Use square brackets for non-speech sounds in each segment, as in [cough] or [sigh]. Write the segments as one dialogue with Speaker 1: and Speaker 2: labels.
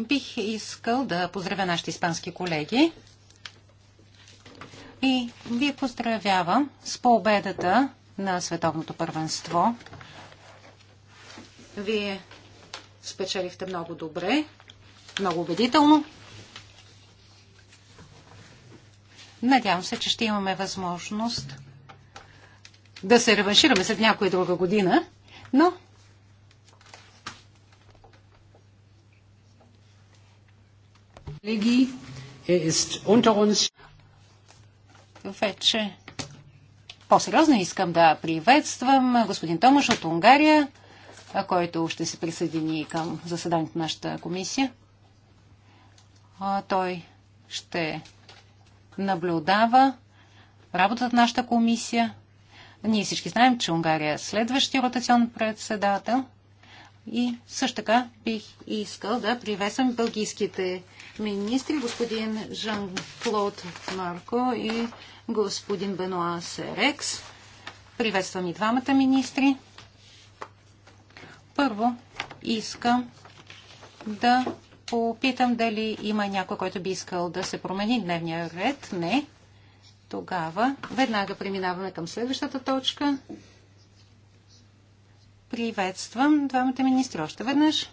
Speaker 1: Бих искал да поздравя нашите испански колеги и ви поздравявам с победата на Световното първенство. Вие спечелихте много добре, много убедително. Надявам се, че ще имаме възможност да се реваншираме след някоя друга година, но Er ist unter uns. Вече по-сериозно искам да приветствам господин Томаш от Унгария, който ще се присъедини към заседанието на нашата комисия. Той ще наблюдава работата на нашата комисия. Ние всички знаем, че Унгария е следващия ротационен председател – и също така бих искал да приветствам бългийските министри, господин Жан-Клод Марко и господин Бенуа Серекс. Приветствам и двамата министри. Първо искам да попитам дали има някой, който би искал да се промени дневния ред. Не. Тогава веднага преминаваме към следващата точка. Приветствам двамата министри още веднъж.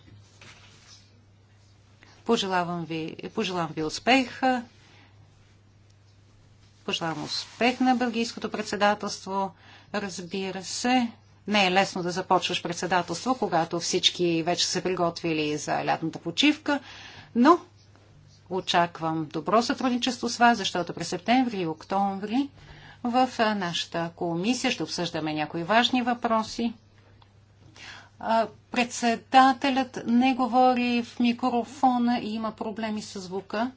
Speaker 1: Пожелавам ви, пожелавам ви успех. Пожелавам успех на Белгийското председателство. Разбира се, не е лесно да започваш председателство, когато всички вече се приготвили за лятната почивка, но очаквам добро сътрудничество с вас, защото през септември и октомври в нашата комисия ще обсъждаме някои важни въпроси. Председателят не говори в микрофона и има проблеми с звука.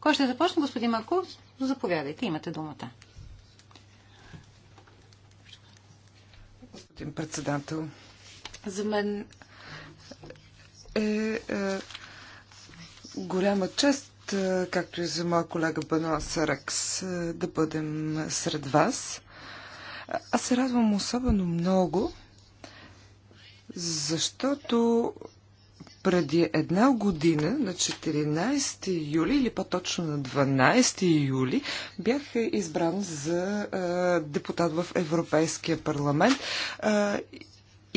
Speaker 1: Кой ще започне, господин Марко? Заповядайте, имате думата.
Speaker 2: Господин председател, за мен е, е голяма чест, е, както и за моя колега Бануа Саракс, е, да бъдем сред вас. Аз се радвам особено много, защото преди една година, на 14 юли, или по-точно на 12 юли, бях избран за а, депутат в Европейския парламент а,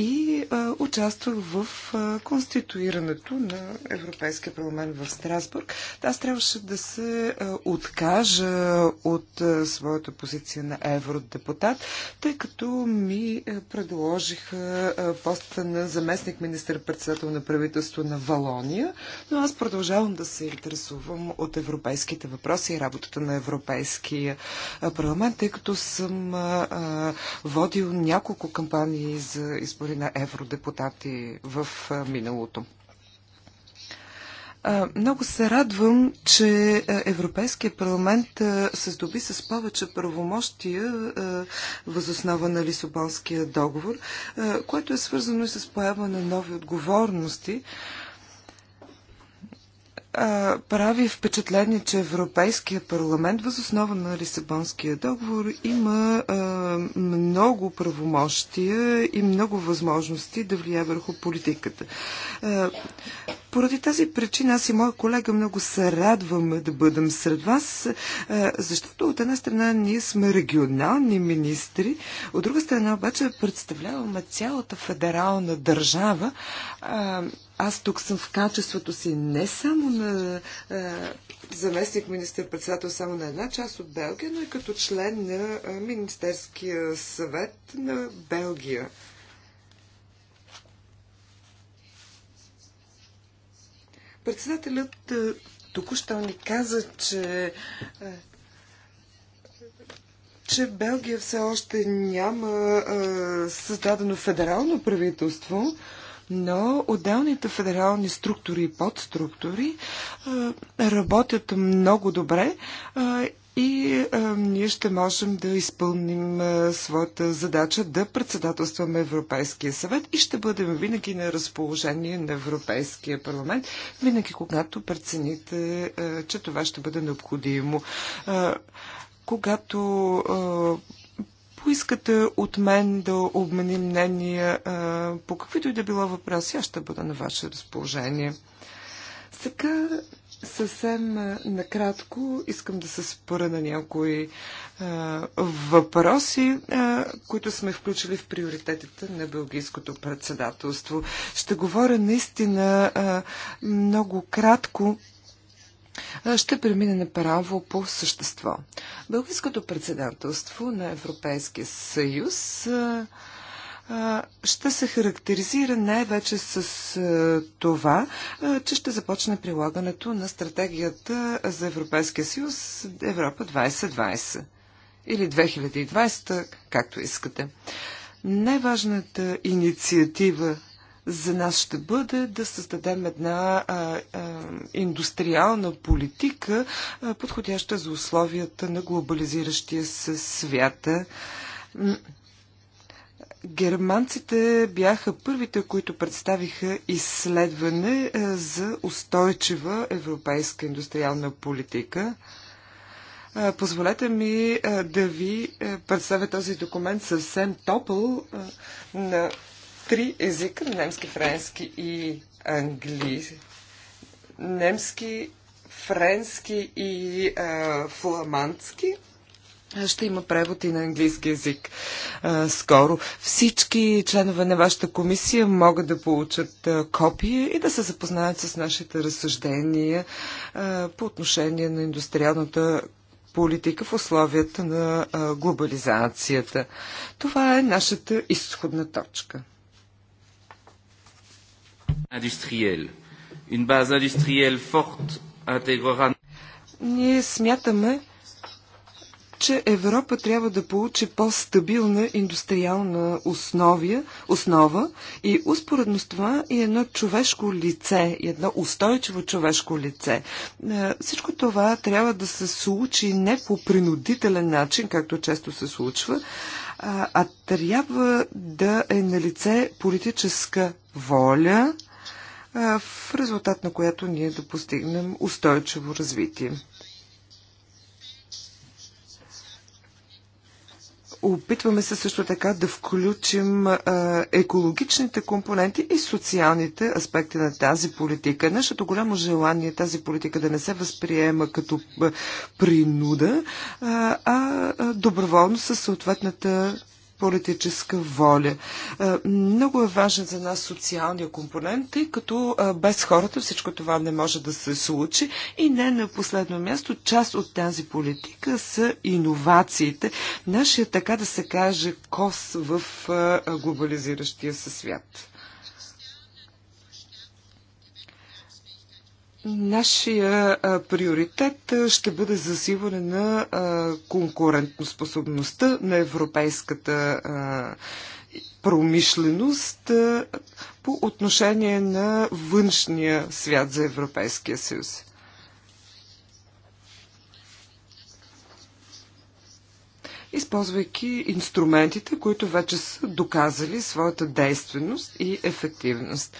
Speaker 2: и а, участвах в а, конституирането на Европейския парламент в Страсбург. Аз трябваше да се а, откажа от а, своята позиция на евродепутат, тъй като ми а, предложиха а, поста на заместник министър-председател на правителство на Валония, но аз продължавам да се интересувам от европейските въпроси и работата на Европейския парламент, тъй като съм а, а, водил няколко кампании за избори избори на евродепутати в миналото. Много се радвам, че Европейския парламент се здоби с повече правомощия възоснова на Лисобонския договор, което е свързано и с поема на нови отговорности а, прави впечатление, че Европейския парламент възоснова на Лисабонския договор има а, много правомощия и много възможности да влияе върху политиката. А, поради тази причина аз и моя колега много се радваме да бъдем сред вас, защото от една страна ние сме регионални министри, от друга страна обаче представляваме цялата федерална държава. А, аз тук съм в качеството си не само на е, заместник министър-председател само на една част от Белгия, но и като член на е, Министерския съвет на Белгия. Председателят е, току-що ни каза, че е, че Белгия все още няма а, създадено федерално правителство, но отделните федерални структури и подструктури е, работят много добре е, и е, ние ще можем да изпълним своята задача да председателстваме Европейския съвет и ще бъдем винаги на разположение на Европейския парламент, винаги когато прецените, че това ще бъде необходимо. когато поискате от мен да обменим мнение а, по каквито и да било въпроси, аз ще бъда на ваше разположение. Сега съвсем накратко искам да се спора на някои а, въпроси, а, които сме включили в приоритетите на Белгийското председателство. Ще говоря наистина а, много кратко, ще премина направо по същество. Българското председателство на Европейския съюз ще се характеризира най-вече с това, че ще започне прилагането на стратегията за Европейския съюз Европа 2020 или 2020, както искате. Най-важната инициатива за нас ще бъде да създадем една а, а, индустриална политика, а, подходяща за условията на глобализиращия се свят. Германците бяха първите, които представиха изследване за устойчива европейска индустриална политика. Позволете ми да ви представя този документ съвсем топъл на три езика немски, френски и английски. Немски, френски и а, фламандски. Ще има превод и на английски язик а, скоро. Всички членове на вашата комисия могат да получат а, копия и да се запознаят с нашите разсъждения а, по отношение на индустриалната политика в условията на а, глобализацията. Това е нашата изходна точка.
Speaker 3: Индустриел. Une base industrielle forte intégrera...
Speaker 2: Ние смятаме, че Европа трябва да получи по-стабилна индустриална основия, основа и успоредно с това и едно човешко лице, и едно устойчиво човешко лице. Е, всичко това трябва да се случи не по принудителен начин, както често се случва, а трябва да е на лице политическа воля, в резултат на която ние да постигнем устойчиво развитие. Опитваме се също така да включим а, екологичните компоненти и социалните аспекти на тази политика. Нашето голямо желание е тази политика да не се възприема като принуда, а, а доброволно със съответната политическа воля. Е, много е важен за нас социалния компонент, тъй като е, без хората всичко това не може да се случи. И не на последно място, част от тази политика са иновациите. Нашия, така да се каже, кос в е, глобализиращия се свят. Нашия а, приоритет ще бъде засилване на а, конкурентоспособността на европейската а, промишленост а, по отношение на външния свят за Европейския съюз. използвайки инструментите, които вече са доказали своята действеност и ефективност.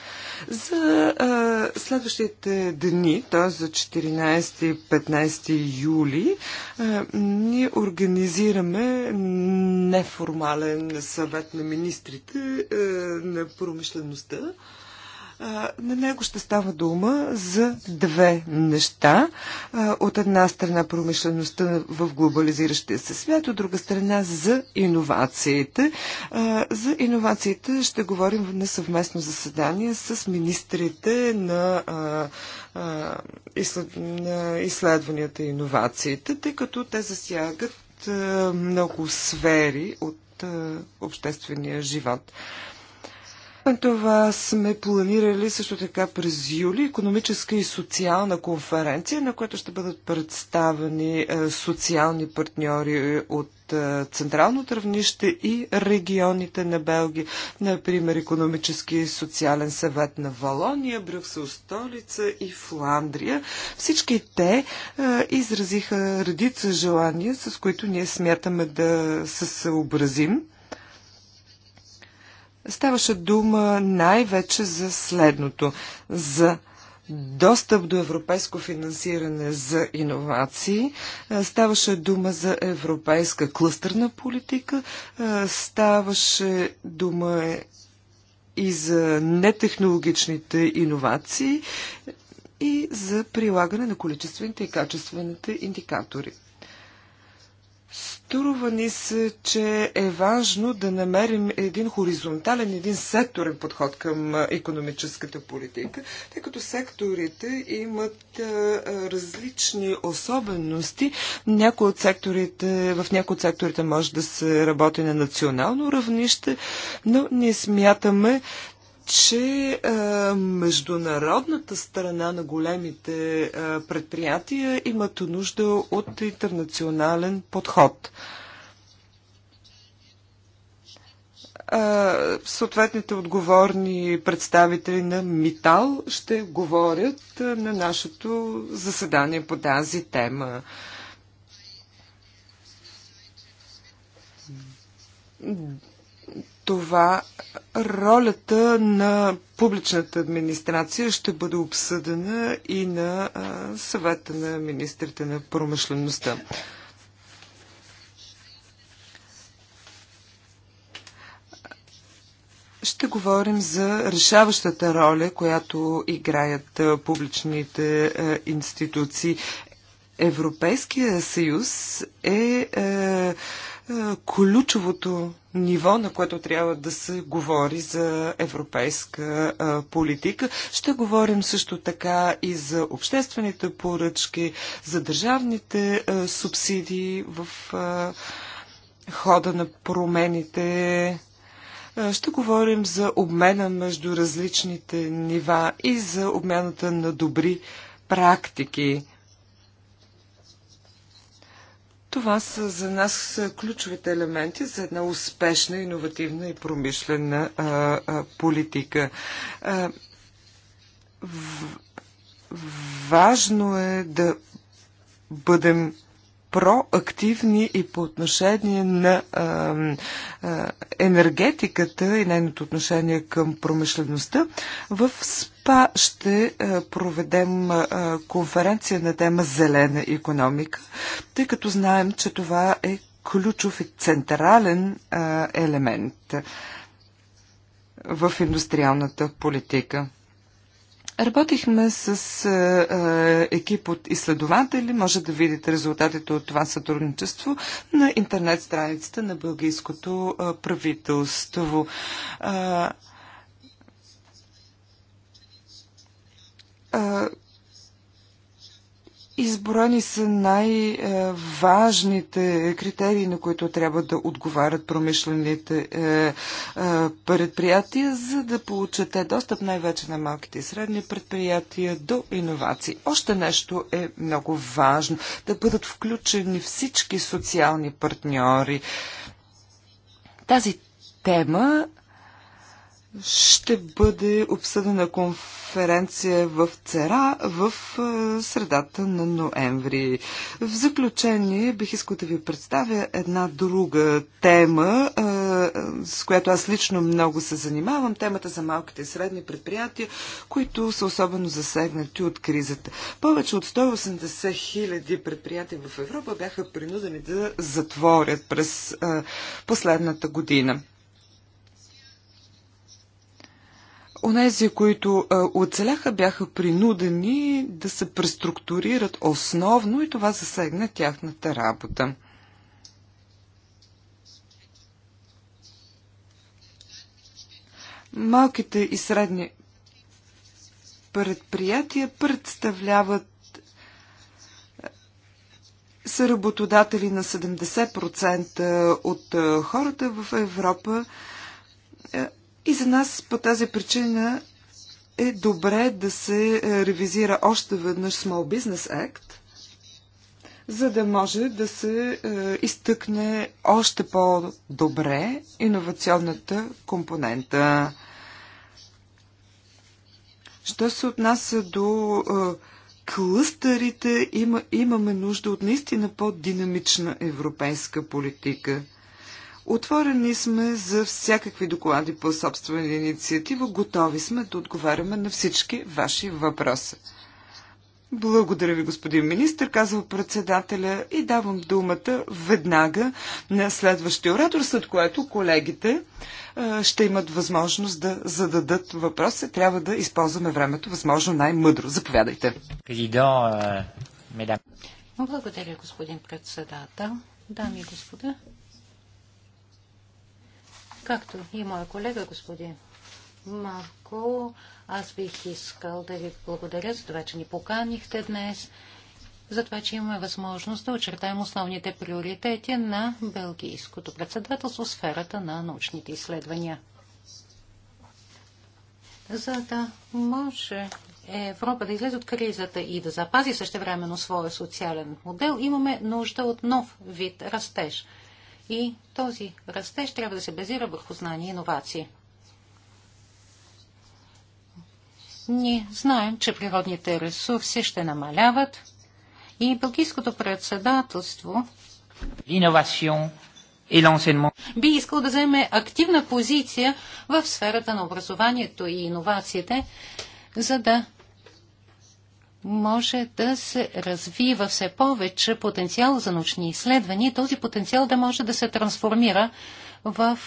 Speaker 2: За а, следващите дни, т.е. за 14 и 15 юли, а, ние организираме неформален съвет на министрите а, на промишлеността. На него ще става дума за две неща. От една страна промишлеността в глобализиращия се свят, от друга страна за иновациите. За иновациите ще говорим на съвместно заседание с министрите на, на изследванията и иновациите, тъй като те засягат много сфери от обществения живот. Това сме планирали също така през юли економическа и социална конференция, на която ще бъдат представени е, социални партньори от е, централното равнище и регионите на Белгия. Например, економически и социален съвет на Валония, Брюксел столица и Фландрия. Всички те е, изразиха редица желания, с които ние смятаме да се съобразим. Ставаше дума най-вече за следното. За достъп до европейско финансиране за иновации. Е, ставаше дума за европейска клъстърна политика. Е, ставаше дума и за нетехнологичните иновации и за прилагане на количествените и качествените индикатори. Струва ни се, че е важно да намерим един хоризонтален, един секторен подход към економическата политика, тъй като секторите имат различни особености. Някои от секторите, в някои от секторите може да се работи на национално равнище, но ние смятаме, че а, е, международната страна на големите а, е, предприятия имат нужда от интернационален подход. А, е, съответните отговорни представители на МИТАЛ ще говорят на нашето заседание по тази тема. Mm това ролята на публичната администрация ще бъде обсъдена и на съвета на министрите на промишлеността. ще говорим за решаващата роля, която играят публичните институции. Европейския съюз е, е е, ключовото ниво, на което трябва да се говори за европейска е, политика. Ще говорим също така и за обществените поръчки, за държавните е, субсидии в хода на промените. Ще говорим за обмена между различните нива и за обмената на добри практики. Това са за нас ключовите елементи за една успешна, иновативна и промишлена а, а, политика. А, в, важно е да бъдем проактивни и по отношение на а, а, енергетиката и нейното отношение към промишлеността. В СПА ще а, проведем а, конференция на тема Зелена економика, тъй като знаем, че това е ключов и централен а, елемент в индустриалната политика. Работихме с а, е, е, екип от изследователи. Може да видите резултатите от това сътрудничество на интернет страницата на бългийското е, правителство. а, Изброени са най-важните критерии, на които трябва да отговарят промишлените е, е, предприятия, за да получат достъп най-вече на малките и средни предприятия до иновации. Още нещо е много важно да бъдат включени всички социални партньори. Тази тема ще бъде обсъдена конференция в ЦЕРА в е, средата на ноември. В заключение бих искал да ви представя една друга тема, е, е, с която аз лично много се занимавам. Темата за малките и средни предприятия, които са особено засегнати от кризата. Повече от 180 хиляди предприятия в Европа бяха принудени да затворят през последната година. Онези, които а, оцеляха, бяха принудени да се преструктурират основно и това засегна тяхната работа. Малките и средни предприятия представляват са работодатели на 70% от хората в Европа и за нас по тази причина е добре да се е, ревизира още веднъж Small Business Act, за да може да се е, изтъкне още по-добре иновационната компонента. Що се отнася до е, клъстерите, имаме нужда от наистина по-динамична европейска политика. Отворени сме за всякакви доклади по собствена инициатива. Готови сме да отговаряме на всички ваши въпроси. Благодаря ви, господин министр, казва председателя и давам думата веднага на следващия оратор, след което колегите е, ще имат възможност да зададат въпроси. Трябва да използваме времето възможно най-мъдро. Заповядайте. Е,
Speaker 1: Благодаря, господин председател. Дами и господа, Както и моя колега, господин Марко, аз бих искал да ви благодаря за това, че ни поканихте днес, за това, че имаме възможност да очертаем основните приоритети на Белгийското председателство в сферата на научните изследвания. За да може Европа да излезе от кризата и да запази същевременно своя социален модел, имаме нужда от нов вид растеж – и този растеж трябва да се базира върху знания и иновации. Ние знаем, че природните ресурси ще намаляват и Бългийското председателство би искал да вземе активна позиция в сферата на образованието и иновациите, за да може да се развива все повече потенциал за научни изследвания и този потенциал да може да се трансформира в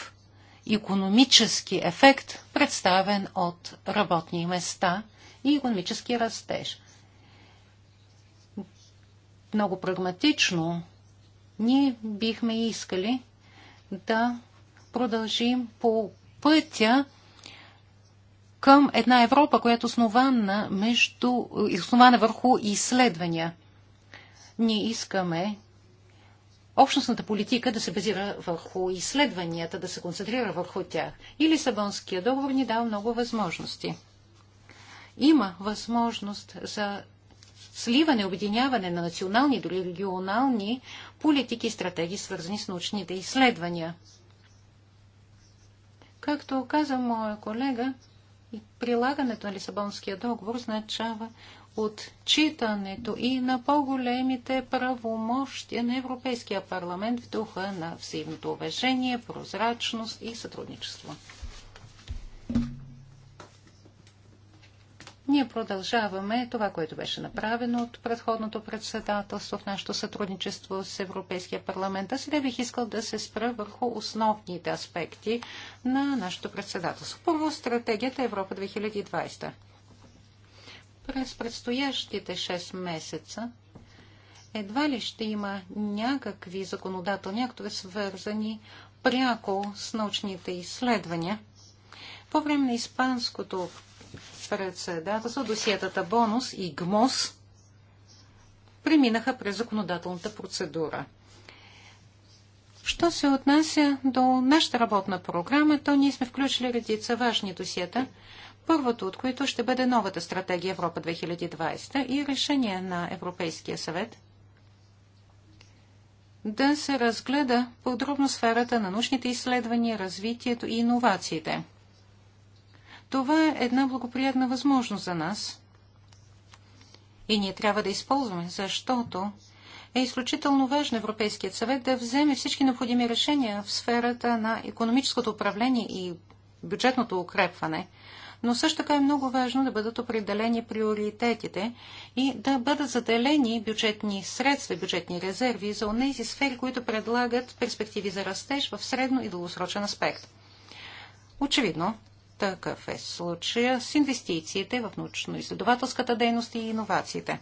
Speaker 1: економически ефект, представен от работни места и економически растеж. Много прагматично ние бихме искали да продължим по пътя към една Европа, която е основана, между, е основана върху изследвания. Ние искаме общностната политика да се базира върху изследванията, да се концентрира върху тях. И Лисабонския договор ни дава много възможности. Има възможност за сливане, обединяване на национални, дори регионални политики и стратегии, свързани с научните изследвания. Както каза моя колега, прилагането на Лисабонския договор означава отчитането и на по-големите правомощия на Европейския парламент в духа на взаимното уважение, прозрачност и сътрудничество. Ние продължаваме това, което беше направено от предходното председателство в нашето сътрудничество с Европейския парламент. А сега бих искал да се спра върху основните аспекти на нашето председателство. Първо, стратегията Европа 2020. През предстоящите 6 месеца едва ли ще има някакви законодателни актове, свързани пряко с научните изследвания. По време на Испанското председателство досиетата Бонус и ГМОС преминаха през законодателната процедура. Що се отнася до нашата работна програма, то ние сме включили редица важни досиета, първото от които ще бъде новата стратегия Европа 2020 и решение на Европейския съвет да се разгледа подробно сферата на научните изследвания, развитието и иновациите. Това е една благоприятна възможност за нас. И ние трябва да използваме, защото е изключително важно Европейският съвет да вземе всички необходими решения в сферата на економическото управление и бюджетното укрепване. Но също така е много важно да бъдат определени приоритетите и да бъдат заделени бюджетни средства, бюджетни резерви за тези сфери, които предлагат перспективи за растеж в средно и дългосрочен аспект. Очевидно, такъв е случая с инвестициите в научно-изследователската дейност и иновациите.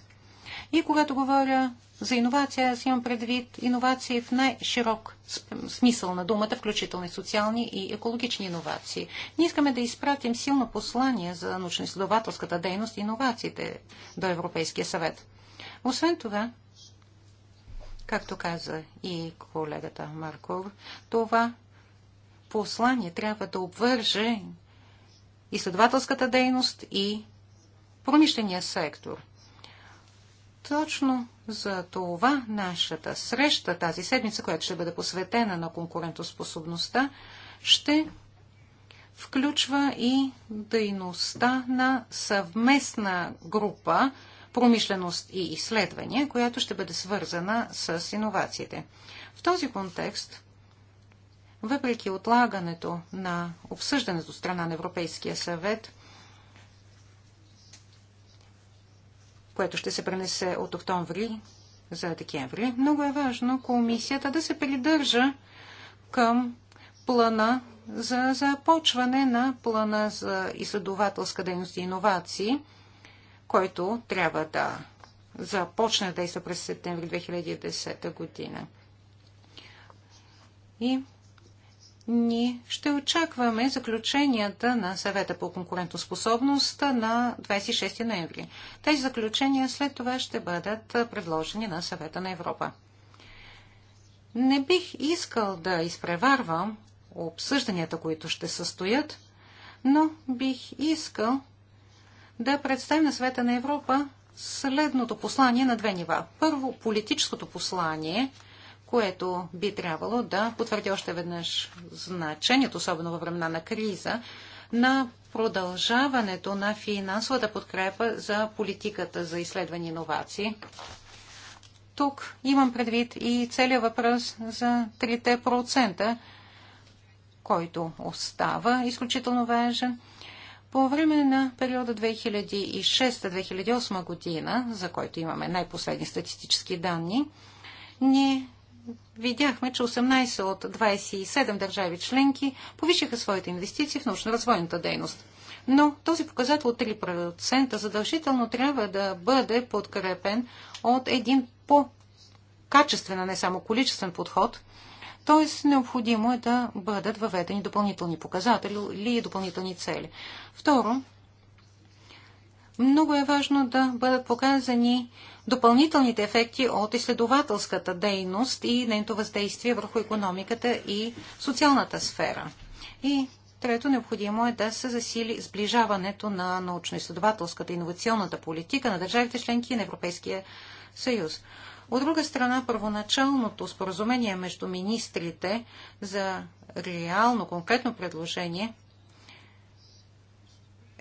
Speaker 1: И когато говоря за иновация, аз имам предвид иновации в най-широк смисъл на думата, включително и социални и екологични иновации. Ние искаме да изпратим силно послание за научно-изследователската дейност и иновациите до Европейския съвет. Освен това, както каза и колегата Марков, това послание трябва да обвърже изследователската дейност и промишления сектор. Точно за това нашата среща тази седмица, която ще бъде посветена на конкурентоспособността, ще включва и дейността на съвместна група промишленост и изследвания, която ще бъде свързана с иновациите. В този контекст въпреки отлагането на обсъждането страна на Европейския съвет, което ще се пренесе от октомври за декември, много е важно комисията да се придържа към плана за започване на плана за изследователска дейност и иновации, който трябва да започне да действа през септември 2010 година. И ние ще очакваме заключенията на съвета по конкурентоспособност на 26 ноември. Тези заключения след това ще бъдат предложени на съвета на Европа. Не бих искал да изпреварвам обсъжданията, които ще състоят, но бих искал да представя на света на Европа следното послание на две нива. Първо, политическото послание – което би трябвало да потвърди още веднъж значението, особено във времена на криза, на продължаването на финансовата подкрепа за политиката за изследване и иновации. Тук имам предвид и целият въпрос за 3%, който остава изключително важен. По време на периода 2006-2008 година, за който имаме най-последни статистически данни, ние видяхме, че 18 от 27 държави членки повишиха своите инвестиции в научно-развойната дейност. Но този показател от 3% задължително трябва да бъде подкрепен от един по-качествен, а не само количествен подход. Т.е. необходимо е да бъдат въведени допълнителни показатели или допълнителни цели. Второ, много е важно да бъдат показани допълнителните ефекти от изследователската дейност и нейното въздействие върху економиката и социалната сфера. И трето, необходимо е да се засили сближаването на научно-изследователската и инновационната политика на държавите членки на Европейския съюз. От друга страна, първоначалното споразумение между министрите за реално конкретно предложение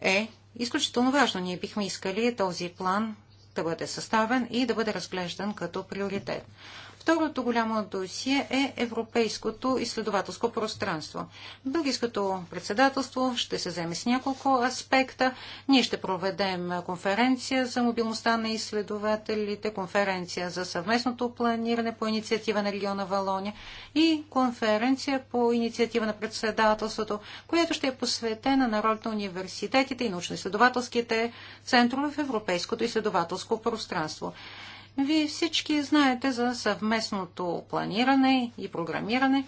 Speaker 1: е изключително важно. Ние бихме искали този план да бъде съставен и да бъде разглеждан като приоритет. Второто голямо досие е Европейското изследователско пространство. Българското председателство ще се вземе с няколко аспекта. Ние ще проведем конференция за мобилността на изследователите, конференция за съвместното планиране по инициатива на региона Валония и конференция по инициатива на председателството, която ще е посветена на ролята на университетите и научно-изследователските центрове в Европейското изследователско пространство. Вие всички знаете за съвместното планиране и програмиране.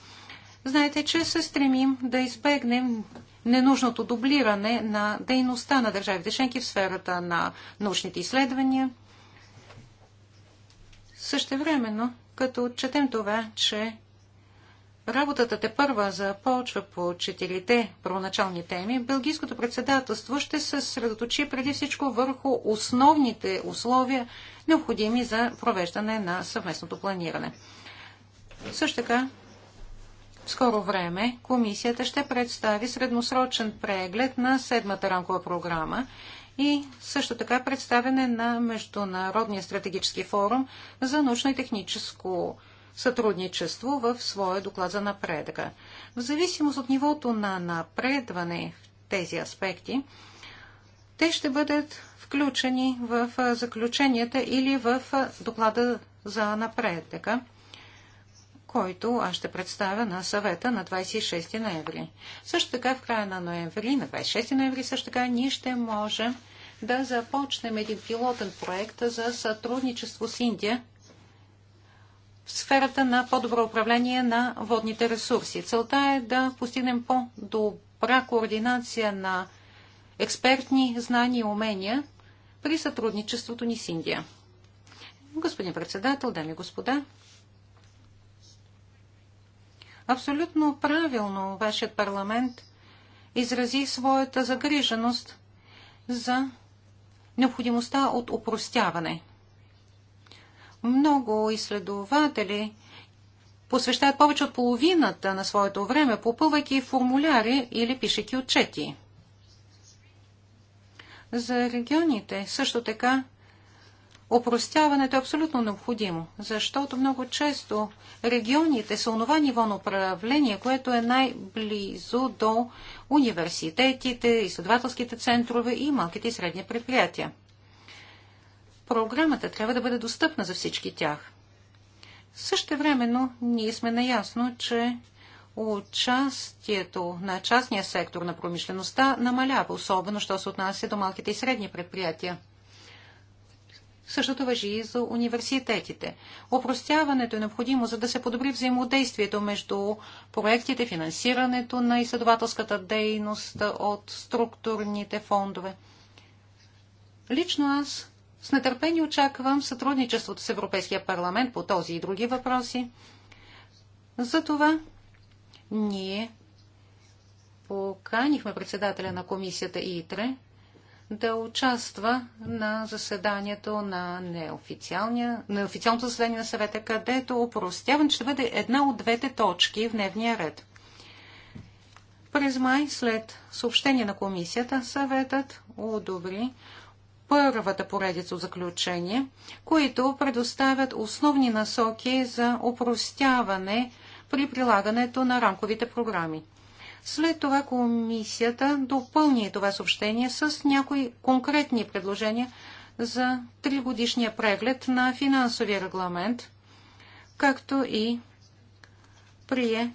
Speaker 1: Знаете, че се стремим да избегнем ненужното дублиране на дейността на държавите членки в сферата на научните изследвания. Същевременно, като отчетем това, че Работата те първа започва по четирите първоначални теми. Белгийското председателство ще се средоточи преди всичко върху основните условия, необходими за провеждане на съвместното планиране. Също така, в скоро време комисията ще представи средносрочен преглед на седмата рамкова програма и също така представяне на Международния стратегически форум за научно и техническо сътрудничество в своя доклад за напредъка. В зависимост от нивото на напредване в тези аспекти, те ще бъдат включени в заключенията или в доклада за напредъка, който аз ще представя на съвета на 26 ноември. Също така в края на ноември, на 26 ноември също така, ние ще можем да започнем един пилотен проект за сътрудничество с Индия в сферата на по-добро управление на водните ресурси. Целта е да постигнем по-добра координация на експертни знания и умения при сътрудничеството ни с Индия. Господин председател, дами и господа, абсолютно правилно вашият парламент изрази своята загриженост за необходимостта от упростяване – много изследователи посвещават повече от половината на своето време, попълвайки формуляри или пишеки отчети. За регионите също така Опростяването е абсолютно необходимо, защото много често регионите са онова ниво на управление, което е най-близо до университетите, изследователските центрове и малките и средни предприятия програмата трябва да бъде достъпна за всички тях. Също времено ние сме наясно, че участието на частния сектор на промишлеността намалява, особено що се отнася до малките и средни предприятия. Същото въжи и за университетите. Опростяването е необходимо, за да се подобри взаимодействието между проектите, финансирането на изследователската дейност от структурните фондове. Лично аз с нетърпение очаквам сътрудничеството с Европейския парламент по този и други въпроси. Затова ние поканихме председателя на комисията ИТРЕ да участва на заседанието на неофициалното заседание на съвета, където упростяване ще бъде една от двете точки в дневния ред. През май, след съобщение на комисията, съветът одобри първата поредица заключения, които предоставят основни насоки за упростяване при прилагането на рамковите програми. След това комисията допълни това съобщение с някои конкретни предложения за тригодишния преглед на финансовия регламент, както и прие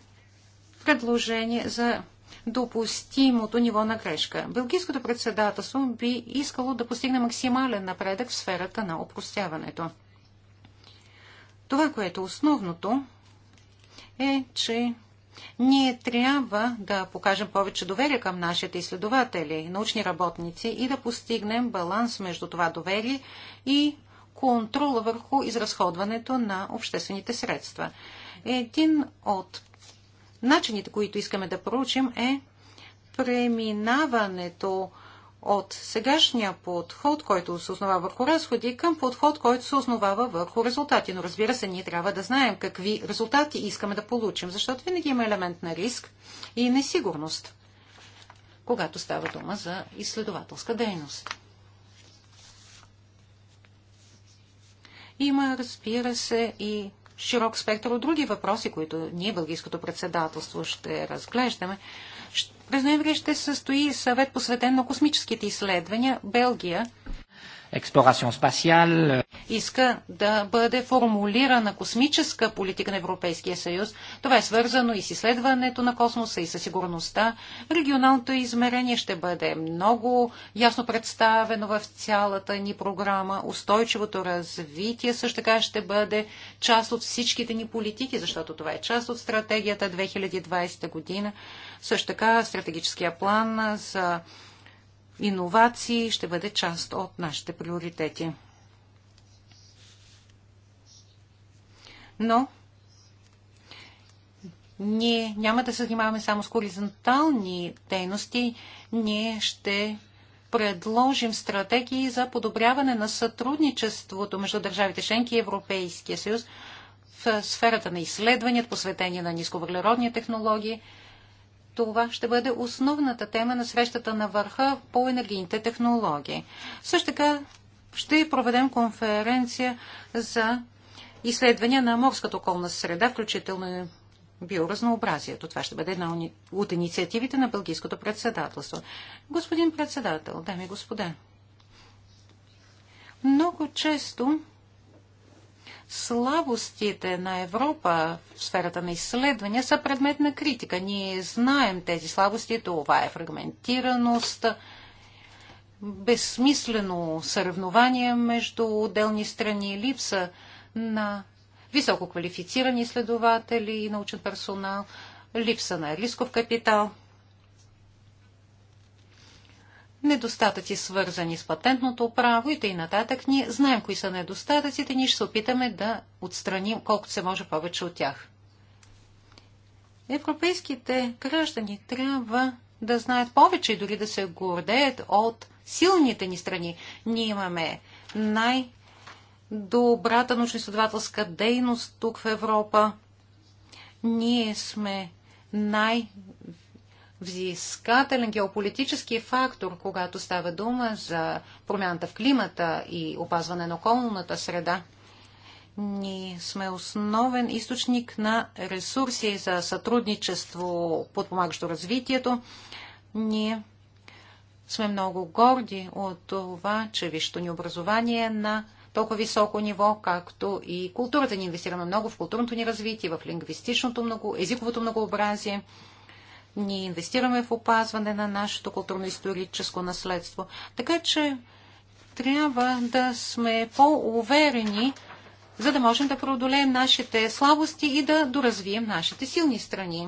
Speaker 1: предложение за допустимото ниво на грешка. Белгийското председателство би искало да постигне максимален напредък в сферата на опростяването. Това, което е основното, е, че ние трябва да покажем повече доверие към нашите изследователи, научни работници и да постигнем баланс между това доверие и контрол върху изразходването на обществените средства. Един от начините, които искаме да проучим, е преминаването от сегашния подход, който се основава върху разходи, към подход, който се основава върху резултати. Но разбира се, ние трябва да знаем какви резултати искаме да получим, защото винаги има елемент на риск и несигурност, когато става дума за изследователска дейност. Има, разбира се, и широк спектър от други въпроси, които ние, Бългийското председателство, ще разглеждаме. През ноември ще състои съвет посветен на космическите изследвания Белгия. Експлорация спасиал иска да бъде формулирана космическа политика на Европейския съюз. Това е свързано и с изследването на космоса, и със сигурността. Регионалното измерение ще бъде много ясно представено в цялата ни програма. Устойчивото развитие също така ще бъде част от всичките ни политики, защото това е част от стратегията 2020 година. Също така стратегическия план за иновации ще бъде част от нашите приоритети. но ние няма да се занимаваме само с хоризонтални дейности, ние ще предложим стратегии за подобряване на сътрудничеството между държавите членки и Европейския съюз в сферата на изследванията, посветение на нисковъглеродни технологии. Това ще бъде основната тема на срещата на върха по енергийните технологии. Също така ще проведем конференция за изследвания на морската околна среда, включително биоразнообразието. Това ще бъде една от инициативите на Бългийското председателство. Господин председател, дами и господа, много често слабостите на Европа в сферата на изследвания са предмет на критика. Ние знаем тези слабости, това е фрагментираност, безсмислено съревнование между отделни страни, липса на високо квалифицирани изследователи и научен персонал, липса на рисков капитал, недостатъци свързани с патентното право и т.н. Ние знаем кои са недостатъците, ние ще се опитаме да отстраним колкото се може повече от тях. Европейските граждани трябва да знаят повече и дори да се гордеят от силните ни страни. Ние имаме най- добрата научно-изследователска дейност тук в Европа. Ние сме най- взискателен геополитически фактор, когато става дума за промяната в климата и опазване на околната среда. Ние сме основен източник на ресурси за сътрудничество, подпомагащо развитието. Ние сме много горди от това, че висшето ни образование е на толкова високо ниво, както и културата. Ние инвестираме много в културното ни развитие, в лингвистичното много, езиковото многообразие. Ние инвестираме в опазване на нашето културно-историческо наследство. Така че трябва да сме по-уверени, за да можем да преодолеем нашите слабости и да доразвием нашите силни страни.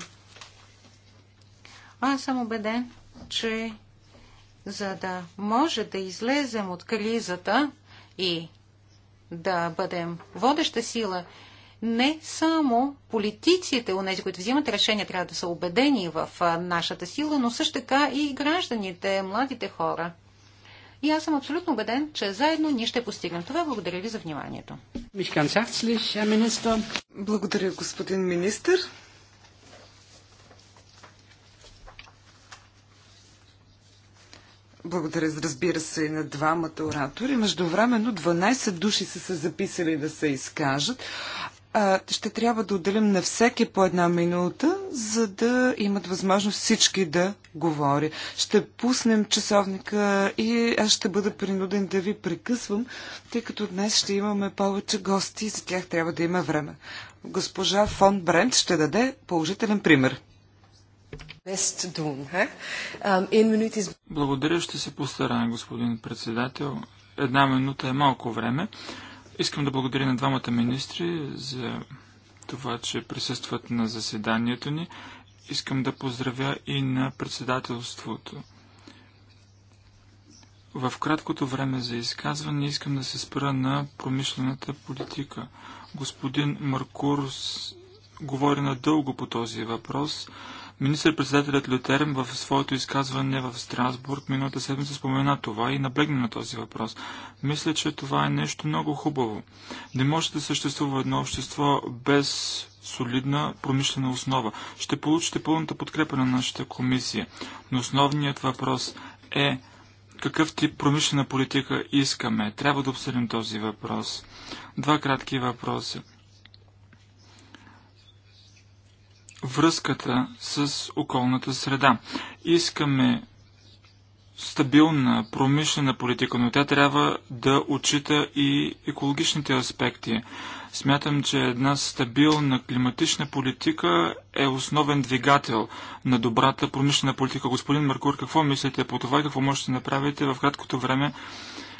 Speaker 1: Аз съм убеден, че за да може да излезем от кризата и да бъдем водеща сила, не само политиците, у нези, които взимат решения, трябва да са убедени в нашата сила, но също така и гражданите, младите хора. И аз съм абсолютно убеден, че заедно ние ще постигнем това. Благодаря ви за вниманието.
Speaker 2: Благодаря, господин министр. Благодаря, разбира се, и на двамата оратори. Междувременно 12 души са се записали да се изкажат. Ще трябва да отделим на всеки по една минута, за да имат възможност всички да говори. Ще пуснем часовника и аз ще бъда принуден да ви прекъсвам, тъй като днес ще имаме повече гости и за тях трябва да има време. Госпожа фон Брент ще даде положителен пример. Um, благодаря, ще се постарая, господин
Speaker 3: председател. Една минута е малко време. Искам да благодаря на двамата министри за това, че присъстват на заседанието ни. Искам да поздравя и на председателството. В краткото време за изказване искам да се спра на промишлената политика. Господин Маркурс говори надълго по този въпрос. Министър-председателят Лютерен в своето изказване в Страсбург миналата седмица спомена това и наблегна на този въпрос. Мисля, че това е нещо много хубаво. Не може да съществува едно общество без солидна промишлена основа. Ще получите пълната подкрепа на нашата комисия. Но основният въпрос е какъв тип промишлена политика искаме. Трябва да обсъдим този въпрос. Два кратки въпроса. връзката с околната среда. Искаме стабилна промишлена политика, но тя трябва да отчита и екологичните аспекти. Смятам, че една стабилна климатична политика е основен двигател на добрата промишлена политика. Господин Маркур, какво мислите по това и какво можете да направите в краткото време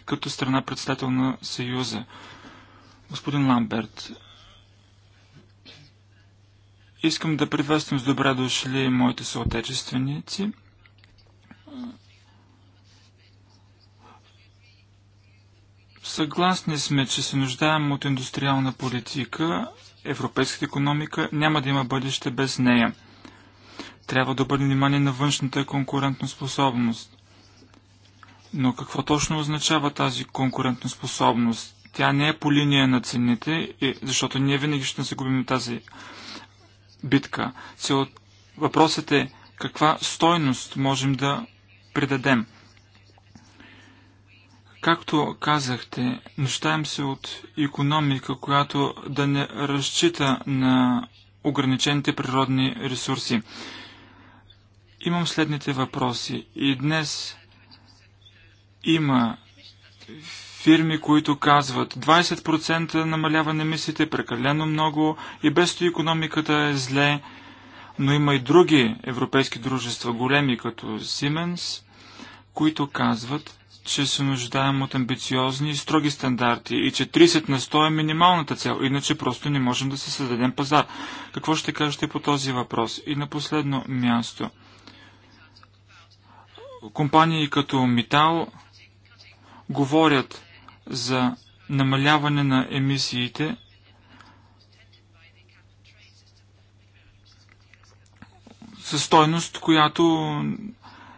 Speaker 3: като страна председател на Съюза? Господин Ламберт, Искам да приветствам с добре дошли моите съотечественици. Съгласни сме, че се нуждаем от индустриална политика. Европейската економика няма да има бъдеще без нея. Трябва да бъде внимание на външната конкурентоспособност. Но какво точно означава тази конкурентоспособност? Тя не е по линия на цените, защото ние винаги ще се губим тази битка. Цел... Въпросът е каква стойност можем да придадем. Както казахте, нуждаем се от економика, която да не разчита на ограничените природни ресурси. Имам следните въпроси. И днес има фирми, които казват 20% намаляване мислите прекалено много и без то економиката е зле, но има и други европейски дружества, големи като Siemens, които казват, че се нуждаем от амбициозни и строги стандарти и че 30 на 100 е минималната цел, иначе просто не можем да се създадем пазар. Какво ще кажете по този въпрос? И на последно място. Компании като Митал говорят за намаляване на емисиите със стойност, която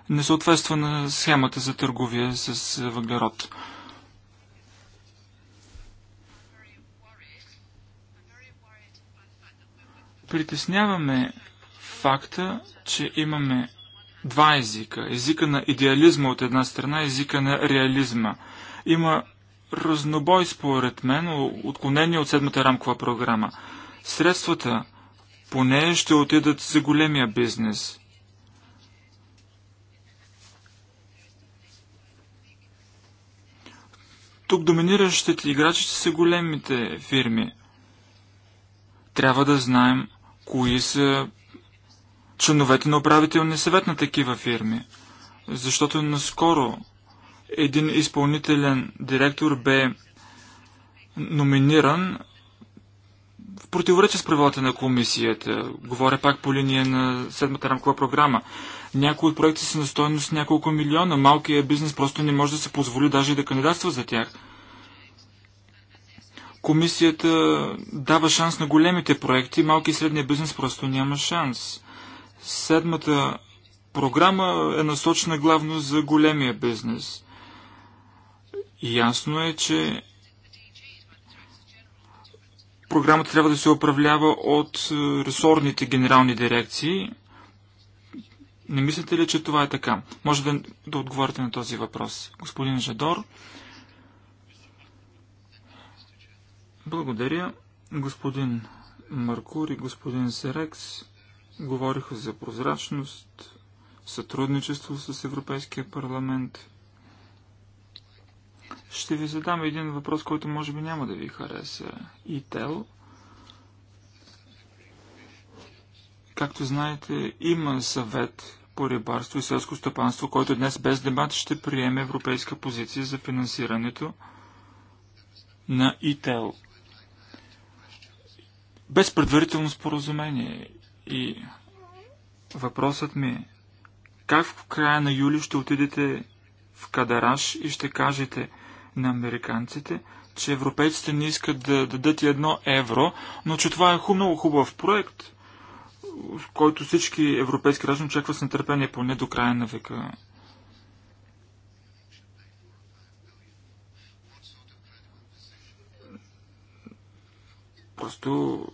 Speaker 3: не съответства на схемата за търговия с въглерод. Притесняваме факта, че имаме два езика. Езика на идеализма от една страна, езика на реализма. Има разнобой, според мен, отклонение от седмата рамкова програма. Средствата по нея ще отидат за големия бизнес. Тук доминиращите играчи ще са големите фирми. Трябва да знаем кои са членовете на управителния съвет на такива фирми. Защото наскоро един изпълнителен директор бе номиниран в противоречие с правилата на комисията. Говоря пак по линия на седмата рамкова програма. Някои от проекти са на стоеност няколко милиона. Малкият бизнес просто не може да се позволи даже и да кандидатства за тях. Комисията дава шанс на големите проекти, малки и средния бизнес просто няма шанс. Седмата програма е насочена главно за големия бизнес ясно е, че програмата трябва да се управлява от е, ресорните генерални дирекции. Не мислите ли, че това е така? Може да, да отговорите на този въпрос. Господин Жадор. Благодаря. Господин Маркур и господин Серекс говориха за прозрачност, сътрудничество с Европейския парламент – ще ви задам един въпрос, който може би няма да ви хареса. ИТЕЛ. Както знаете, има съвет по рибарство и селско стопанство, който днес без дебат ще приеме европейска позиция за финансирането на ИТЕЛ. Без предварително споразумение. И въпросът ми е, как в края на юли ще отидете в Кадараш и ще кажете – на американците, че европейците не искат да дадат и едно евро, но че това е хуб, много хубав проект, който всички европейски граждани очакват с нетърпение поне до края на века. Просто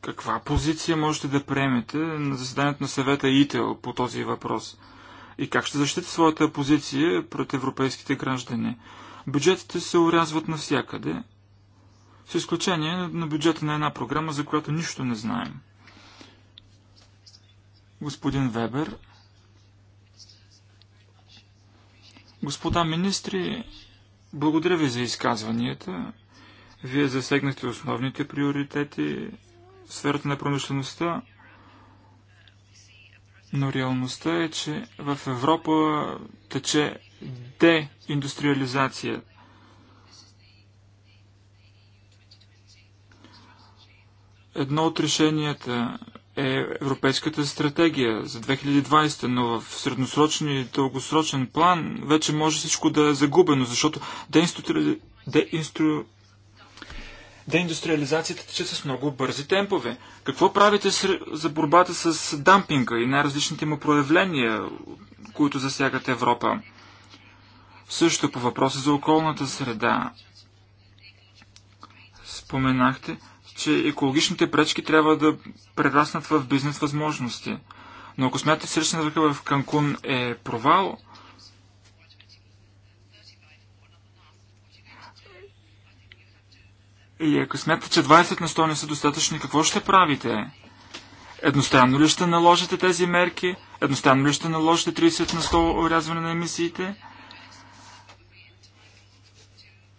Speaker 3: каква позиция можете да приемете на заседанието на съвета ИТЕЛ по този въпрос? И как ще защитите своята позиция пред европейските граждани? Бюджетите се урязват навсякъде, с изключение на бюджета на една програма, за която нищо не знаем. Господин Вебер, господа министри, благодаря ви за изказванията. Вие засегнахте основните приоритети в сферата на промишлеността. Но реалността е, че в Европа тече деиндустриализация. Едно от решенията е Европейската стратегия за 2020, но в средносрочен и дългосрочен план вече може всичко да е загубено, защото деинституализацията деиндустриализацията тече с много бързи темпове. Какво правите за борбата с дампинга и най-различните му проявления, които засягат Европа? Също по въпроса за околната среда. Споменахте, че екологичните пречки трябва да прераснат в бизнес възможности. Но ако смятате срещната в Канкун е провал, И ако смятате, че 20 на 100 не са достатъчни, какво ще правите? Едностранно ли ще наложите тези мерки? Едностранно ли ще наложите 30 на 100 урязване на емисиите?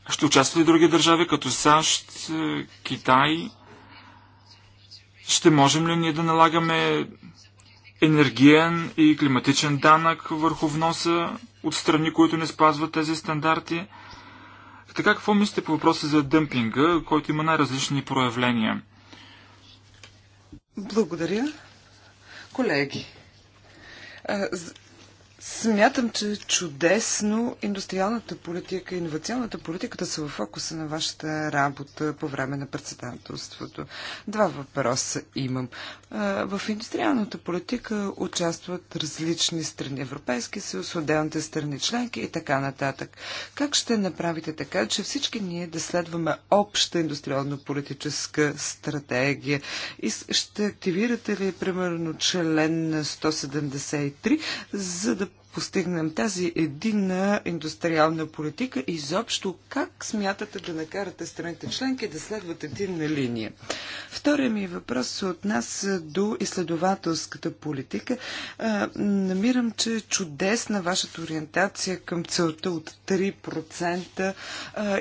Speaker 3: Ще участват и други държави, като САЩ, е, Китай. Ще можем ли ние да налагаме енергиен и климатичен данък върху вноса от страни, които не спазват тези стандарти? Така, какво мислите по въпроса за дъмпинга, който има най-различни проявления?
Speaker 2: Благодаря. Колеги, смятам, че е чудесно индустриалната политика и инновационната политика да са в фокуса на вашата работа по време на председателството. Два въпроса имам. В индустриалната политика участват различни страни, Европейски съюз, отделните страни членки и така нататък. Как ще направите така, че всички ние да следваме обща индустриално-политическа стратегия? И ще активирате ли, примерно, член 173, за да постигнем тази единна индустриална политика и изобщо как смятате да накарате страните членки да следват единна линия? Втория ми въпрос се отнася до изследователската политика. Намирам, че е чудесна вашата ориентация към целта от 3%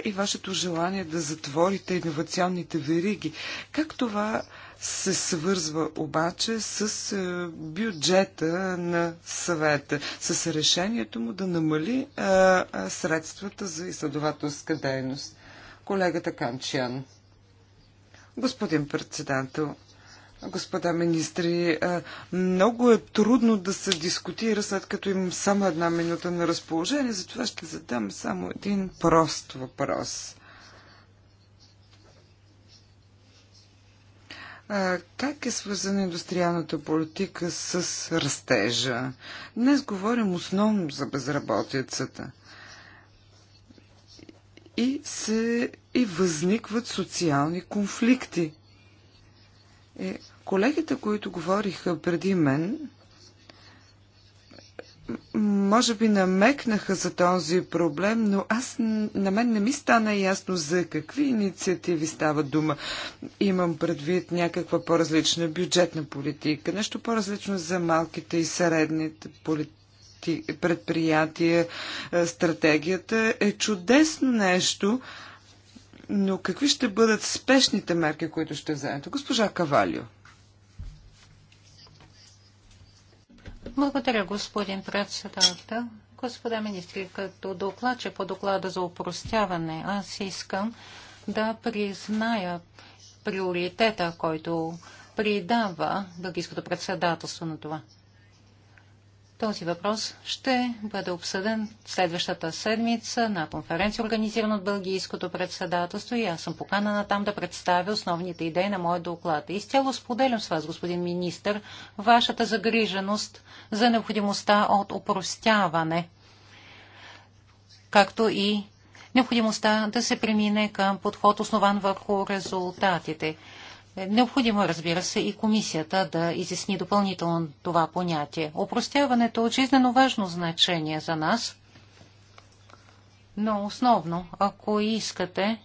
Speaker 2: и вашето желание да затворите иновационните вериги. Как това се свързва обаче с е, бюджета на съвета, с решението му да намали е, е, средствата за изследователска дейност. Колегата Канчиан. Господин председател, господа министри, много е трудно да се дискутира, след като имам само една минута на разположение, затова ще задам само един прост въпрос. Как е свързана индустриалната политика с растежа? Днес говорим основно за безработицата. И, се, и възникват социални конфликти. Е, колегите, които говориха преди мен, може би намекнаха за този проблем, но аз на мен не ми стана ясно за какви инициативи става дума. Имам предвид някаква по-различна бюджетна политика, нещо по-различно за малките и средните политики предприятия, е, стратегията е чудесно нещо, но какви ще бъдат спешните мерки, които ще вземете? Госпожа Кавалио.
Speaker 1: Благодаря, господин председател. Господа министри, като докладче по доклада за упростяване, аз искам да призная приоритета, който придава Бългийското председателство на това. Този въпрос ще бъде обсъден следващата седмица на конференция, организирана от Бългийското председателство и аз съм поканена там да представя основните идеи на моят доклад. Изцяло споделям с вас, господин министр, вашата загриженост за необходимостта от опростяване, както и необходимостта да се премине към подход основан върху резултатите. Необходимо, е, разбира се, и комисията да изясни допълнително това понятие. Опростяването е от жизнено важно значение за нас, но основно, ако искате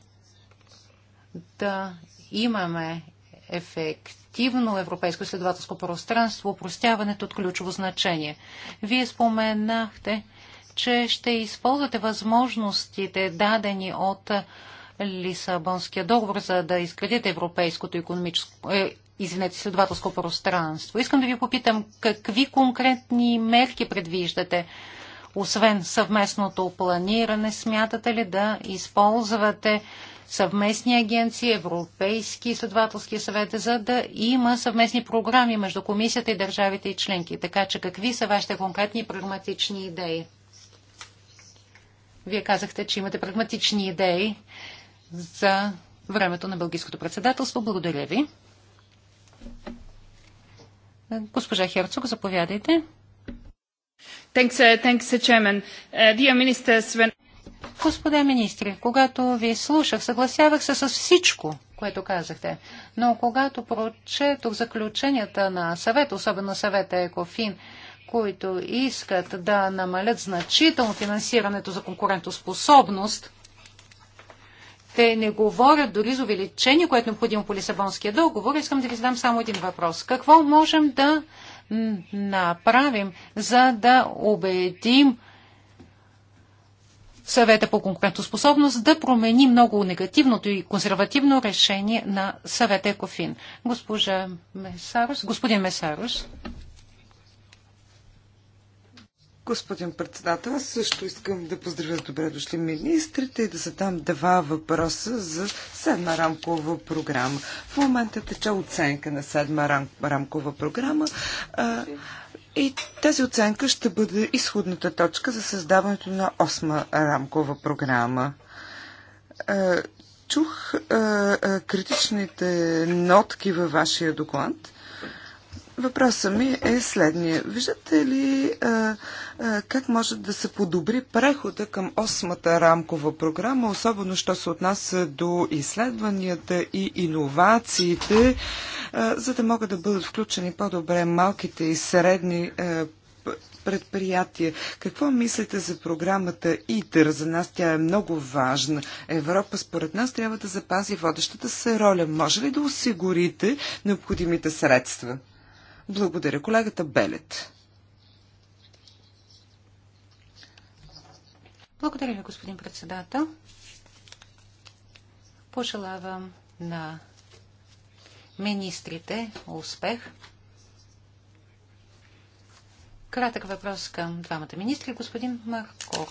Speaker 1: да имаме ефективно европейско следователско пространство, опростяването е от ключово значение. Вие споменахте, че ще използвате възможностите дадени от Лисабонския договор, за да изградите европейското економическо, е, извинете, следователско пространство. Искам да ви попитам какви конкретни мерки предвиждате освен съвместното планиране, смятате ли да използвате съвместни агенции, Европейски следователски съвет, за да има съвместни програми между комисията и държавите и членки. Така че какви са вашите конкретни прагматични идеи? Вие казахте, че имате прагматични идеи за времето на Бългийското председателство. Благодаря ви. Госпожа Херцог, заповядайте. Uh, uh, uh, Господа министри, когато ви слушах, съгласявах се с всичко, което казахте. Но когато прочетох заключенията на съвет, особено съвета ЕКОФИН, които искат да намалят значително финансирането за конкурентоспособност, те не говорят дори за увеличение, което е необходимо по Лисабонския договор. Искам да ви задам само един въпрос. Какво можем да направим, за да убедим съвета по конкурентоспособност да промени много негативното и консервативно решение на съвета Екофин. Госпожа Месарус, господин Месарус.
Speaker 2: Господин председател, аз също искам да поздравя с добре дошли министрите и да задам два въпроса за седма рамкова програма. В момента тече оценка на седма рам, рамкова програма. А, и тази оценка ще бъде изходната точка за създаването на осма рамкова програма. А, чух а, критичните нотки във вашия доклад Въпросът ми е следния. Виждате ли а, а, как може да се подобри прехода към осмата рамкова програма, особено що се отнася до изследванията и иновациите, а, за да могат да бъдат включени по-добре малките и средни а, предприятия. Какво мислите за програмата ИТЕР? За нас тя е много важна. Европа според нас трябва да запази водещата се роля. Може ли да осигурите необходимите средства? Благодаря. Колегата Белет.
Speaker 1: Благодаря ви, господин председател. Пожелавам на министрите успех. Кратък въпрос към двамата министри. Господин Марко.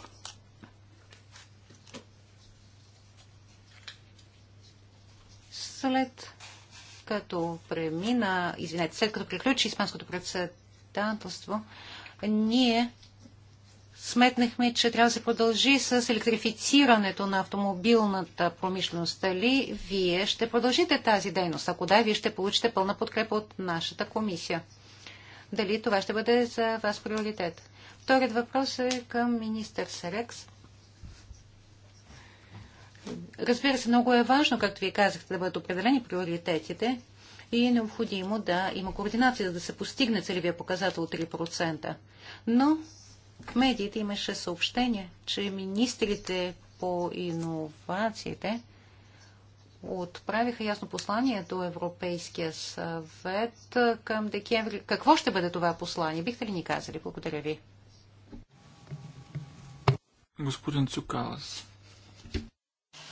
Speaker 1: След като премина, извинете, след като приключи Испанското председателство, ние сметнахме, че трябва да се продължи с електрифицирането на автомобилната промишленост. Дали вие ще продължите тази дейност? Ако да, вие ще получите пълна подкрепа от нашата комисия. Дали това ще бъде за вас приоритет? Вторият въпрос е към министър Серекс. Разбира се, много е важно, както вие казахте, да бъдат определени приоритетите и е необходимо да има координация, за да се постигне целевия показател 3%. Но в медиите имаше съобщение, че министрите по иновациите отправиха ясно послание до Европейския съвет към декември. Какво ще бъде това послание? Бихте ли ни казали? Благодаря ви.
Speaker 3: Господин Цукалас.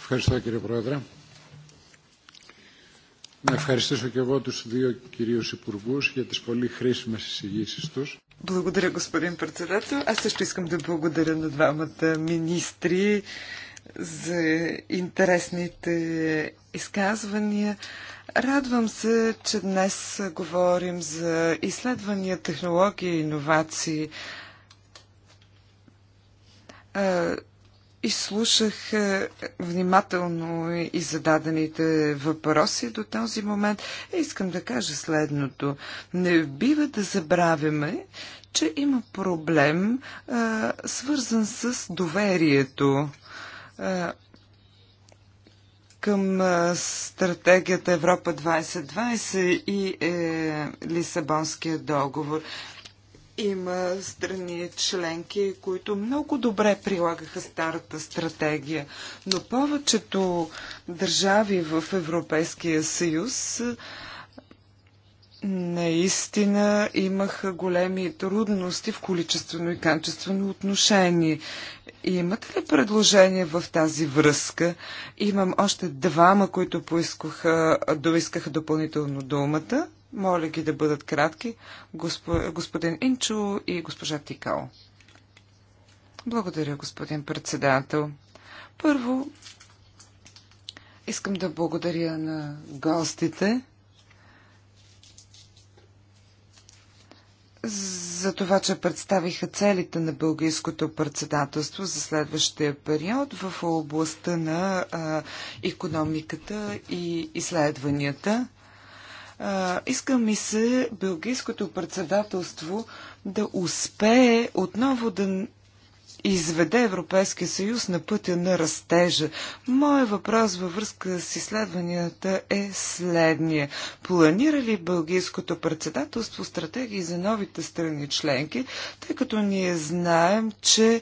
Speaker 4: Ευχαριστώ κύριε Πρόεδρε. Να ευχαριστήσω και εγώ τους δύο κυρίους υπουργούς για τις πολύ χρήσιμες εισηγήσεις τους.
Speaker 2: Благодаря, господин председател. Аз също искам да благодаря на двамата министри за интересните изказвания. Радвам се, че днес говорим за изследвания, технологии и иновации Изслушах е, внимателно и зададените въпроси до този момент. Е, искам да кажа следното. Не бива да забравяме, че има проблем, а, е, свързан с доверието а, към стратегията Европа 2020 и е, Лисабонския договор. Има страни членки, които много добре прилагаха старата стратегия, но повечето държави в Европейския съюз наистина имаха големи трудности в количествено и качествено отношение. Имате ли предложение в тази връзка? Имам още двама, които поискаха, доискаха допълнително думата. Моля ги да бъдат кратки. Госпо... Господин Инчо и госпожа Тикао. Благодаря, господин председател. Първо, искам да благодаря на гостите за това, че представиха целите на Бългийското председателство за следващия период в областта на а, економиката и изследванията. Иска ми се Белгийското председателство да успее отново да изведе Европейския съюз на пътя на растежа. Моят въпрос във връзка с изследванията е следния. Планира ли Бългийското председателство стратегии за новите страни членки, тъй като ние знаем, че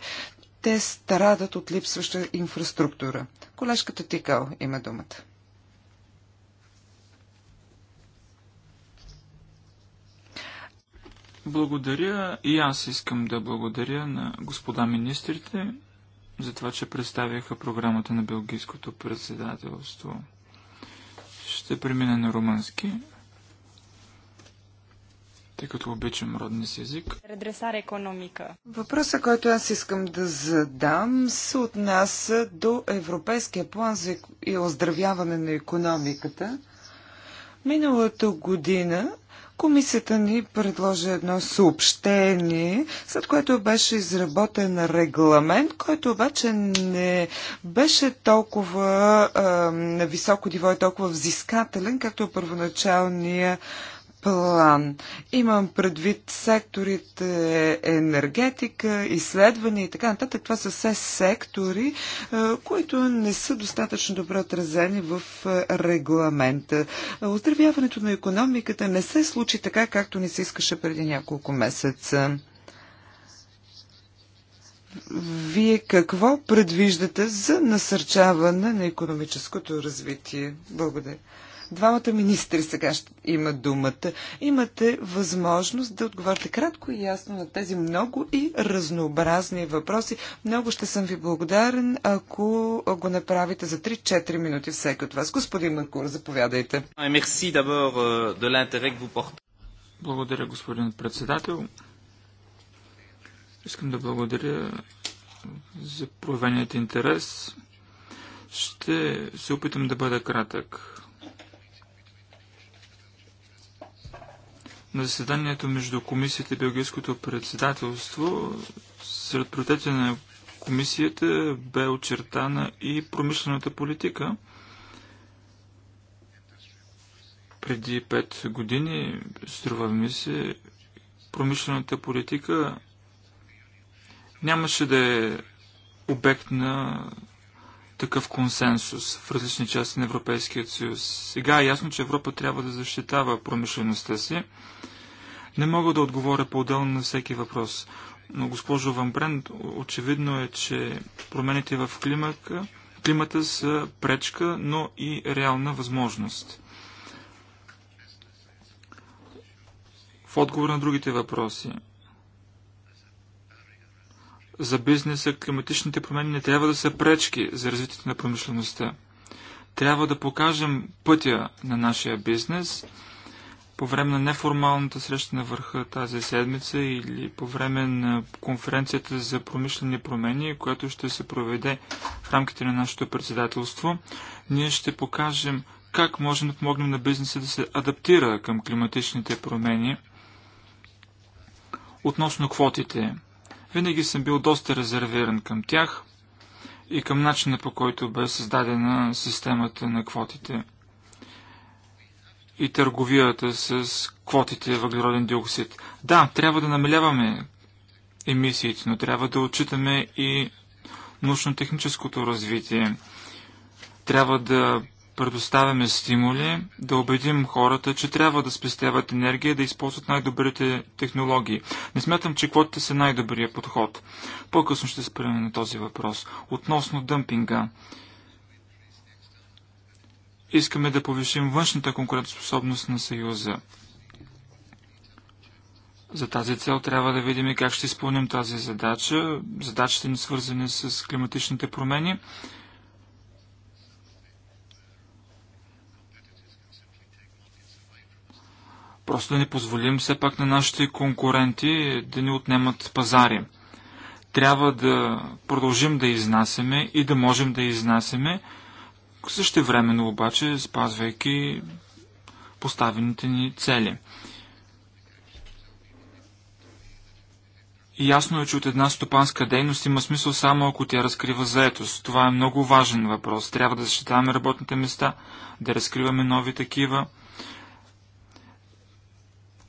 Speaker 2: те страдат от липсваща инфраструктура? Колежката Тикал има думата.
Speaker 3: Благодаря и аз искам да благодаря на господа министрите за това, че представяха програмата на Белгийското председателство. Ще премина на
Speaker 2: румънски, тъй като обичам родния си език. Редресар економика. Въпросът, който аз искам да задам, се отнася до Европейския план за оздравяване на економиката. Миналата година Комисията ни предложи едно съобщение, след което беше изработен регламент, който обаче не беше толкова а, на високо ниво и толкова взискателен, както първоначалния план. Имам предвид секторите енергетика, изследвания и така нататък. Това са все сектори, е, които не са достатъчно добре отразени в е, регламента. Оздравяването на економиката не се случи така, както ни се искаше преди няколко месеца. Вие какво предвиждате за насърчаване на економическото развитие? Благодаря. Двамата министри сега ще имат думата. Имате възможност да отговорите кратко и ясно на тези много и разнообразни въпроси. Много ще съм ви благодарен, ако го направите за 3-4 минути всеки от вас. Господин Маркур, заповядайте. Ah,
Speaker 3: euh,
Speaker 2: благодаря, господин
Speaker 3: председател. Искам да благодаря за проявеният интерес. Ще се опитам да бъда кратък. На заседанието между комисията и Белгийското председателство, сред приоритетите на комисията бе очертана и промишлената политика. Преди пет години, струва ми се, промишлената политика нямаше да е обект на такъв консенсус в различни части на Европейския съюз. Сега е ясно, че Европа трябва да защитава промишлеността си. Не мога да отговоря по-отделно на всеки въпрос, но госпожо Ван очевидно е, че промените в климата, климата са пречка, но и реална възможност. В отговор на другите въпроси – за бизнеса климатичните промени не трябва да са пречки за развитието на промишлеността. Трябва да покажем пътя на нашия бизнес по време на неформалната среща на върха тази седмица или по време на конференцията за промишлени промени, която ще се проведе в рамките на нашето председателство, ние ще покажем как можем да помогнем на бизнеса да се адаптира към климатичните промени относно квотите. Винаги съм бил доста резервиран към тях и към начина по който бе създадена системата на квотите и търговията с квотите въглероден диоксид. Да, трябва да намаляваме емисиите, но трябва да отчитаме и научно-техническото развитие. Трябва да предоставяме стимули, да убедим хората, че трябва да спестяват енергия да използват най-добрите технологии. Не смятам, че квотите са най-добрия подход. По-късно ще спрем на този въпрос. Относно дъмпинга. Искаме да повишим външната конкурентоспособност на Съюза. За тази цел трябва да видим как ще изпълним тази задача, задачите ни свързани с климатичните промени. Просто да не позволим все пак на нашите конкуренти да ни отнемат пазари. Трябва да продължим да изнасяме и да можем да изнасяме, същевременно обаче спазвайки поставените ни цели. И ясно е, че от една стопанска дейност има смисъл само ако тя разкрива заетост. Това е много важен въпрос. Трябва да защитаваме работните места, да разкриваме нови такива.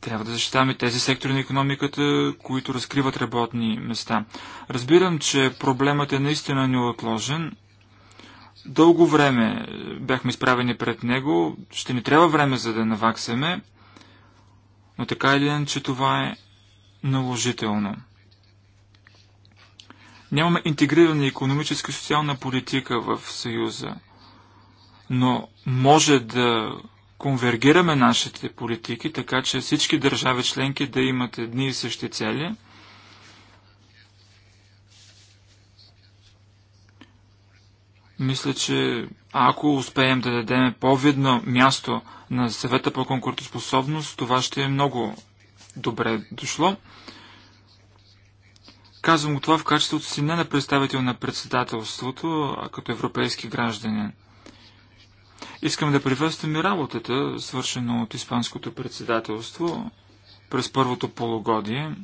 Speaker 3: Трябва да защитаваме тези сектори на економиката, които разкриват работни места. Разбирам, че проблемът е наистина неотложен. Дълго време бяхме изправени пред него. Ще ни трябва време, за да наваксаме. Но така или че това е наложително. Нямаме интегрирана економическа и социална политика в Съюза, но може да конвергираме нашите политики, така че всички държави членки да имат едни и същи цели. Мисля, че ако успеем да дадем по-видно място на съвета по конкурентоспособност, това ще е много добре дошло. Казвам го това в качеството си не на представител на председателството, а като европейски гражданин. Искам да приветствам и работата, свършена от Испанското председателство през първото полугодие.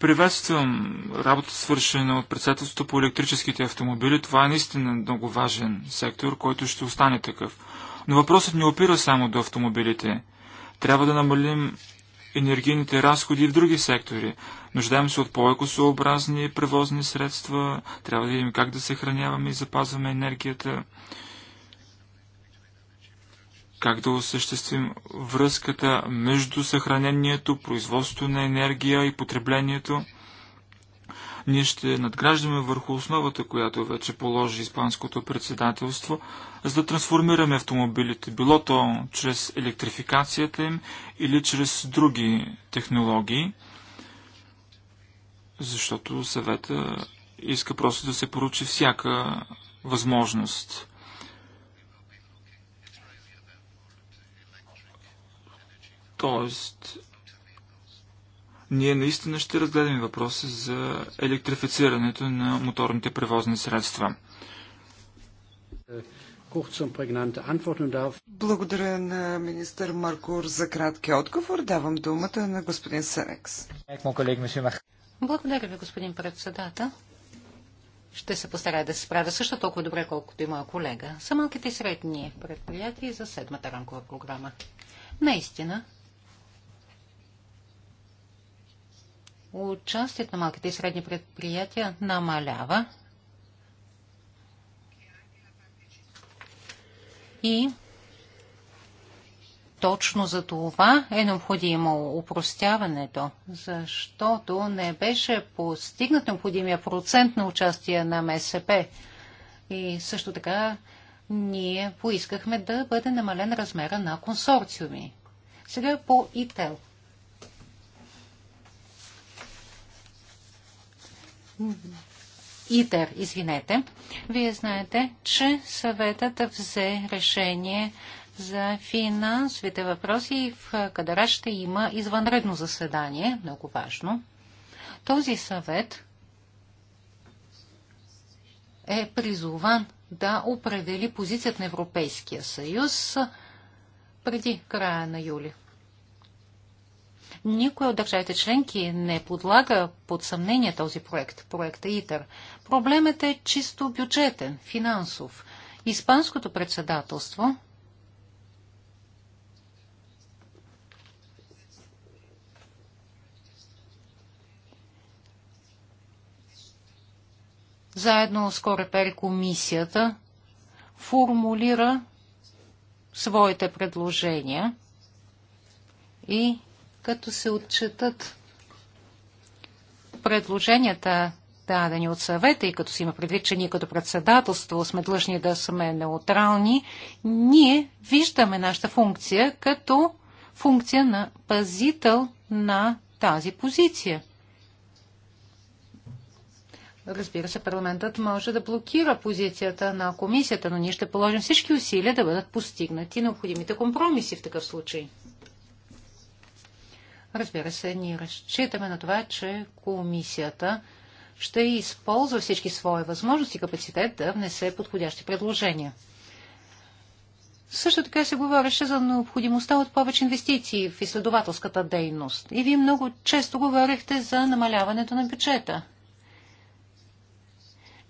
Speaker 3: Приветствам работата, свършена от председателството по електрическите автомобили. Това е наистина много важен сектор, който ще остане такъв. Но въпросът не опира само до автомобилите. Трябва да намалим енергийните разходи в други сектори. Нуждаем се от по-екосообразни превозни средства, трябва да видим как да съхраняваме и запазваме енергията, как да осъществим връзката между съхранението, производството на енергия и потреблението. Ние ще надграждаме върху основата, която вече положи Испанското председателство, за да трансформираме автомобилите, било то чрез електрификацията им или чрез други технологии, защото съвета иска просто да се поручи всяка възможност. Тоест, ние наистина ще разгледаме въпроса за електрифицирането на моторните превозни средства.
Speaker 2: Благодаря на министър Маркур за краткия отговор. Давам думата на господин Сенекс.
Speaker 1: Благодаря ви, господин председател. Ще се постарая да се справя също толкова добре, колкото и моя колега. Са малките и средни предприятия за седмата рамкова програма. Наистина, участието на малките и средни предприятия намалява и точно за това е необходимо упростяването, защото не беше постигнат необходимия процент на участие на МСП. И също така ние поискахме да бъде намален размера на консорциуми. Сега по ИТЕЛ. ИТЕР, извинете. Вие знаете, че съветът взе решение за финансовите въпроси в Кадара ще има извънредно заседание, много важно. Този съвет е призован да определи позицията на Европейския съюз преди края на юли. Никой от държавите членки не подлага под съмнение този проект, проекта ИТЕР. Проблемът е чисто бюджетен, финансов. Испанското председателство заедно с Корепер комисията формулира своите предложения и като се отчетат предложенията дадени от съвета и като си има предвид, че ние като председателство сме длъжни да сме неутрални, ние виждаме нашата функция като функция на пазител на тази позиция. Разбира се, парламентът може да блокира позицията на комисията, но ние ще положим всички усилия да бъдат постигнати необходимите компромиси в такъв случай. Разбира се, ние разчитаме на това, че комисията ще използва всички свои възможности и капацитет да внесе подходящи предложения. Също така се говореше за необходимостта от повече инвестиции в изследователската дейност. И вие много често говорихте за намаляването на бюджета.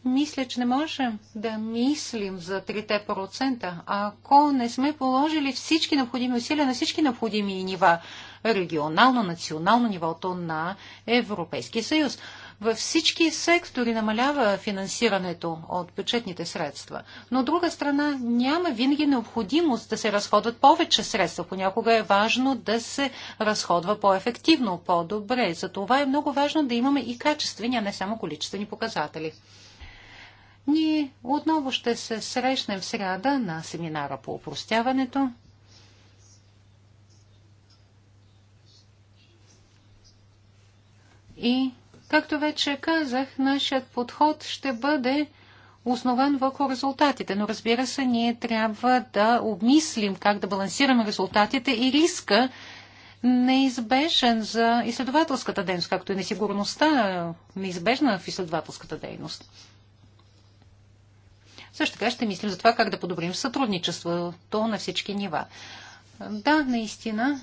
Speaker 1: Мисля, че не можем да мислим за 3%, ако не сме положили всички необходими усилия на всички необходими нива регионално, национално нивото на Европейския съюз. Във всички сектори намалява финансирането от бюджетните средства, но от друга страна няма винаги необходимост да се разходват повече средства. Понякога е важно да се разходва по-ефективно, по-добре. За това е много важно да имаме и качествени, а не само количествени показатели. Ние отново ще се срещнем в сряда на семинара по упростяването. И, както вече казах, нашият подход ще бъде основан върху резултатите. Но разбира се, ние трябва да обмислим как да балансираме резултатите и риска, неизбежен за изследователската дейност, както и несигурността, неизбежна в изследователската дейност. Също така ще мислим за това как да подобрим сътрудничеството на всички нива. Да, наистина,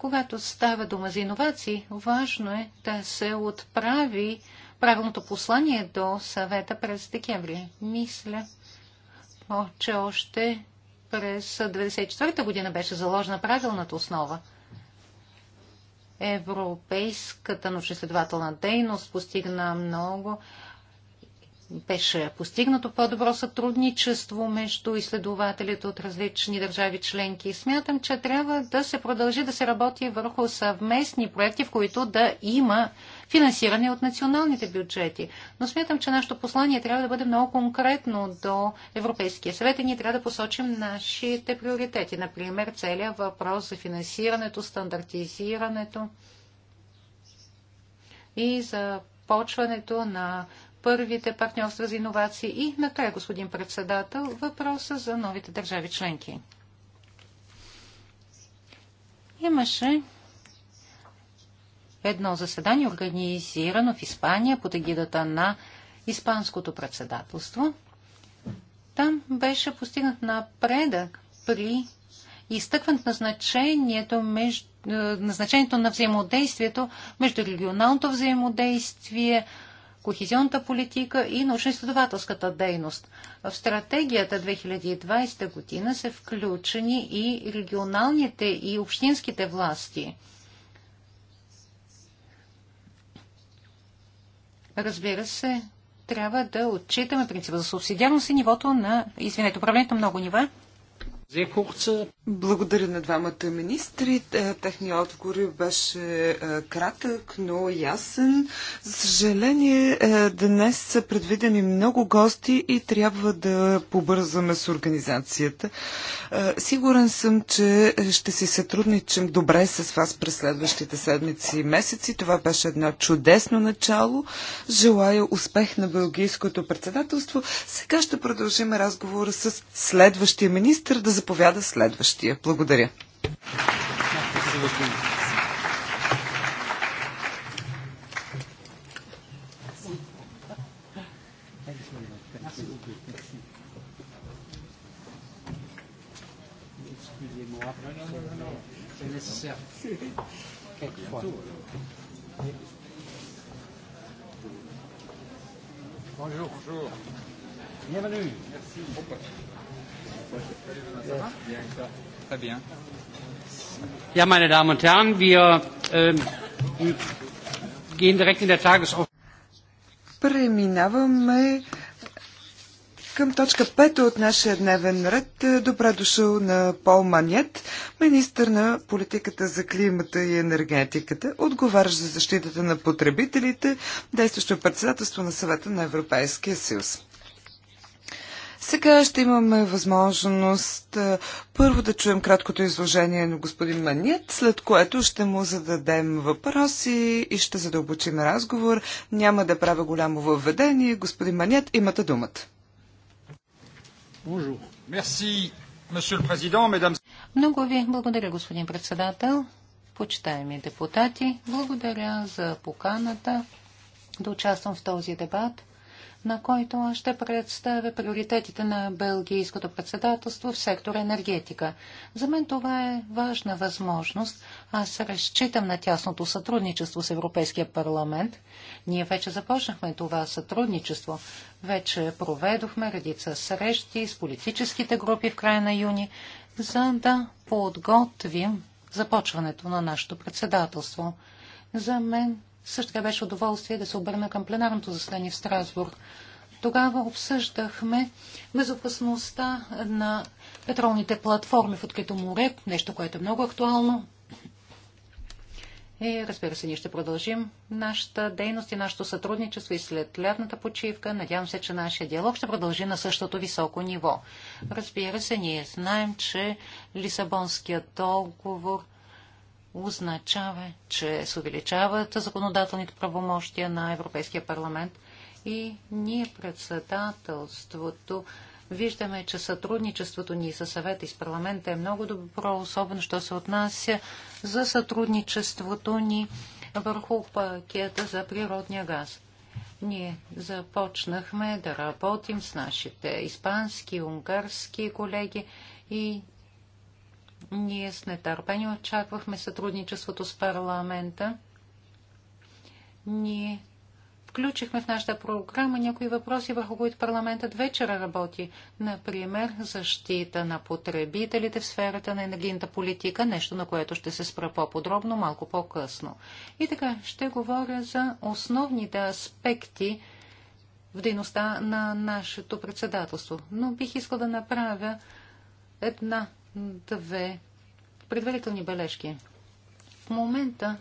Speaker 1: когато става дума за иновации, важно е да се отправи правилното послание до съвета през декември. Мисля, че още през 1994 година беше заложена правилната основа. Европейската научно-изследователна дейност постигна много беше постигнато по-добро сътрудничество между изследователите от различни държави членки. Смятам, че трябва да се продължи да се работи върху съвместни проекти, в които да има финансиране от националните бюджети. Но смятам, че нашето послание трябва да бъде много конкретно до Европейския съвет и ние трябва да посочим нашите приоритети. Например, целият въпрос за финансирането, стандартизирането и за почването на първите партньорства за иновации. И накрая, господин председател, въпроса за новите държави членки. Имаше едно заседание, организирано в Испания под егидата на Испанското председателство. Там беше постигнат напредък при изтъкването на значението, между, на значението на взаимодействието между регионалното взаимодействие, кохезионната политика и научно-изследователската дейност. В стратегията 2020 година са включени и регионалните и общинските власти. Разбира се, трябва да отчитаме принципа за субсидиарност и нивото на, извинете, управлението на много нива благодаря на двамата
Speaker 2: министри. Техният отговор беше е, кратък, но ясен. За съжаление, е, днес са предвидени много гости и трябва да побързаме с организацията. Е, сигурен съм, че ще си сътрудничим добре с вас през следващите седмици и месеци. Това беше едно чудесно начало. Желая успех на Белгийското председателство. Сега ще продължим разговора с следващия министр да Заповяда следващия. Благодаря.
Speaker 4: Bonjour. Bonjour. Bienvenue.
Speaker 3: Merci. Merci.
Speaker 4: Ja, meine Damen und Herren, wir ähm, gehen direkt
Speaker 1: in der Tagesordnung.
Speaker 2: Преминаваме към точка 5 от нашия дневен ред. Добре дошъл на Пол Манет, министър на политиката за климата и енергетиката, отговарящ за защитата на потребителите, действащо председателство на съвета на Европейския съюз. Сега ще имаме възможност е, първо да чуем краткото изложение на господин Маният, след което ще му зададем въпроси и ще задълбочим разговор. Няма да правя голямо въведение. Господин Маният, имате думата.
Speaker 1: Много ви благодаря, господин председател. Почитаеми депутати, благодаря за поканата да участвам в този дебат – на който аз ще представя приоритетите на Белгийското председателство в сектор енергетика. За мен това е важна възможност. Аз разчитам на тясното сътрудничество с Европейския парламент. Ние вече започнахме това сътрудничество. Вече проведохме редица срещи с политическите групи в края на юни, за да подготвим започването на нашето председателство. За мен също така беше удоволствие да се обърна към пленарното заседание в Страсбург. Тогава обсъждахме безопасността на петролните платформи в открито море, нещо, което е много актуално. И разбира се, ние ще продължим нашата дейност и нашето сътрудничество и след лятната почивка. Надявам се, че нашия диалог ще продължи на същото високо ниво. Разбира се, ние знаем, че Лисабонският договор – означава, че се увеличават законодателните правомощия на Европейския парламент и ние председателството виждаме, че сътрудничеството ни със съвета и с парламента е много добро, особено що се отнася за сътрудничеството ни върху пакета за природния газ. Ние започнахме да работим с нашите испански, унгарски колеги и ние с нетърпение очаквахме сътрудничеството с парламента. Ние включихме в нашата програма някои въпроси, върху които парламентът вечера работи. Например, защита на потребителите в сферата на енергийната политика, нещо на което ще се спра по-подробно малко по-късно. И така, ще говоря за основните аспекти в дейността на нашето председателство. Но бих искал да направя една две предварителни бележки. В момента,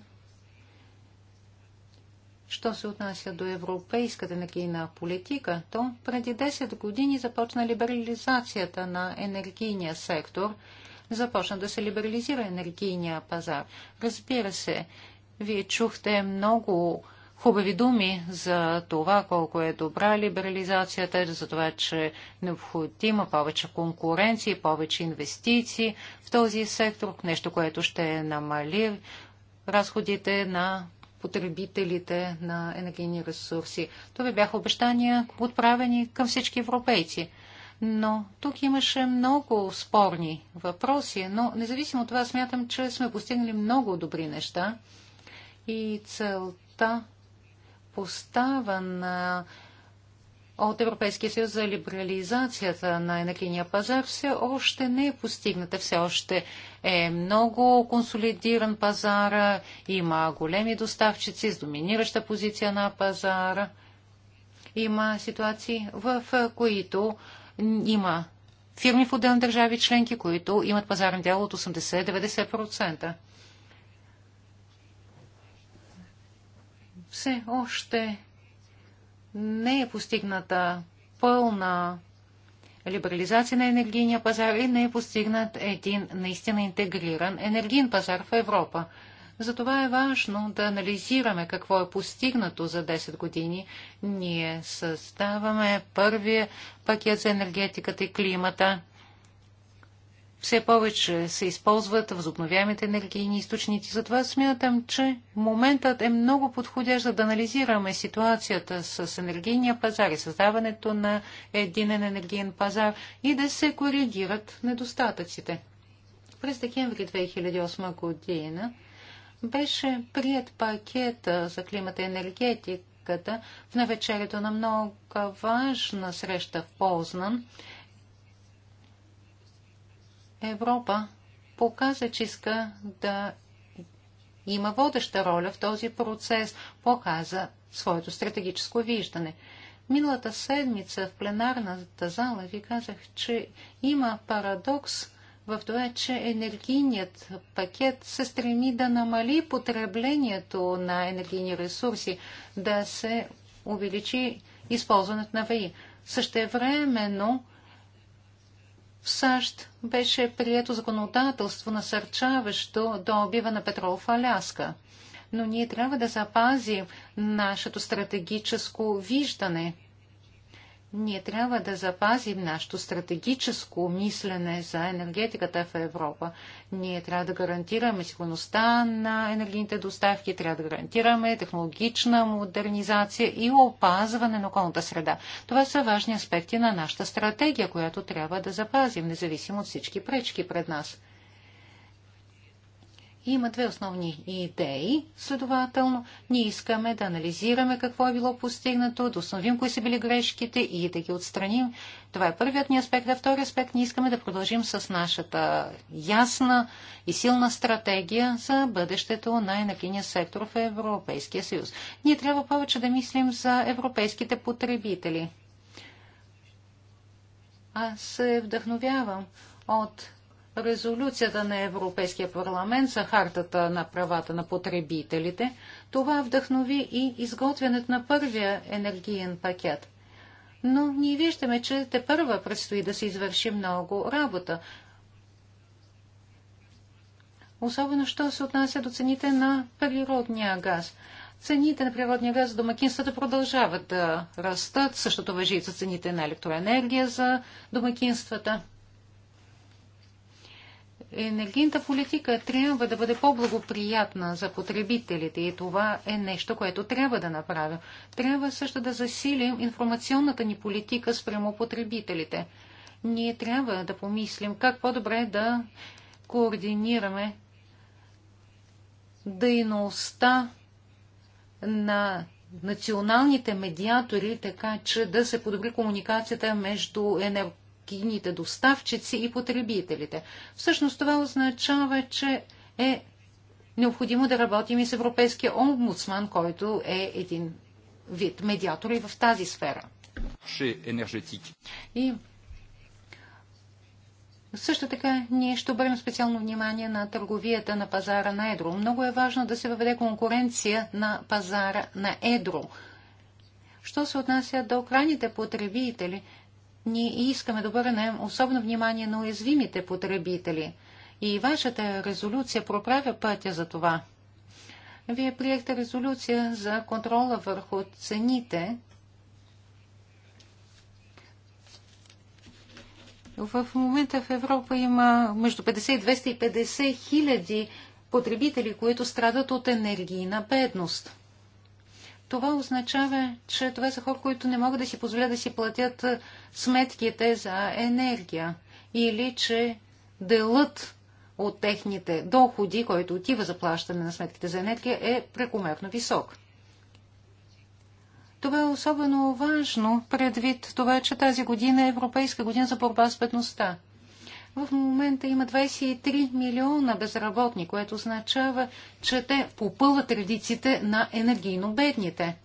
Speaker 1: що се отнася до европейската енергийна политика, то преди 10 години започна либерализацията на енергийния сектор, започна да се либерализира енергийния пазар. Разбира се, вие чухте много хубави думи за това колко е добра либерализацията, за това, че е необходима повече конкуренция, повече инвестиции в този сектор, нещо, което ще намали разходите на потребителите на енергийни ресурси. Това бяха обещания, отправени към всички европейци. Но тук имаше много спорни въпроси, но независимо от това смятам, че сме постигнали много добри неща и целта поставен от Европейския съюз за либерализацията на енергийния пазар все още не е постигната. Все още е много консолидиран пазара, има големи доставчици с доминираща позиция на пазара. Има ситуации, в които има фирми в отделни държави членки, които имат пазарен дял от 80-90%. все още не е постигната пълна либерализация на енергийния пазар и не е постигнат един наистина интегриран енергиен пазар в Европа. Затова е важно да анализираме какво е постигнато за 10 години. Ние създаваме първия пакет за енергетиката и климата – все повече се използват възобновяемите енергийни източници. Затова смятам, че моментът е много подходящ да анализираме ситуацията с енергийния пазар и създаването на един енергиен пазар и да се коригират недостатъците. През декември 2008 година беше прият пакета за климата и енергетиката в навечерието на много важна среща в Познан – Европа показа, че иска да има водеща роля в този процес, показа своето стратегическо виждане. Миналата седмица в пленарната зала ви казах, че има парадокс в това, че енергийният пакет се стреми да намали потреблението на енергийни ресурси, да се увеличи използването на ВИ. Същевременно САЩ беше прието законодателство, насърчаващо добива на петрол в Аляска. Но ние трябва да запазим нашето стратегическо виждане – ние трябва да запазим нашето стратегическо мислене за енергетиката в Европа. Ние трябва да гарантираме сигурността на енергийните доставки, трябва да гарантираме технологична модернизация и опазване на околната среда. Това са важни аспекти на нашата стратегия, която трябва да запазим, независимо от всички пречки пред нас. Има две основни идеи. Следователно, ние искаме да анализираме какво е било постигнато, да установим кои са били грешките и да ги отстраним. Това е първият ни аспект. А втори аспект, ние искаме да продължим с нашата ясна и силна стратегия за бъдещето на енергийния сектор в Европейския съюз. Ние трябва повече да мислим за европейските потребители. Аз се вдъхновявам от резолюцията на Европейския парламент за хартата на правата на потребителите, това вдъхнови и изготвянето на първия енергиен пакет. Но ние виждаме, че те първа предстои да се извърши много работа. Особено, що се отнася до цените на природния газ. Цените на природния газ за домакинствата продължават да растат. Същото въжи и за цените на електроенергия за домакинствата енергийната политика трябва да бъде по-благоприятна за потребителите и това е нещо, което трябва да направим. Трябва също да засилим информационната ни политика спрямо потребителите. Ние трябва да помислим как по-добре да координираме дейността на националните медиатори, така че да се подобри комуникацията между енерго енергийните доставчици и потребителите. Всъщност това означава, че е необходимо да работим и с Европейския омбудсман, който е един вид медиатор и в тази сфера. Е и също така ние ще обърнем специално внимание на търговията на пазара на едро. Много е важно да се въведе конкуренция на пазара на едро. Що се отнася до крайните потребители, ние искаме да обърнем особено внимание на уязвимите потребители. И вашата резолюция проправя пътя за това. Вие приехте резолюция за контрола върху цените. В момента в Европа има между 50 и 250 хиляди потребители, които страдат от енергийна бедност това означава, че това са хора, които не могат да си позволят да си платят сметките за енергия или че делът от техните доходи, който отива за плащане на сметките за енергия, е прекомерно висок. Това е особено важно предвид това, че тази година е Европейска година за борба с бедността. В момента има 23 милиона безработни, което означава, че те попълват редиците на енергийно бедните.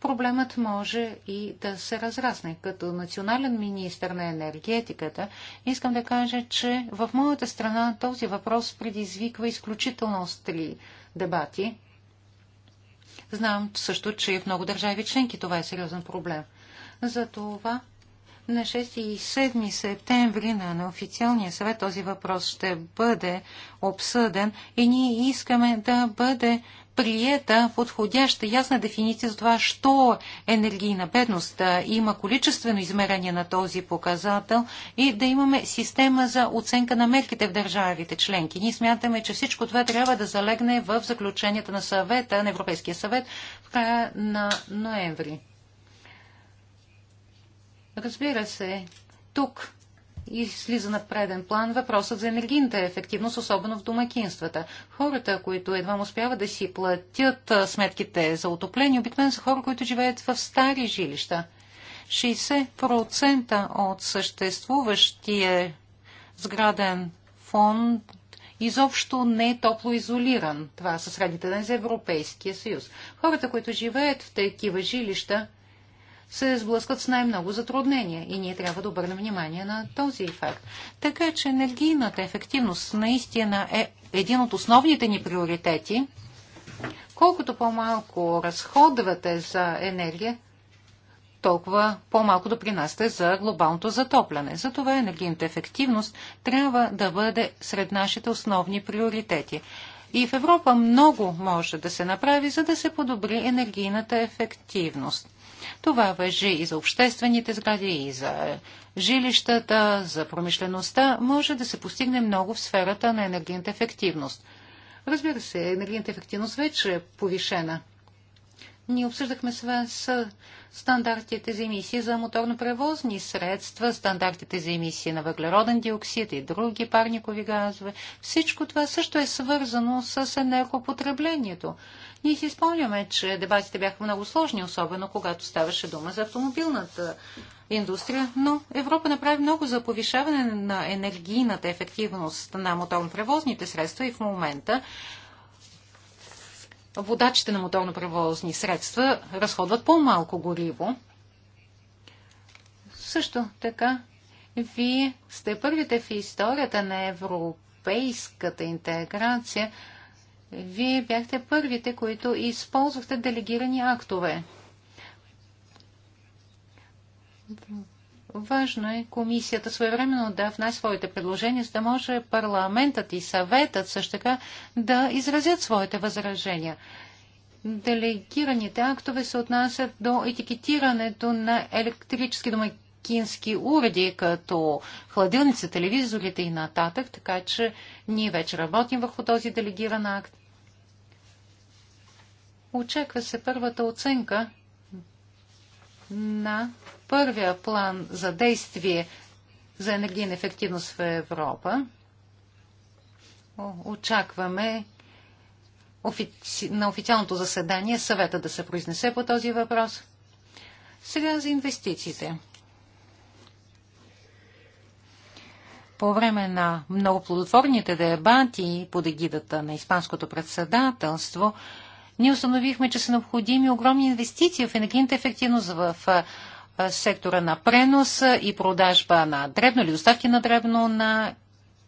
Speaker 1: Проблемът може и да се разрасне. Като национален министр на енергетиката искам да кажа, че в моята страна този въпрос предизвиква изключително остри дебати. Знам също, че в много държави членки това е сериозен проблем. Затова на 6 и 7 септември на неофициалния съвет този въпрос ще бъде обсъден и ние искаме да бъде приета подходяща ясна дефиниция за това, що е енергийна бедност, да има количествено измерение на този показател и да имаме система за оценка на мерките в държавите членки. Ние смятаме, че всичко това трябва да залегне в заключенията на съвета, на Европейския съвет в края на ноември. Разбира се, тук слиза на преден план въпросът за енергийната ефективност, особено в домакинствата. Хората, които едва успяват да си платят сметките за отопление, обикновено са хора, които живеят в стари жилища. 60% от съществуващия сграден фонд изобщо не е топло изолиран. Това са средните ден за Европейския съюз. Хората, които живеят в такива жилища, се сблъскат с най-много затруднения и ние трябва да обърнем внимание на този ефект. Така че енергийната ефективност наистина е един от основните ни приоритети. Колкото по-малко разходвате за енергия, толкова по-малко допринасяте за глобалното затопляне. Затова енергийната ефективност трябва да бъде сред нашите основни приоритети. И в Европа много може да се направи, за да се подобри енергийната ефективност. Това въжи и за обществените сгради, и за жилищата, за промишлеността. Може да се постигне много в сферата на енергийната ефективност. Разбира се, енергийната ефективност вече е повишена. Ние обсъждахме с вас стандартите за емисии за моторно-превозни средства, стандартите за емисии на въглероден диоксид и други парникови газове. Всичко това също е свързано с енергопотреблението. Ние си спомняме, че дебатите бяха много сложни, особено когато ставаше дума за автомобилната индустрия, но Европа направи много за повишаване на енергийната ефективност на моторно-превозните средства и в момента водачите на моторно превозни средства разходват по-малко гориво. Също така, вие сте първите в историята на европейската интеграция. Вие бяхте първите, които използвахте делегирани актове. Важно е комисията своевременно да внася своите предложения, за да може парламентът и съветът също така да изразят своите възражения. Делегираните актове се отнасят до етикетирането на електрически домакински уреди, като хладилници, телевизорите и нататък, така че ние вече работим върху този делегиран акт. Очаква се първата оценка на първия план за действие за енергийна ефективност в Европа. Очакваме офици... на официалното заседание съвета да се произнесе по този въпрос. Сега за инвестициите. По време на многоплодотворните дебати под егидата на Испанското председателство, ние установихме, че са необходими огромни инвестиции в енергийната ефективност в сектора на пренос и продажба на дребно или доставки на дребно на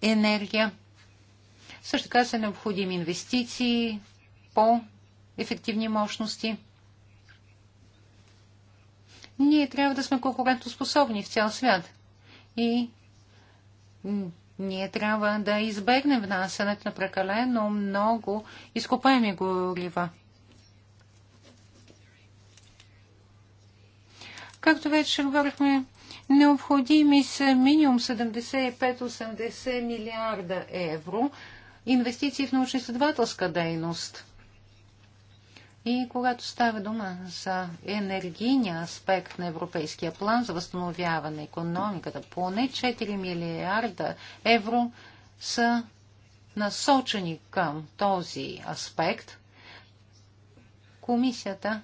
Speaker 1: енергия. Също така са необходими инвестиции по ефективни мощности. Ние трябва да сме конкурентоспособни в цял свят. И ние трябва да избегнем внасянето на прекалено много изкупаеми горива. Както вече говорихме, необходими са минимум 75-80 милиарда евро инвестиции в научно-изследователска дейност. И когато става дума за енергийния аспект на Европейския план за възстановяване на економиката, поне 4 милиарда евро са насочени към този аспект. Комисията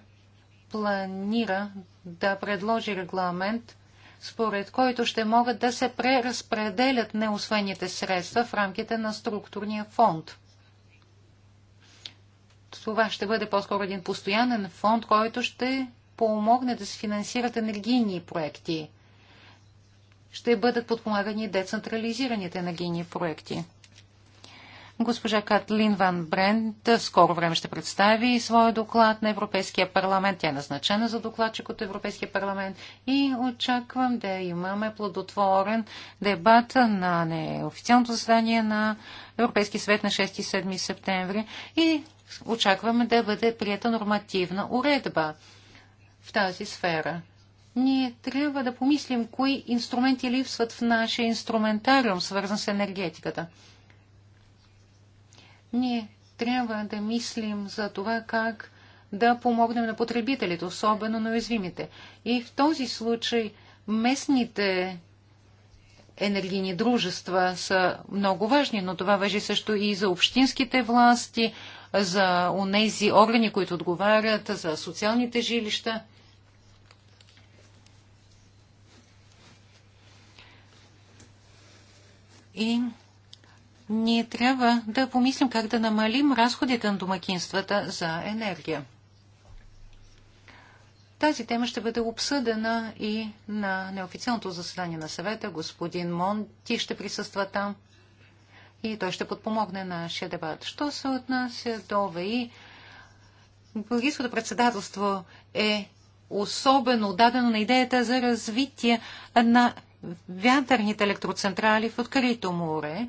Speaker 1: планира да предложи регламент, според който ще могат да се преразпределят неосвените средства в рамките на структурния фонд това ще бъде по-скоро един постоянен фонд, който ще помогне да се финансират енергийни проекти. Ще бъдат подпомагани децентрализираните енергийни проекти. Госпожа Катлин Ван Брент скоро време ще представи своя доклад на Европейския парламент. Тя е назначена за докладчик от Европейския парламент и очаквам да имаме плодотворен дебат на неофициалното заседание на Европейския съвет на 6 и 7 септември и очакваме да бъде прията нормативна уредба в тази сфера. Ние трябва да помислим, кои инструменти липсват в нашия инструментариум, свързан с енергетиката. Ние трябва да мислим за това как да помогнем на потребителите, особено на уязвимите. И в този случай местните енергийни дружества са много важни, но това въжи също и за общинските власти, за онези органи, които отговарят за социалните жилища. И ние трябва да помислим как да намалим разходите на домакинствата за енергия. Тази тема ще бъде обсъдена и на неофициалното заседание на съвета. Господин Монти ще присъства там и той ще подпомогне нашия дебат. Що се отнася до ВИ, Бългийското председателство е особено дадено на идеята за развитие на вятърните електроцентрали в открито море.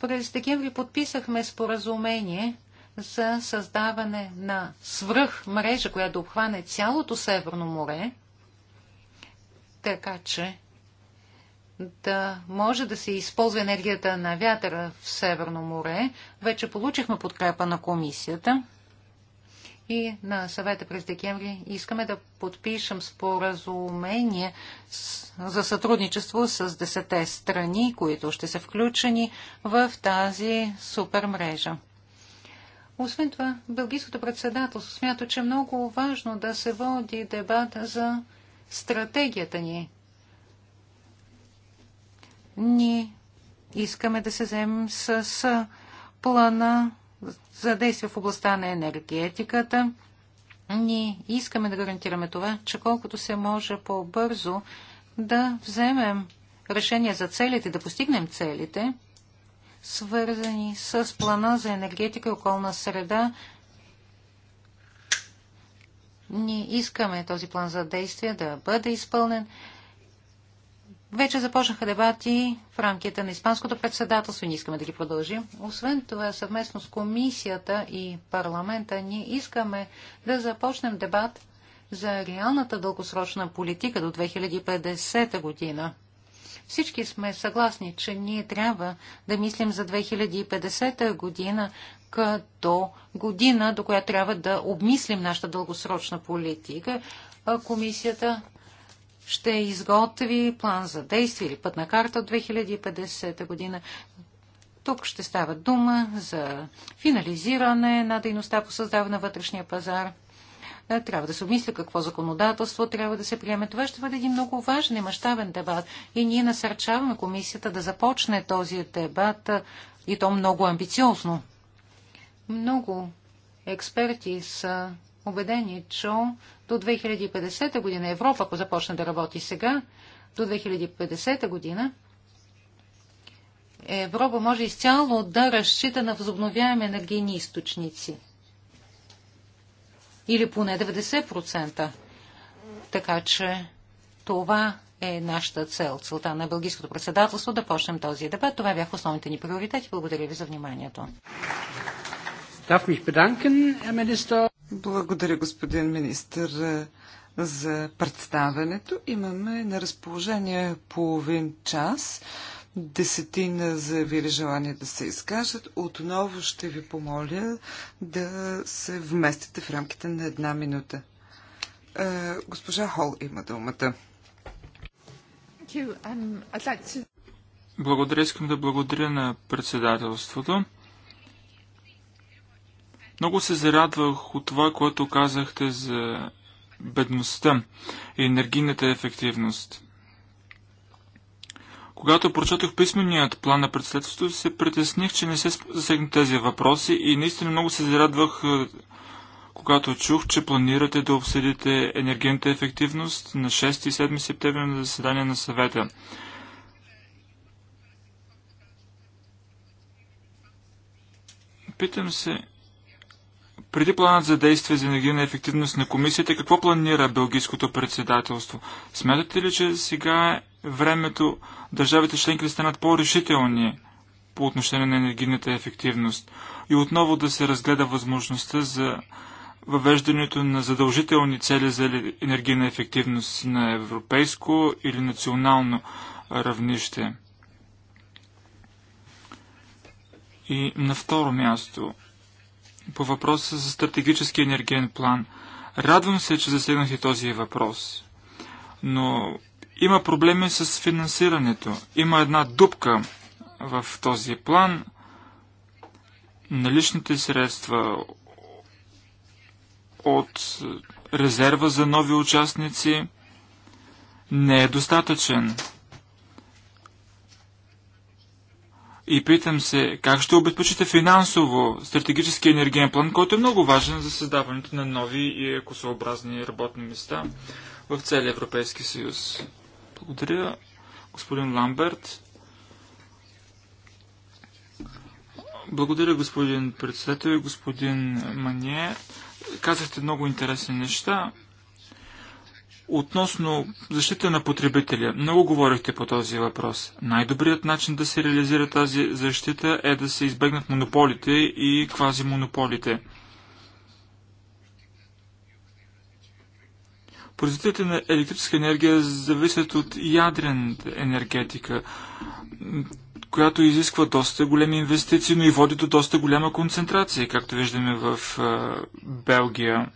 Speaker 1: През декември подписахме споразумение за създаване на свръх мрежа, която обхване цялото Северно море, така че да може да се използва енергията на вятъра в Северно море. Вече получихме подкрепа на комисията и на съвета през декември искаме да подпишем споразумение за сътрудничество с десете страни, които ще са включени в тази супермрежа. Освен това, Белгийското председателство смята, че е много важно да се води дебат за стратегията ни ние искаме да се вземем с плана за действие в областта на енергетиката. Ние искаме да гарантираме това, че колкото се може по-бързо да вземем решение за целите, да постигнем целите, свързани с плана за енергетика и околна среда. Ние искаме този план за действие да бъде изпълнен. Вече започнаха дебати в рамките на Испанското председателство и не искаме да ги продължим. Освен това, съвместно с комисията и парламента, ние искаме да започнем дебат за реалната дългосрочна политика до 2050 година. Всички сме съгласни, че ние трябва да мислим за 2050 година като година, до която трябва да обмислим нашата дългосрочна политика. Комисията ще изготви план за действие или пътна карта от 2050 година. Тук ще става дума за финализиране на дейността по създаване на вътрешния пазар. Е, трябва да се обмисля какво законодателство трябва да се приеме. Това ще бъде един много важен и мащабен дебат. И ние насърчаваме комисията да започне този дебат е, и то много амбициозно. Много експерти са убедени, че до 2050 година Европа, ако започне да работи сега, до 2050 година Европа може изцяло да разчита на възобновяеми енергийни източници. Или поне 90%. Така че това е нашата цел, целта на Бългийското председателство да почнем този дебат. Това бяха основните ни приоритети. Благодаря ви за вниманието.
Speaker 2: Благодаря, господин министр, за представенето. Имаме на разположение половин час. Десетина заявили желание да се изкажат. Отново ще ви помоля да се вместите в рамките на една минута. Е, госпожа Хол има думата.
Speaker 1: Um,
Speaker 3: благодаря, искам да благодаря на председателството. Много се зарадвах от това, което казахте за бедността и енергийната ефективност. Когато прочетох писменият план на председателството, се притесних, че не се засегнат тези въпроси и наистина много се зарадвах, е, когато чух, че планирате да обсъдите енергийната ефективност на 6 и 7 септември на заседание на съвета. Питам се, преди планът за действие за енергийна ефективност на комисията, какво планира Белгийското председателство? Смятате ли, че сега е времето държавите членки да станат по-решителни по отношение на енергийната ефективност и отново да се разгледа възможността за въвеждането на задължителни цели за енергийна ефективност на европейско или национално равнище? И на второ място – по въпроса за стратегически енергиен план. Радвам се, че засегнахте този въпрос. Но има проблеми с финансирането. Има една дупка в този план. Наличните средства от резерва за нови участници не е достатъчен. И питам се, как ще обезпечите финансово стратегически енергиен план, който е много важен за създаването на нови и екосъобразни работни места в целия Европейски съюз? Благодаря, господин Ламберт. Благодаря, господин председател и господин Мание. Казахте много интересни неща. Относно защита на потребителя, много говорихте по този въпрос. Най-добрият начин да се реализира тази защита е да се избегнат монополите и квазимонополите. Производителите на електрическа енергия зависят от ядрената енергетика, която изисква доста големи инвестиции, но и води до доста голяма концентрация, както виждаме в Белгия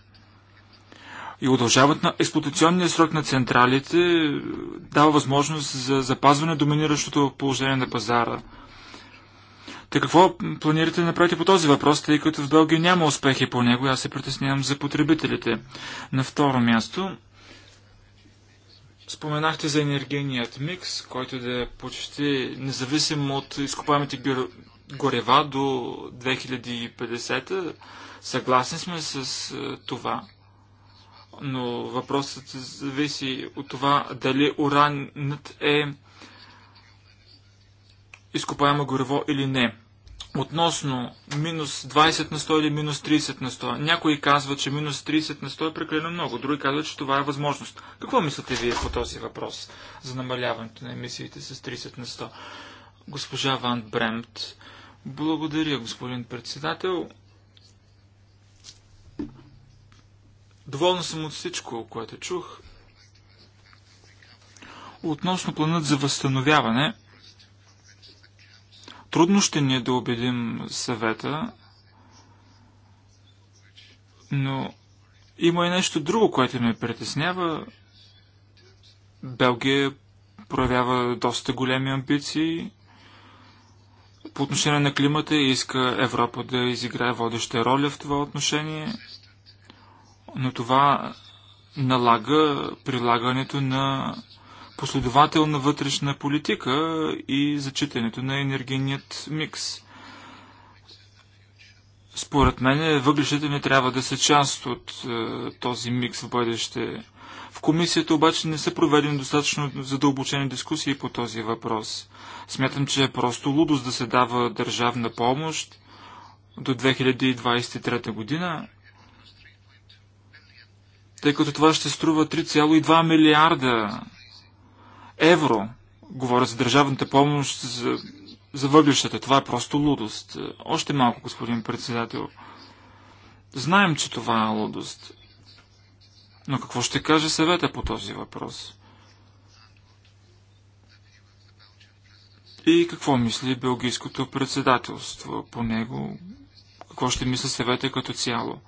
Speaker 3: и удължават на експлуатационния срок на централите е, дава възможност за запазване доминиращото положение на пазара. Те какво планирате да направите по този въпрос, тъй като в Белгия няма успехи по него и аз се притеснявам за потребителите? На второ място, споменахте за енергийният микс, който да е почти независим от изкопаемите горева до 2050. Съгласни сме с е, това но въпросът зависи от това дали уранът е изкопаемо горево или не. Относно минус 20 на 100 или минус 30 на 100. Някои казват, че минус 30 на 100 е прекалено много, други казват, че това е възможност. Какво мислите вие по този въпрос за намаляването на емисиите с 30 на 100? Госпожа Ван Бремт. Благодаря, господин председател. Доволна съм от всичко, което чух. Относно планът за възстановяване, трудно ще ни е да убедим съвета, но има и нещо друго, което ме притеснява. Белгия проявява доста големи амбиции. По отношение на климата иска Европа да изиграе водеща роля в това отношение но това налага прилагането на последователна вътрешна политика и зачитането на енергийният микс. Според мен въглищата не трябва да са част от е, този микс в бъдеще. В комисията обаче не са проведени достатъчно задълбочени дискусии по този въпрос. Смятам, че е просто лудост да се дава държавна помощ до 2023 година, тъй като това ще струва 3,2 милиарда евро. Говоря за държавната помощ за, за въглищата. Това е просто лудост. Още малко, господин председател. Знаем, че това е лудост. Но какво ще каже съвета по този въпрос? И какво мисли Белгийското председателство по него? Какво ще мисли съвета като цяло?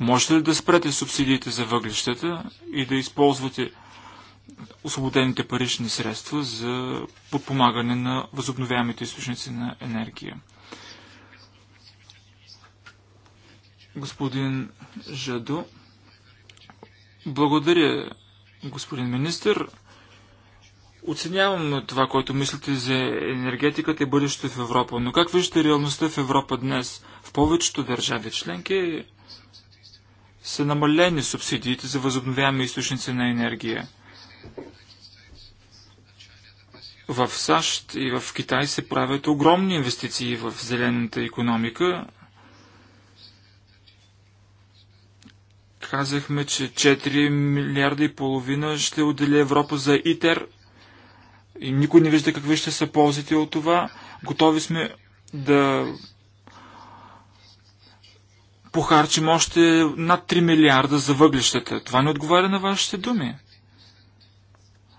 Speaker 3: Можете ли да спрете субсидиите за въглищата и да използвате освободените парични средства за подпомагане на възобновяемите източници на енергия? Господин Жадо, благодаря, господин министр. Оценявам това, което мислите за енергетиката и бъдещето в Европа, но как виждате реалността в Европа днес? В повечето държави членки са намалени субсидиите за възобновяеми източници на енергия. В САЩ и в Китай се правят огромни инвестиции в зелената економика. Казахме, че 4 милиарда и половина ще отдели Европа за ИТЕР. И никой не вижда какви ще са ползите от това. Готови сме да похарчим още над 3 милиарда за въглищата. Това не отговаря на вашите думи.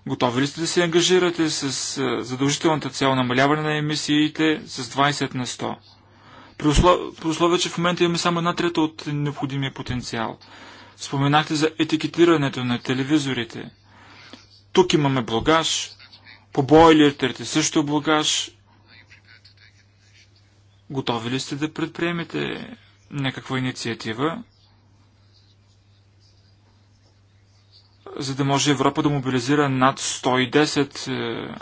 Speaker 3: Готови ли сте да се ангажирате с задължителната цел намаляване на емисиите с 20 на 100? При условие, при условие, че в момента имаме само една трета от необходимия потенциал. Споменахте за етикетирането на телевизорите. Тук имаме блогаж, по бойлерите също блогаж. Готови ли сте да предприемете някаква инициатива, за да може Европа да мобилизира над 110 е,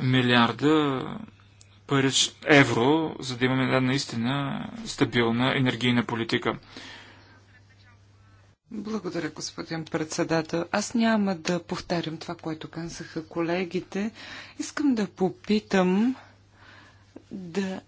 Speaker 3: милиарда парич, евро, за да имаме една наистина стабилна енергийна политика.
Speaker 2: Благодаря, господин председател. Аз няма да повтарям това, което казаха колегите. Искам да попитам да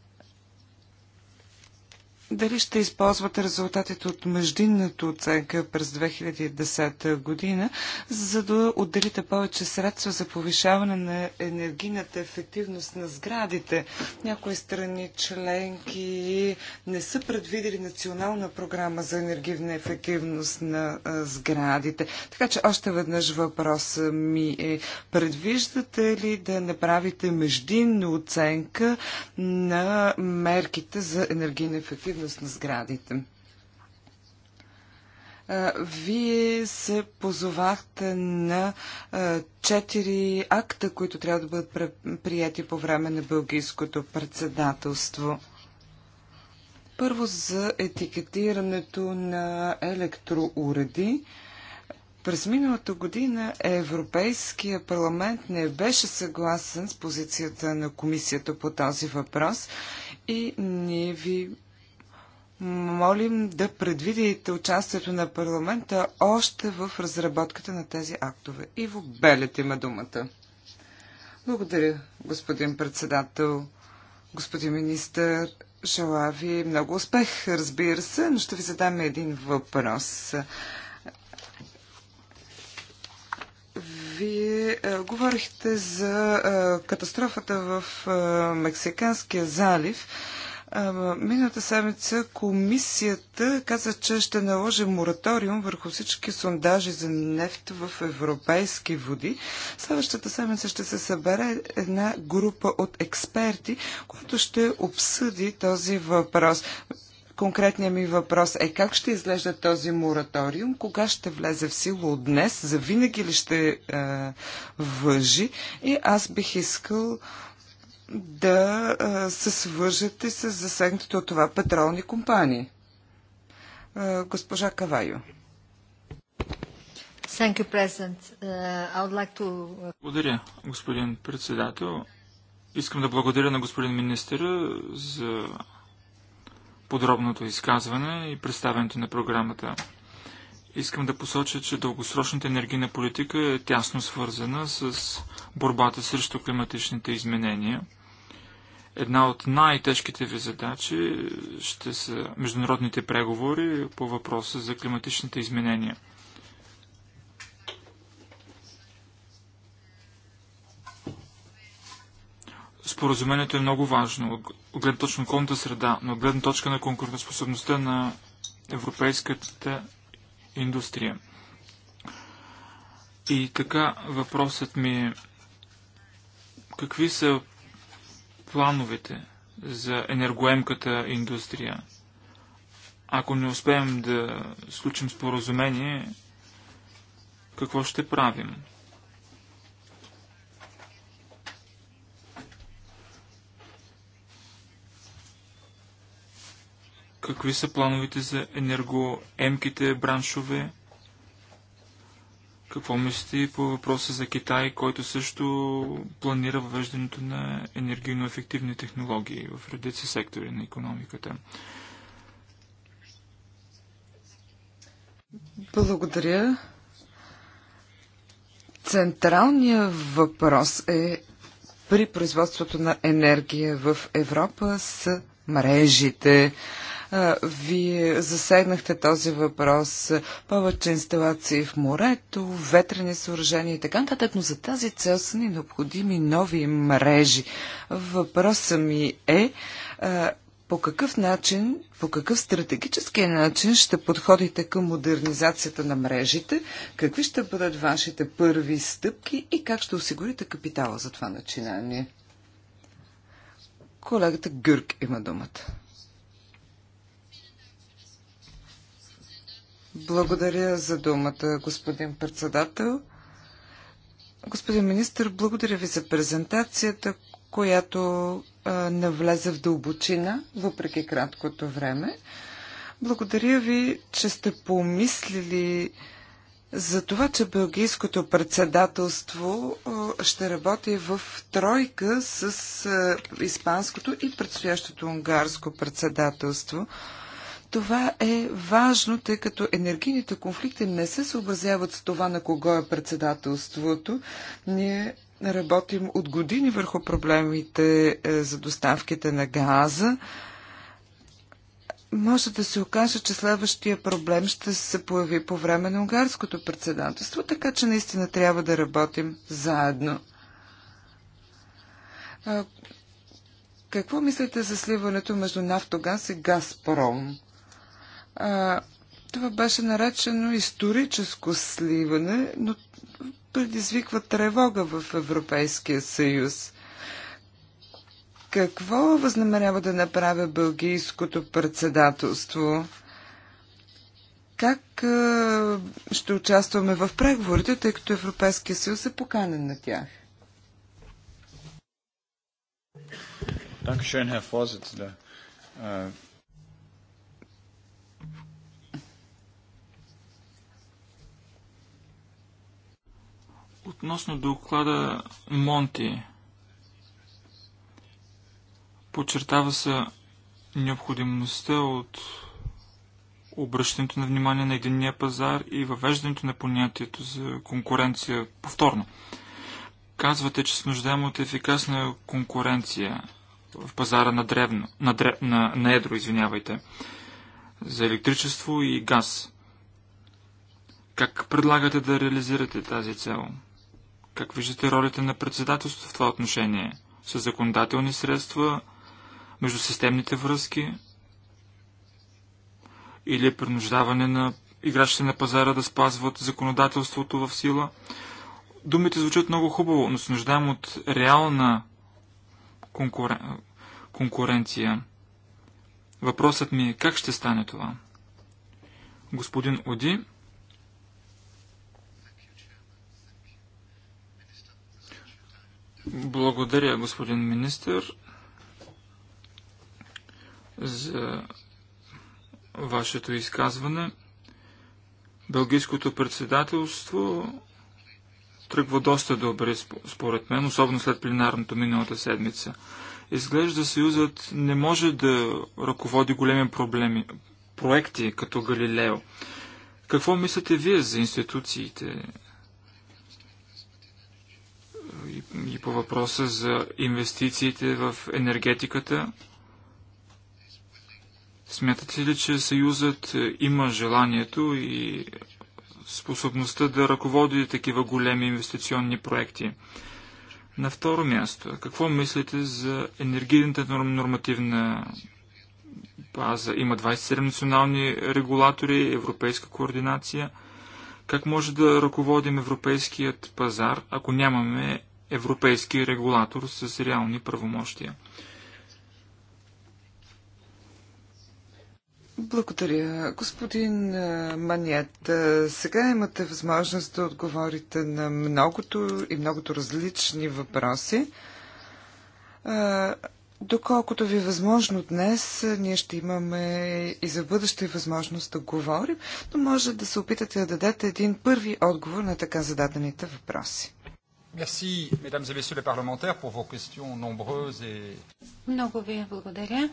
Speaker 2: дали ще използвате резултатите от междинната оценка през 2010 година, за да отделите повече средства за повишаване на енергийната ефективност на сградите? Някои страни членки не са предвидели национална програма за енергийна ефективност на сградите. Така че още веднъж въпрос ми е, предвиждате ли да направите междинна оценка на мерките за енергийна ефективност? ефективност на сградите. Вие се позовахте на четири акта, които трябва да бъдат прияти по време на бългийското председателство. Първо за етикетирането на електроуреди. През миналата година Европейския парламент не беше съгласен с позицията на комисията по този въпрос и ние ви молим да предвидите участието на парламента още в разработката на тези актове. Иво Белет има думата. Благодаря, господин председател, господин министър. Желая ви много успех, разбира се, но ще ви задам един въпрос. Вие е, говорихте за е, катастрофата в е, Мексиканския залив. Е, Миналата седмица комисията каза, че ще наложи мораториум върху всички сондажи за нефт в европейски води. Следващата седмица ще се събере една група от експерти, която ще обсъди този въпрос. Конкретният ми въпрос е как ще изглежда този мораториум, кога ще влезе в сила от днес, за винаги ли ще е, въжи и аз бих искал е, да се свържете с засегнатите от това петролни компании. Госпожа Кавайо.
Speaker 1: Uh, like to... Uh,
Speaker 3: благодаря, господин председател. Искам да благодаря на господин министър за подробното изказване и представянето на програмата. Искам да посоча, че дългосрочната енергийна политика е тясно свързана с борбата срещу климатичните изменения – Една от най-тежките ви задачи ще са международните преговори по въпроса за климатичните изменения. Споразумението е много важно от гледна точка на околната среда, но от гледна точка на конкурентоспособността на европейската индустрия. И така въпросът ми е какви са плановете за енергоемката индустрия. Ако не успеем да случим споразумение, какво ще правим? Какви са плановете за енергоемките браншове? Какво мислите и по въпроса за Китай, който също планира въвеждането на енергийно ефективни технологии в редица сектори на економиката?
Speaker 2: Благодаря. Централният въпрос е при производството на енергия в Европа с мрежите. Вие засегнахте този въпрос. Повече инсталации в морето, ветрени съоръжения и така нататък, но за тази цел са ни необходими нови мрежи. Въпросът ми е по какъв начин, по какъв стратегически начин ще подходите към модернизацията на мрежите, какви ще бъдат вашите първи стъпки и как ще осигурите капитала за това начинание? Колегата Гърк има думата. Благодаря за думата, господин председател. Господин министр, благодаря ви за презентацията, която а, навлезе в дълбочина, въпреки краткото време. Благодаря ви, че сте помислили за това, че Белгийското председателство ще работи в тройка с Испанското и предстоящото унгарско председателство. Това е важно, тъй като енергийните конфликти не се съобразяват с това на кого е председателството. Ние работим от години върху проблемите е, за доставките на газа. Може да се окаже, че следващия проблем ще се появи по време на унгарското председателство, така че наистина трябва да работим заедно. Какво мислите за сливането между Нафтогаз и Газпром? А, това беше наречено историческо сливане, но предизвиква тревога в Европейския съюз. Какво възнамерява да направя бългийското председателство? Как ще участваме в преговорите, тъй като Европейския съюз е поканен на тях?
Speaker 3: Dankeschön, Herr Vorsitzender. Äh, Относно доклада Монти, подчертава се необходимостта от обръщането на внимание на единния пазар и въвеждането на понятието за конкуренция повторно. Казвате, че се нуждаем от ефикасна конкуренция в пазара на, древно, на, дре, на, на едро, извинявайте, за електричество и газ. Как предлагате да реализирате тази цел? Как виждате ролите на председателството в това отношение? С законодателни средства, между системните връзки или принуждаване на игращите на пазара да спазват законодателството в сила? Думите звучат много хубаво, но се нуждаем от реална конкурен... конкуренция. Въпросът ми е как ще стане това? Господин Оди, Благодаря, господин министр, за вашето изказване. Белгийското председателство тръгва доста добре, според мен, особено след пленарното миналата седмица. Изглежда Съюзът не може да ръководи големи проблеми, проекти като Галилео. Какво мислите вие за институциите, и, по въпроса за инвестициите в енергетиката. Смятате ли, че Съюзът е, има желанието и способността да ръководи такива големи инвестиционни проекти? На второ място, какво мислите за енергийната нормативна база? Има 27 национални регулатори, европейска координация. Как може да ръководим европейският пазар, ако нямаме европейски регулатор с реални правомощия.
Speaker 2: Благодаря. Господин Манят, сега имате възможност да отговорите на многото и многото различни въпроси. Доколкото ви е възможно днес, ние ще имаме и за бъдеще възможност да говорим, но може да се опитате да дадете един първи отговор на така зададените въпроси.
Speaker 3: Merci, mesdames et messieurs les parlementaires, pour vos questions nombreuses et...
Speaker 1: Много ви благодаря.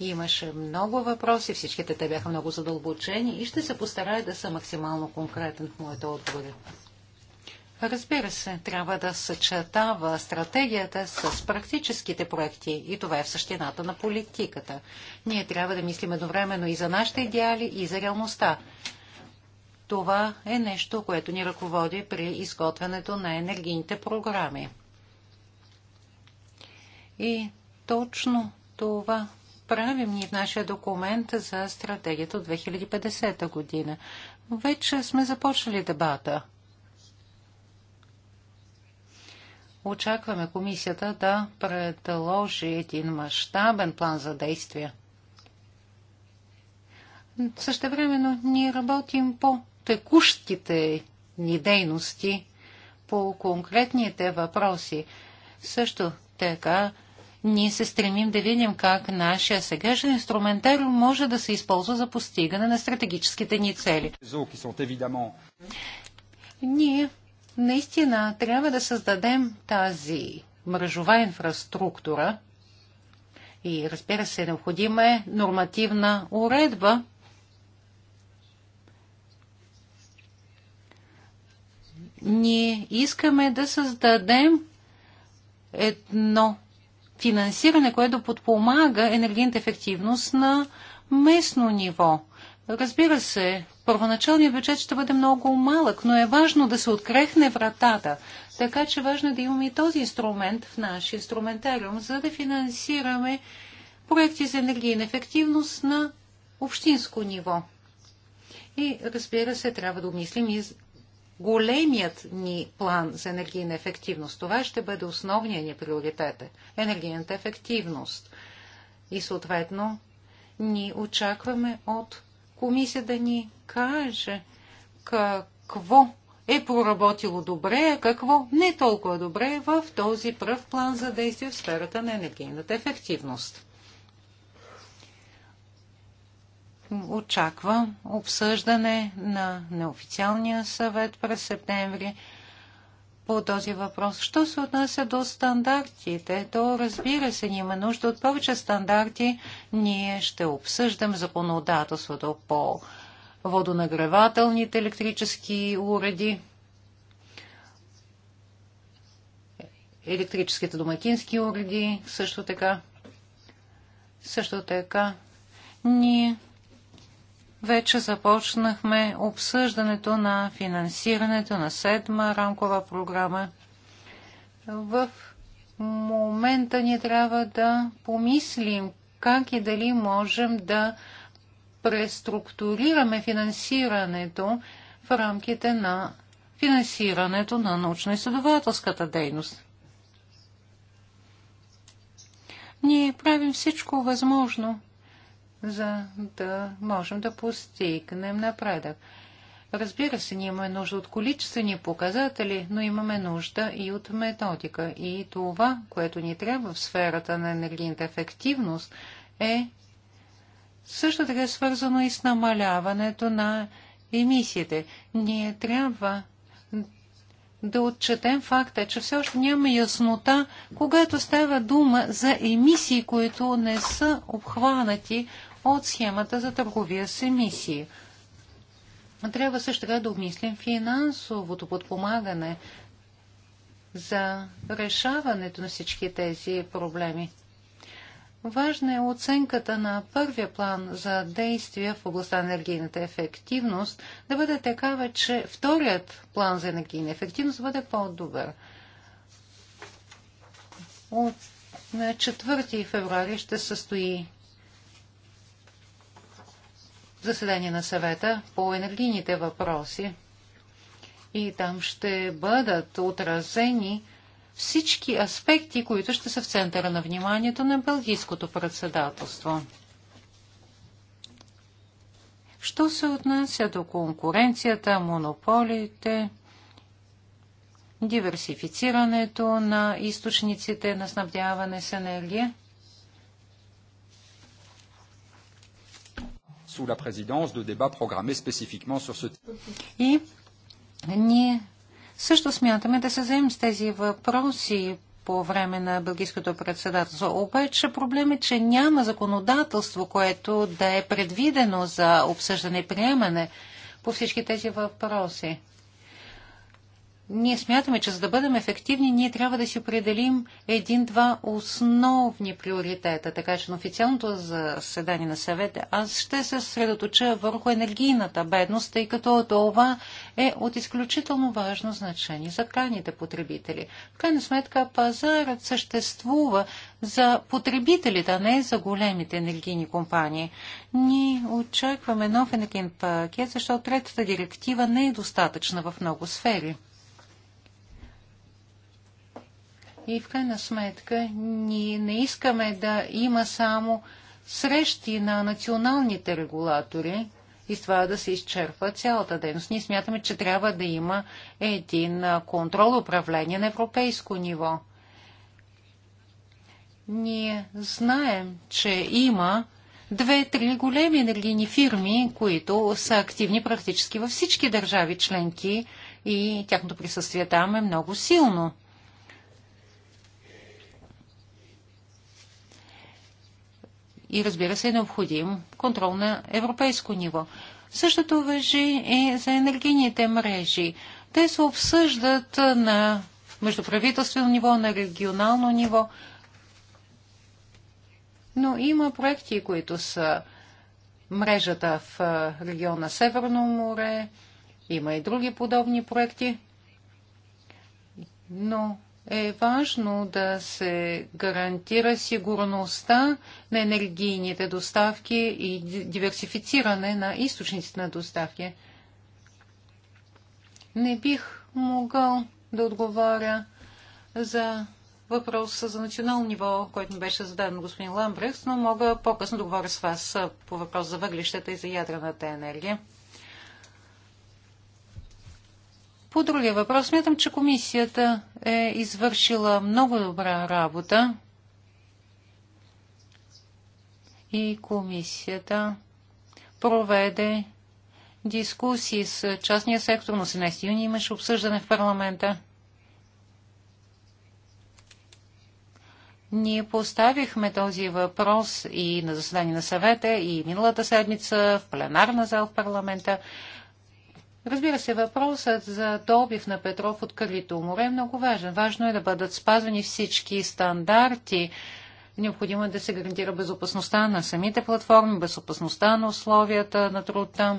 Speaker 1: Имаше много въпроси, всичките те бяха много задълбочени и ще се постарая да съм максимално конкретен в моите отговори. Разбира се, трябва да съчетава стратегията с практическите проекти и това е в същината на политиката. Ние трябва да мислим едновременно и за нашите идеали, и за реалността. Това е нещо, което ни ръководи при изготвянето на енергийните програми. И точно това правим ни в нашия документ за стратегията от 2050 година. Вече сме започнали дебата. Очакваме комисията да предложи един мащабен план за действие. времено ние работим по текущите ни дейности по конкретните въпроси. Също така ние се стремим да видим как нашия сегашен инструментариум може да се използва за постигане на стратегическите ни цели. Ние наистина трябва да създадем тази мрежова инфраструктура и разбира се, необходима е нормативна уредба, Ние искаме да създадем едно финансиране, което подпомага енергийната ефективност на местно ниво. Разбира се, първоначалният бюджет ще бъде много малък, но е важно да се открехне вратата. Така че важно е да имаме и този инструмент в наш инструментариум, за да финансираме проекти за енергийна ефективност на общинско ниво. И разбира се, трябва да обмислим и големият ни план за енергийна ефективност. Това ще бъде основният ни приоритет – енергийната ефективност. И съответно ни очакваме от комисия да ни каже какво е проработило добре, а какво не толкова добре в този пръв план за действие в сферата на енергийната ефективност. очаква обсъждане на неофициалния съвет през септември по този въпрос. Що се отнася до стандартите, то разбира се, ни има нужда от повече стандарти. Ние ще обсъждам законодателството по водонагревателните електрически уреди, електрическите домакински уреди, също така. Също така, ние вече започнахме обсъждането на финансирането на седма рамкова програма. В момента ни трябва да помислим как и дали можем да преструктурираме финансирането в рамките на финансирането на научно-изследователската дейност. Ние правим всичко възможно за да можем да постигнем напредък. Разбира се, ние имаме нужда от количествени показатели, но имаме нужда и от методика. И това, което ни трябва в сферата на енергийната ефективност, е също така свързано и с намаляването на емисиите. Ние трябва да отчетем факта, че все още няма яснота, когато става дума за емисии, които не са обхванати от схемата за търговия с емисии. Трябва също така да обмислим финансовото подпомагане за решаването на всички тези проблеми. Важна е оценката на първия план за действия в областта на енергийната ефективност да бъде такава, че вторият план за енергийна ефективност бъде по-добър. От на 4 февруари ще състои заседание на съвета по енергийните въпроси и там ще бъдат отразени всички аспекти, които ще са в центъра на вниманието на Белгийското председателство. Що се отнася до конкуренцията, монополите, диверсифицирането на източниците на снабдяване с енергия?
Speaker 3: Sous la présidence de débats programmés spécifiquement sur ce
Speaker 1: И ние също смятаме да се заем с тези въпроси по време на бългийското председателство. Обаче проблем е, че няма законодателство, което да е предвидено за обсъждане и приемане по всички тези въпроси. Ние смятаме, че за да бъдем ефективни, ние трябва да си определим един-два основни приоритета. Така че на официалното заседание на съвета аз ще се средоточа върху енергийната бедност, тъй като това е от изключително важно значение за крайните потребители. В крайна сметка пазарът съществува за потребителите, а не за големите енергийни компании. Ние очакваме нов енергиен пакет, защото третата директива не е достатъчна в много сфери. И в крайна сметка ние не искаме да има само срещи на националните регулатори и с това да се изчерпва цялата дейност. Ние смятаме, че трябва да има един контрол управление на европейско ниво. Ние знаем, че има две-три големи енергийни фирми, които са активни практически във всички държави членки и тяхното присъствие там е много силно. и разбира се е необходим контрол на европейско ниво. Същото въжи и за енергийните мрежи. Те се обсъждат на междуправителствено ниво, на регионално ниво. Но има проекти, които са мрежата в региона Северно море, има и други подобни проекти. Но е важно да се гарантира сигурността на енергийните доставки и диверсифициране на източниците на доставки. Не бих могъл да отговоря за въпроса за национално ниво, който ми беше зададен господин Ламбрехт, но мога по-късно да говоря с вас по въпрос за въглищата и за ядрената енергия. По другия въпрос, смятам, че комисията е извършила много добра работа и комисията проведе дискусии с частния сектор. На 18 юни имаше обсъждане в парламента. Ние поставихме този въпрос и на заседание на съвета, и миналата седмица в пленарна зал в парламента. Разбира се, въпросът за добив на петров от Кърлито море е много важен. Важно е да бъдат спазвани всички стандарти. Необходимо е да се гарантира безопасността на самите платформи, безопасността на условията на труда.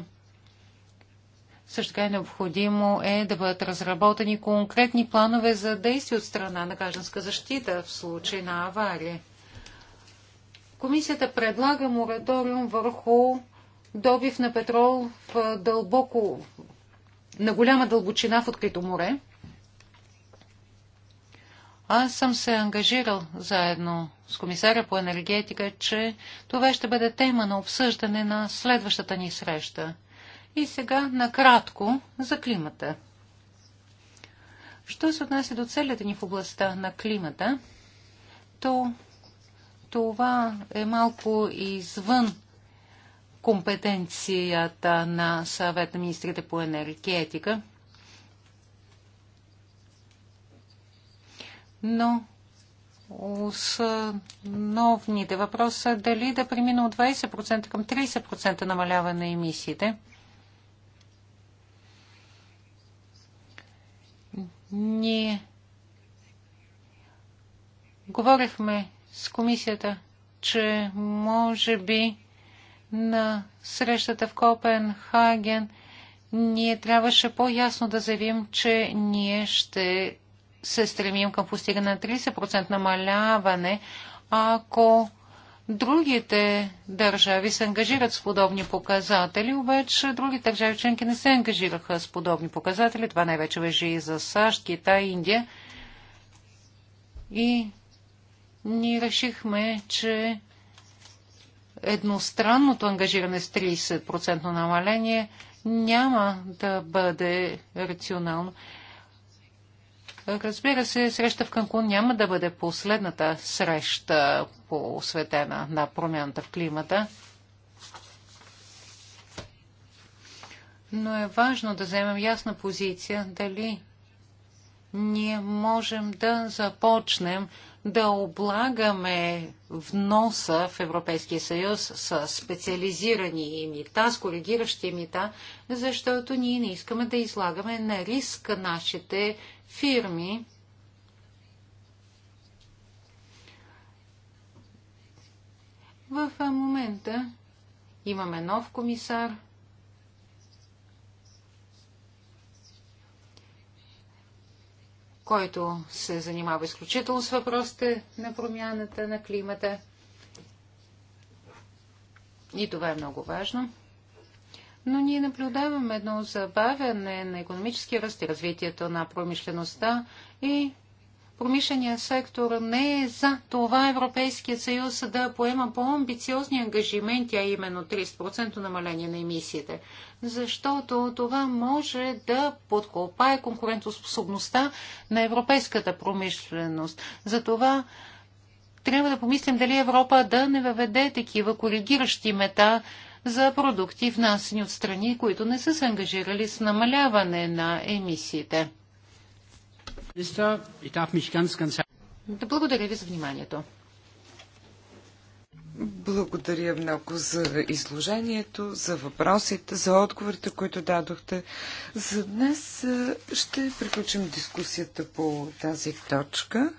Speaker 1: Също така е необходимо е да бъдат разработени конкретни планове за действие от страна на гражданска защита в случай на авария. Комисията предлага мораториум върху добив на петрол в дълбоко на голяма дълбочина в открито море. Аз съм се ангажирал заедно с комисаря по енергетика, че това ще бъде тема на обсъждане на следващата ни среща. И сега накратко за климата. Що се отнася до целите ни в областта на климата, то това е малко извън компетенцията на съвет на министрите по енергетика. Но основните въпроси са дали да премина от 20% към 30% намаляване на емисиите. Ние говорихме с комисията, че може би на срещата в Копенхаген ние трябваше по-ясно да заявим, че ние ще се стремим към постигане на 30% намаляване, ако другите държави се ангажират с подобни показатели, обаче другите държави членки не се ангажираха с подобни показатели. Това най-вече вежи и за САЩ, Китай, Индия. И ние решихме, че едностранното ангажиране с 30% намаление няма да бъде рационално. Разбира се, среща в Канкун няма да бъде последната среща посветена на промяната в климата. Но е важно да вземем ясна позиция дали ние можем да започнем да облагаме вноса в Европейския съюз с специализирани мита, с коригиращи мита, защото ние не искаме да излагаме на риск нашите фирми. В момента имаме нов комисар – който се занимава изключително с въпросите на промяната на климата. И това е много важно. Но ние наблюдаваме едно забавяне на економическия ръст и развитието на промишлеността и промишления сектор не е за това Европейският съюз да поема по-амбициозни ангажименти, а именно 30% намаление на емисиите. Защото това може да подкопае конкурентоспособността на европейската промишленост. Затова трябва да помислим дали Европа да не въведе такива коригиращи мета за продукти внасени от страни, които не са се ангажирали с намаляване на емисиите. Благодаря ви за вниманието. Благодаря
Speaker 2: много за изложението, за въпросите, за отговорите, които дадохте. За днес ще приключим дискусията по тази точка.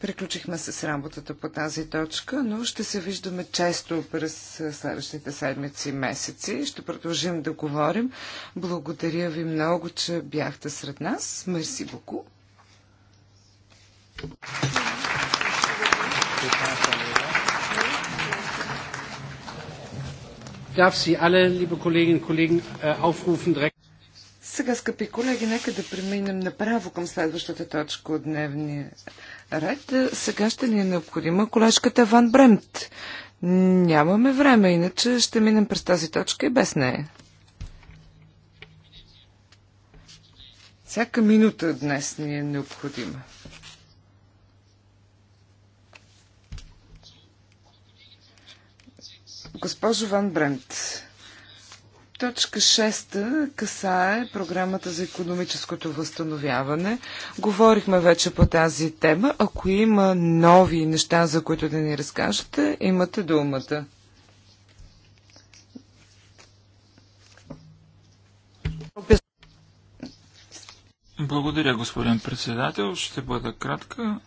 Speaker 2: Приключихме с работата по тази точка, но ще се виждаме често през следващите седмици и месеци. Ще продължим да говорим. Благодаря ви много, че бяхте сред нас. Мерси Боку. Äh, Сега, скъпи колеги, нека да преминем направо към следващата точка от дневния ред. Е, сега ще ни е необходима колежката Ван Бремт. Нямаме време, иначе ще минем през тази точка и без нея. Всяка минута днес ни е необходима. Госпожо Ван Бремт, Точка 6 касае програмата за економическото възстановяване. Говорихме вече по тази тема. Ако има нови неща, за които да ни разкажете, имате думата.
Speaker 3: Благодаря, господин председател. Ще бъда кратка.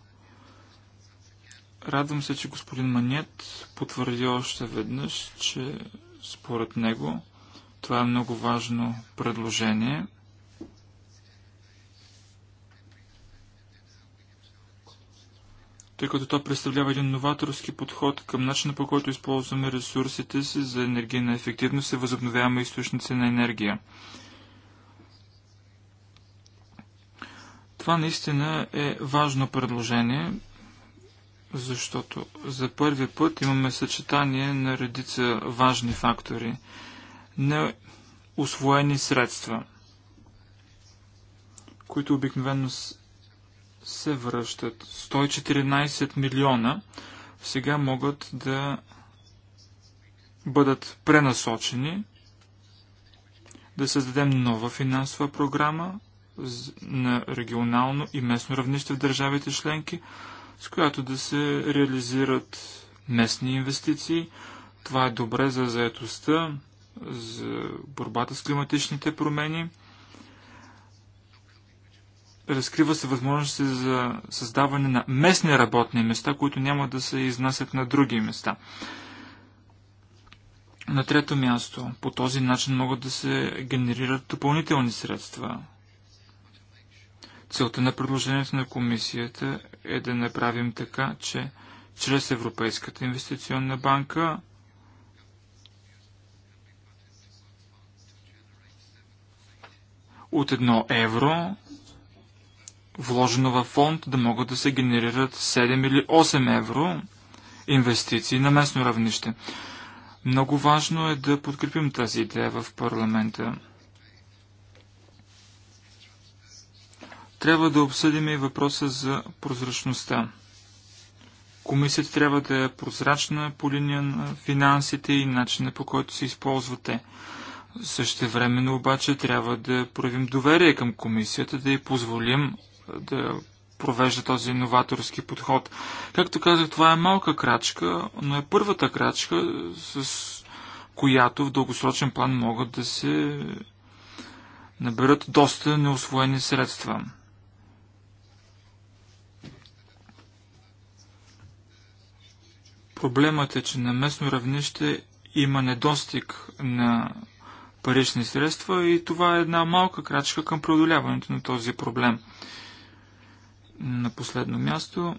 Speaker 3: Радвам се, че господин Манет потвърди още веднъж, че според него това е много важно предложение. тъй като то представлява един новаторски подход към начина по който използваме ресурсите си за енергийна ефективност и възобновяваме източници на енергия. Това наистина е важно предложение, защото за първи път имаме съчетание на редица важни фактори – на освоени средства, които обикновено се връщат. 114 милиона сега могат да бъдат пренасочени, да създадем нова финансова програма на регионално и местно равнище в държавите членки, с която да се реализират местни инвестиции. Това е добре за заетостта, за борбата с климатичните промени. Разкрива се възможности за създаване на местни работни места, които няма да се изнасят на други места. На трето място, по този начин могат да се генерират допълнителни средства. Целта на предложението на комисията е да направим така, че чрез Европейската инвестиционна банка от 1 евро, вложено във фонд, да могат да се генерират 7 или 8 евро инвестиции на местно равнище. Много важно е да подкрепим тази идея в парламента. Трябва да обсъдим и въпроса за прозрачността. Комисията трябва да е прозрачна по линия на финансите и начина по който се използват те времено обаче трябва да проявим доверие към комисията, да й позволим да провежда този иноваторски подход. Както казах, това е малка крачка, но е първата крачка, с която в дългосрочен план могат да се наберат доста неосвоени средства. Проблемът е, че на местно равнище има недостиг на парични средства и това е една малка крачка към преодоляването на този проблем. На последно място,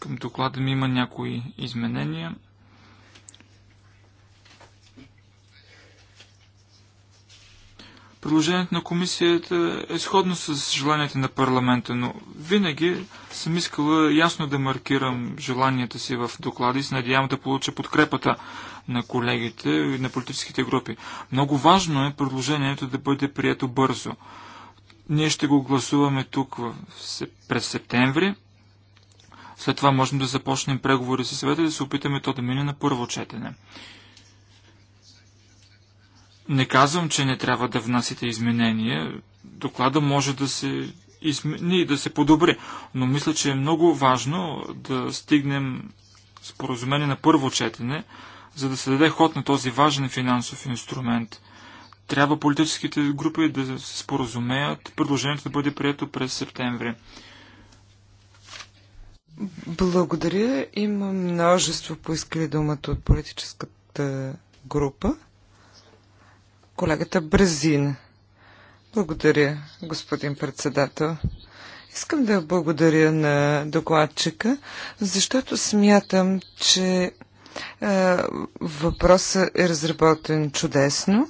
Speaker 3: към доклада ми има някои изменения. Предложението на комисията е сходно с желанията на парламента, но винаги съм искала ясно да маркирам желанията си в доклади. и се надявам да получа подкрепата на колегите и на политическите групи. Много важно е предложението да бъде прието бързо. Ние ще го гласуваме тук през септември. След това можем да започнем преговори с съвета и да се опитаме то да мине на първо четене. Не казвам, че не трябва да внасите изменения. Доклада може да се измени и да се подобри. Но мисля, че е много важно да стигнем споразумение на първо четене, за да се даде ход на този важен финансов инструмент. Трябва политическите групи да се споразумеят, предложението да бъде прието през септември.
Speaker 2: Благодаря. Има множество поискали думата от политическата група. Колегата Бразин. Благодаря, господин председател. Искам да благодаря на докладчика, защото смятам, че е, въпросът е разработен чудесно.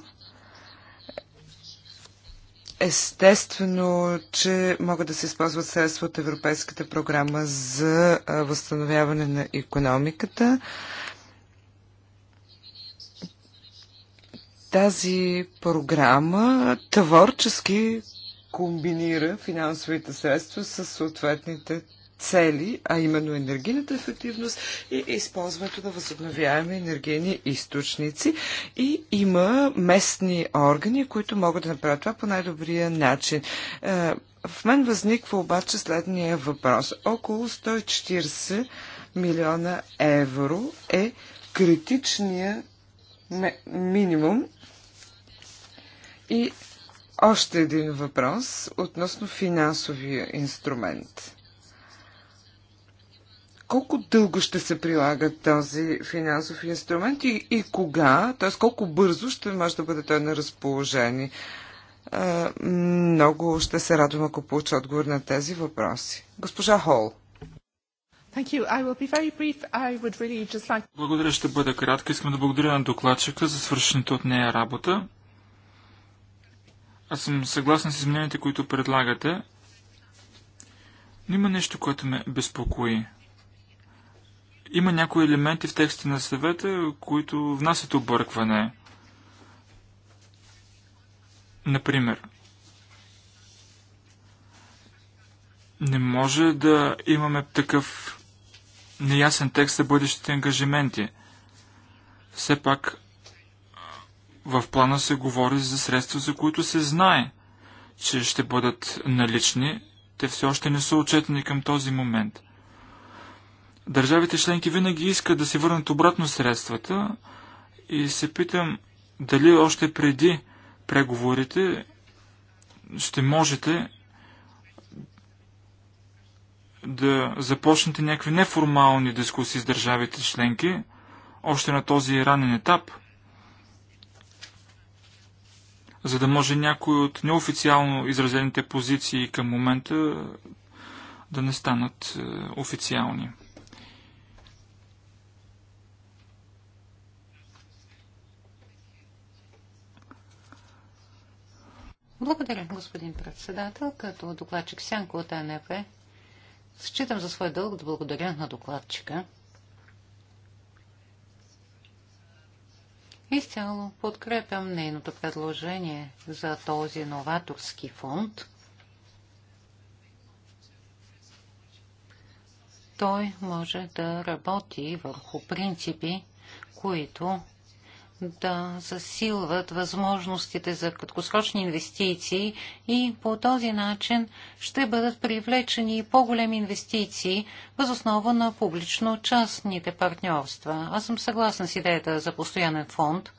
Speaker 2: Естествено, че могат да се използват средства от Европейската програма за възстановяване на економиката. Тази програма творчески комбинира финансовите средства с съответните цели, а именно енергийната ефективност и използването на възобновяеми енергийни източници. И има местни органи, които могат да направят това по най-добрия начин. Е, в мен възниква обаче следния въпрос. Около 140 милиона евро е критичния минимум и още един въпрос относно финансовия инструмент. Колко дълго ще се прилага този финансов инструмент и, и кога, т.е. колко бързо ще може да бъде той на разположение? много ще се радвам, ако получа отговор на тези въпроси. Госпожа Хол.
Speaker 3: Благодаря, ще бъда кратка. Искам да благодаря на докладчика за свършената от нея работа. Аз съм съгласен с измененията, които предлагате, но има нещо, което ме безпокои. Има някои елементи в текста на съвета, които внасят объркване. Например, не може да имаме такъв неясен текст за бъдещите ангажименти. Все пак в плана се говори за средства, за които се знае, че ще бъдат налични. Те все още не са отчетени към този момент. Държавите членки винаги искат да се върнат обратно средствата и се питам дали още преди преговорите ще можете да започнете някакви неформални дискусии с държавите членки, още на този ранен етап – за да може някои от неофициално изразените позиции към момента да не станат е, официални.
Speaker 1: Благодаря, господин председател. Като докладчик Сянко от АНФ, считам за свой дълг да благодаря на докладчика Изцяло подкрепям нейното предложение за този новаторски фонд. Той може да работи върху принципи, които да засилват възможностите за краткосрочни инвестиции и по този начин ще бъдат привлечени и по-големи инвестиции въз основа на публично-частните партньорства. Аз съм съгласна с идеята за постоянен фонд.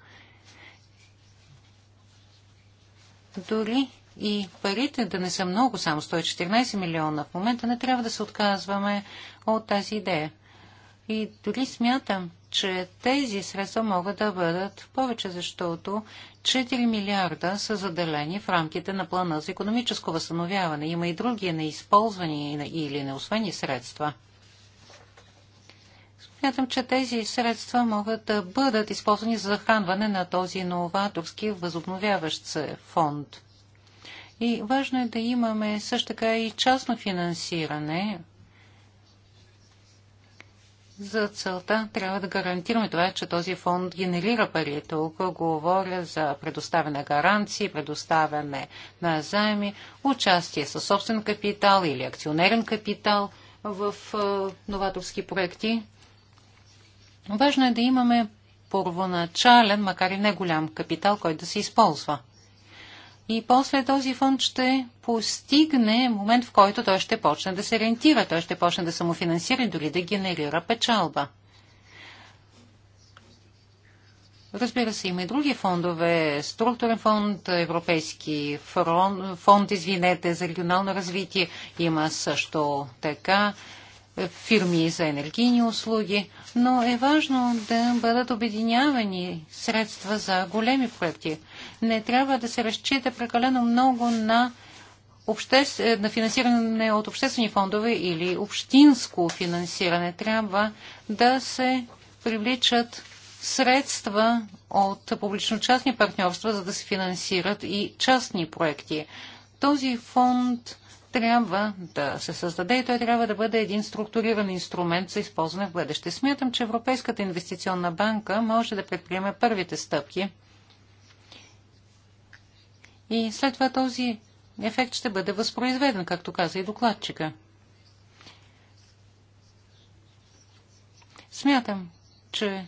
Speaker 1: Дори и парите да не са много, само 114 милиона, в момента не трябва да се отказваме от тази идея. И дори смятам, че тези средства могат да бъдат повече, защото 4 милиарда са заделени в рамките на плана за економическо възстановяване. Има и други неизползвани или неосвени средства. Смятам, че тези средства могат да бъдат използвани за захранване на този новаторски възобновяващ се фонд. И важно е да имаме също така и частно финансиране за целта трябва да гарантираме това, че този фонд генерира пари. Тук говоря за предоставяне гаранции, предоставяне на заеми, участие със собствен капитал или акционерен капитал в новаторски проекти. Важно е да имаме първоначален, макар и не голям капитал, който да се използва. И после този фонд ще постигне момент, в който той ще почне да се рентира, той ще почне да самофинансира и дори да генерира печалба. Разбира се, има и други фондове. Структурен фонд, Европейски фонд, фонд извинете, за регионално развитие. Има също така фирми за енергийни услуги, но е важно да бъдат обединявани средства за големи проекти не трябва да се разчита прекалено много на, обще... Е, на финансиране от обществени фондове или общинско финансиране. Трябва да се привличат средства от публично-частни партньорства, за да се финансират и частни проекти. Този фонд трябва да се създаде и той трябва да бъде един структуриран инструмент за използване в бъдеще. Смятам, че Европейската инвестиционна банка може да предприеме първите стъпки и след това този ефект ще бъде възпроизведен, както каза и докладчика. Смятам, че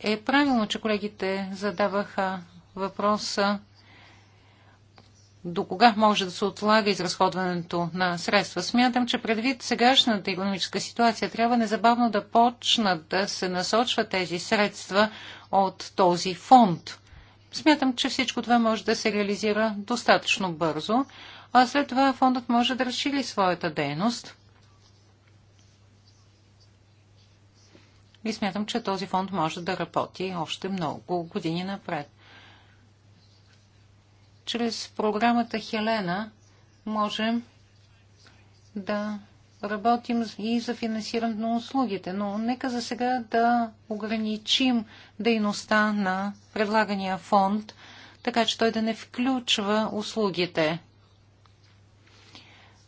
Speaker 1: е правилно, че колегите задаваха въпроса до кога може да се отлага изразходването на средства. Смятам, че предвид сегашната економическа ситуация трябва незабавно да почнат да се насочват тези средства от този фонд. Смятам, че всичко това може да се реализира достатъчно бързо, а след това фондът може да разшири своята дейност. И смятам, че този фонд може да работи още много години напред. Чрез програмата Хелена можем да работим и за финансирането на услугите, но нека за сега да ограничим дейността на предлагания фонд, така че той да не включва услугите.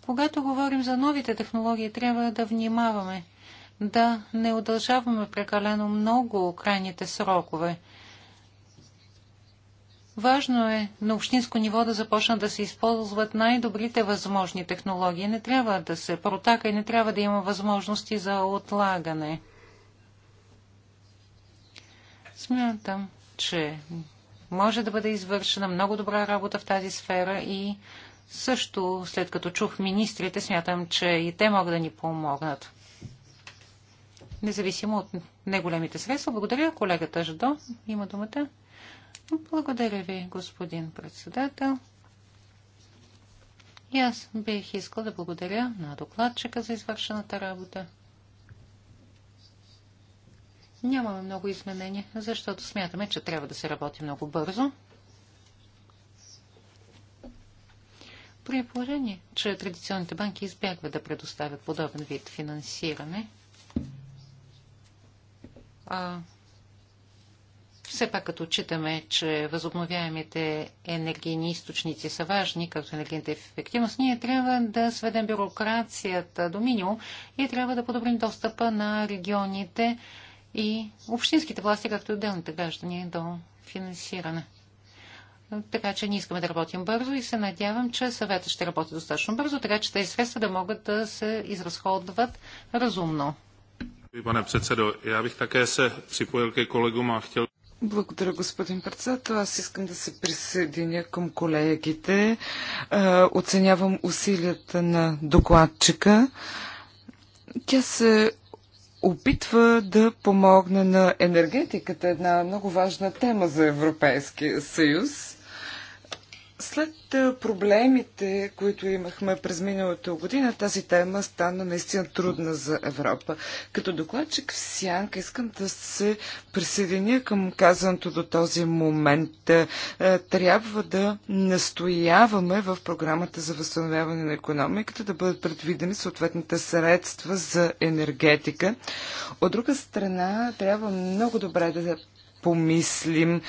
Speaker 1: Когато говорим за новите технологии, трябва да внимаваме, да не удължаваме прекалено много крайните срокове – Важно е на общинско ниво да започнат да се използват най-добрите възможни технологии. Не трябва да се протака и не трябва да има възможности за отлагане. Смятам, че може да бъде извършена много добра работа в тази сфера и също, след като чух министрите, смятам, че и те могат да ни помогнат. Независимо от неголемите средства. Благодаря. Колегата Жадо има думата. Благодаря ви, господин председател. И аз бих искал да благодаря на докладчика за извършената работа. Нямаме много изменения, защото смятаме, че трябва да се работи много бързо. При положение, че традиционните банки избягват да предоставят подобен вид финансиране, а все пак като отчитаме, че възобновяемите енергийни източници са важни, като енергийната ефективност, ние трябва да сведем бюрокрацията до минимум и трябва да подобрим достъпа на регионите и общинските власти, както и отделните граждани до финансиране. Така че ние искаме да работим бързо и се надявам, че съветът ще работи достатъчно бързо, така че тези средства да могат да се изразходват разумно.
Speaker 3: Пане předsedo, я бих така се připojil ke kolegům а хотел...
Speaker 1: Благодаря, господин председател. Аз искам да
Speaker 2: се присъединя към колегите. оценявам усилията на докладчика. Тя се опитва да помогне на енергетиката, една много важна тема за Европейския съюз. След проблемите, които имахме през миналата година, тази тема стана наистина трудна за Европа. Като докладчик в Сянка искам да се присъединя към казаното до този момент. Трябва да настояваме в програмата за възстановяване на економиката да бъдат предвидени съответните средства за енергетика. От друга страна, трябва много добре да помислим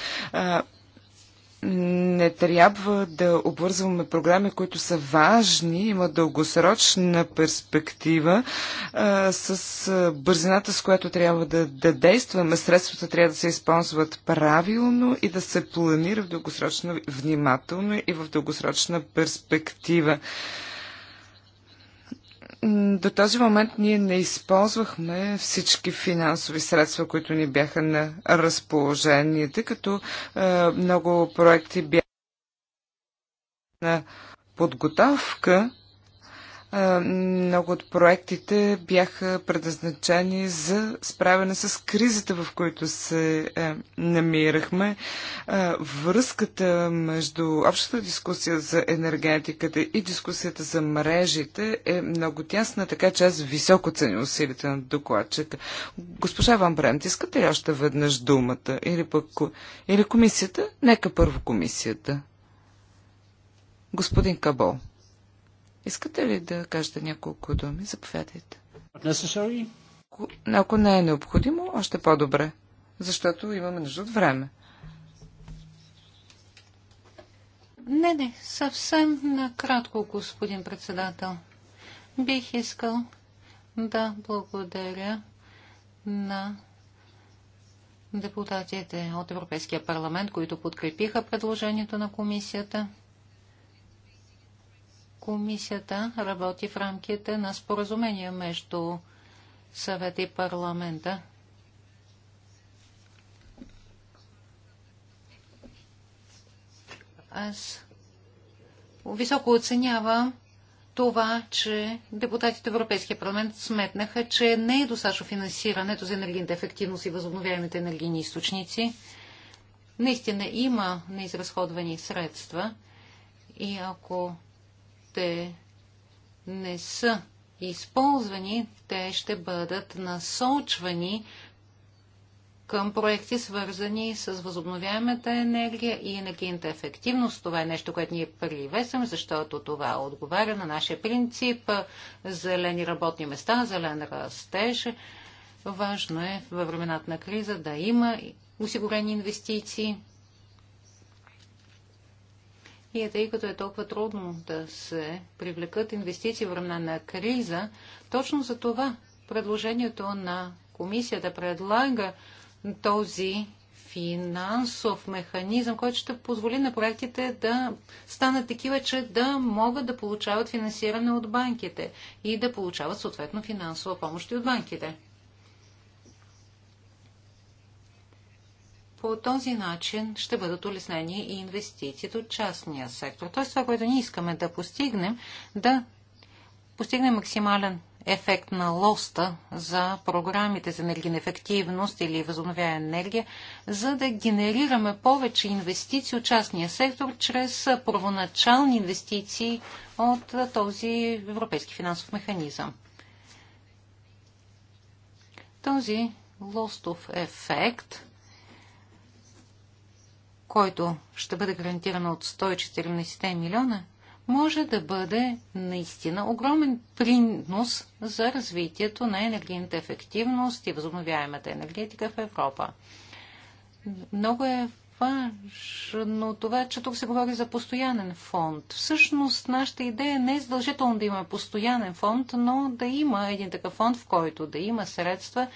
Speaker 2: не трябва да обвързваме програми, които са важни, имат дългосрочна перспектива а, с бързината, с която трябва да, да действаме. Средствата трябва да се използват правилно и да се планира в дългосрочна, внимателно и в дългосрочна перспектива. А, до този момент ние не използвахме всички финансови средства, които ни бяха на разположение, тъй като е, много проекти бяха на подготовка много от проектите бяха предназначени за справяне с кризите, в които се е, намирахме. връзката между общата дискусия за енергетиката и дискусията за мрежите е много тясна, така че аз високо ценя усилите на докладчика. Госпожа Ван Брент, искате ли още веднъж думата? Или, пък, или комисията? Нека първо комисията. Господин Кабол. Искате ли да кажете няколко думи? Заповядайте. Ако не е необходимо, още по-добре, защото имаме нужда от време.
Speaker 1: Не, не, съвсем накратко, господин председател. Бих искал да благодаря на депутатите от Европейския парламент, които подкрепиха предложението на комисията. Комисията работи в рамките на споразумение между съвета и парламента. Аз високо оценявам това, че депутатите в Европейския парламент сметнаха, че не е достатъчно финансирането за енергийната ефективност и възобновяемите енергийни източници. Наистина има неизразходвани средства и ако още не са използвани, те ще бъдат насочвани към проекти, свързани с възобновяемата енергия и енергийната ефективност. Това е нещо, което ние привесваме, защото това отговаря на нашия принцип зелени работни места, зелен растеж. Важно е във времената на криза да има осигурени инвестиции и тъй като е толкова трудно да се привлекат инвестиции в времена на криза, точно за това предложението на комисията предлага този финансов механизъм, който ще позволи на проектите да станат такива, че да могат да получават финансиране от банките и да получават съответно финансова помощ и от банките. по този начин ще бъдат улеснени и инвестициите от частния сектор. Тоест това, което ние искаме да постигнем, да постигнем максимален ефект на лоста за програмите за енергийна ефективност или възобновяема енергия, за да генерираме повече инвестиции от частния сектор чрез първоначални инвестиции от този европейски финансов механизъм. Този лостов ефект който ще бъде гарантиран от 114 милиона, може да бъде наистина огромен принос за развитието на енергийната ефективност и възобновяемата енергетика в Европа. Много е важно това, че тук се говори за постоянен фонд. Всъщност, нашата идея не е задължително да има постоянен фонд, но да има един такъв фонд, в който да има средства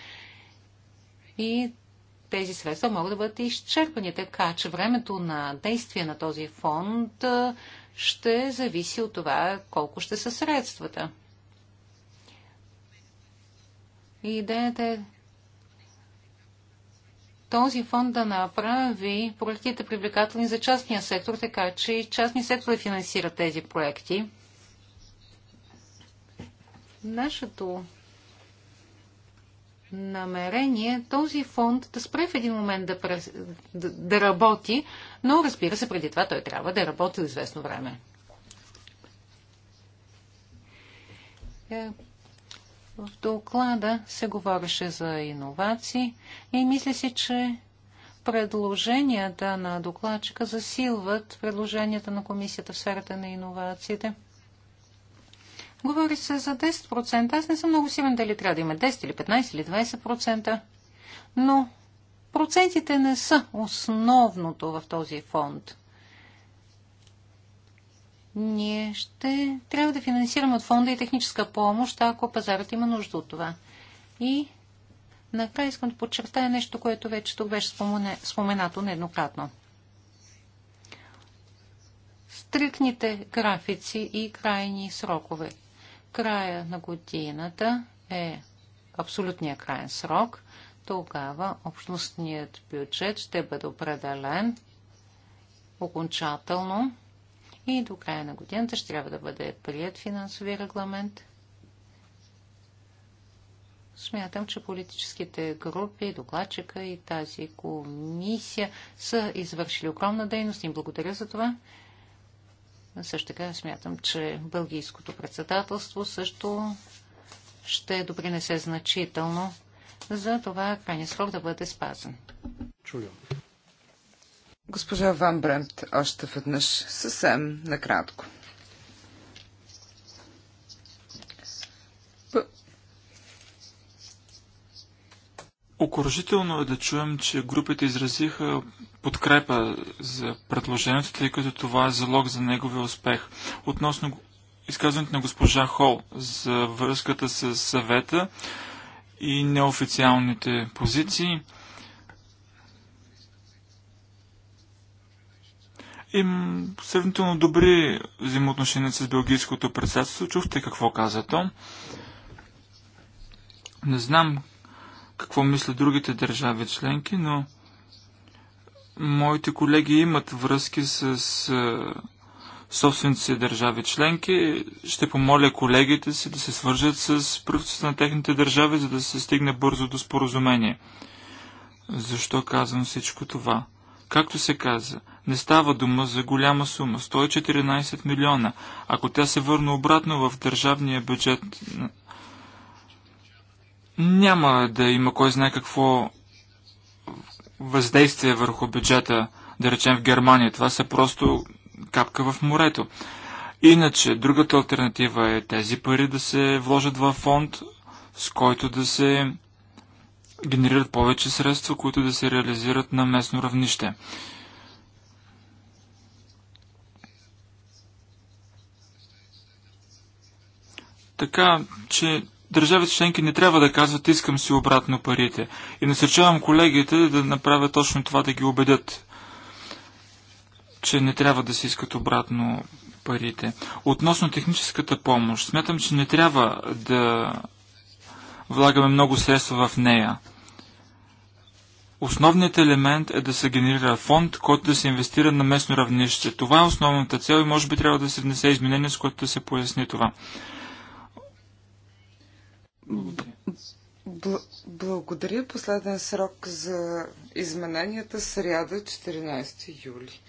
Speaker 1: и тези средства могат да бъдат изчерпани, така че времето на действие на този фонд ще зависи от това колко ще са средствата. И идеята е този фонд да направи проектите привлекателни за частния сектор, така че и частния сектор да финансира тези проекти. Нашето намерение този фонд да спре в един момент да, през, да, да работи, но разбира се, преди това той трябва да е работи известно време. Е, в доклада се говореше за иновации и мисля си, че предложенията на докладчика засилват предложенията на комисията в сферата на иновациите. Говори се за 10%. Аз не съм много сигурен дали трябва да има 10 или 15 или 20%. Но процентите не са основното в този фонд. Ние ще трябва да финансираме от фонда и техническа помощ, ако пазарът има нужда от това. И накрая искам да подчертая нещо, което вече тук беше споменато нееднократно стриктните графици и крайни срокове края на годината е абсолютния крайен срок, тогава общностният бюджет ще бъде определен окончателно и до края на годината ще трябва да бъде прият финансови регламент. Смятам, че политическите групи, докладчика и тази комисия са извършили огромна дейност. Им благодаря за това. Също така смятам, че бългийското председателство също ще допринесе значително за това крайния срок да бъде спазен.
Speaker 2: Чуя. Госпожа Ван Бремт, още веднъж съвсем накратко.
Speaker 3: Окоръжително е да чуем, че групите изразиха подкрепа за предложението, тъй като това е залог за неговия успех. Относно изказването на госпожа Хол за връзката с съвета и неофициалните позиции, им сравнително добри взаимоотношения с белгийското председателство. Чухте какво каза то. Не знам какво мислят другите държави членки, но Моите колеги имат връзки с собствените държави членки. Ще помоля колегите си да се свържат с правителството на техните държави, за да се стигне бързо до споразумение. Защо казвам всичко това? Както се каза, не става дума за голяма сума 114 милиона. Ако тя се върне обратно в държавния бюджет, няма да има кой знае какво въздействие върху бюджета, да речем в Германия. Това са просто капка в морето. Иначе, другата альтернатива е тези пари да се вложат в фонд, с който да се генерират повече средства, които да се реализират на местно равнище. Така, че държавите членки не трябва да казват искам си обратно парите. И насърчавам колегите да направят точно това, да ги убедят, че не трябва да си искат обратно парите. Относно техническата помощ, смятам, че не трябва да влагаме много средства в нея. Основният елемент е да се генерира фонд, който да се инвестира на местно равнище. Това е основната цел и може би трябва да се внесе изменение, с което да се поясни това.
Speaker 2: Благодаря. Последен срок за измененията сряда 14 юли.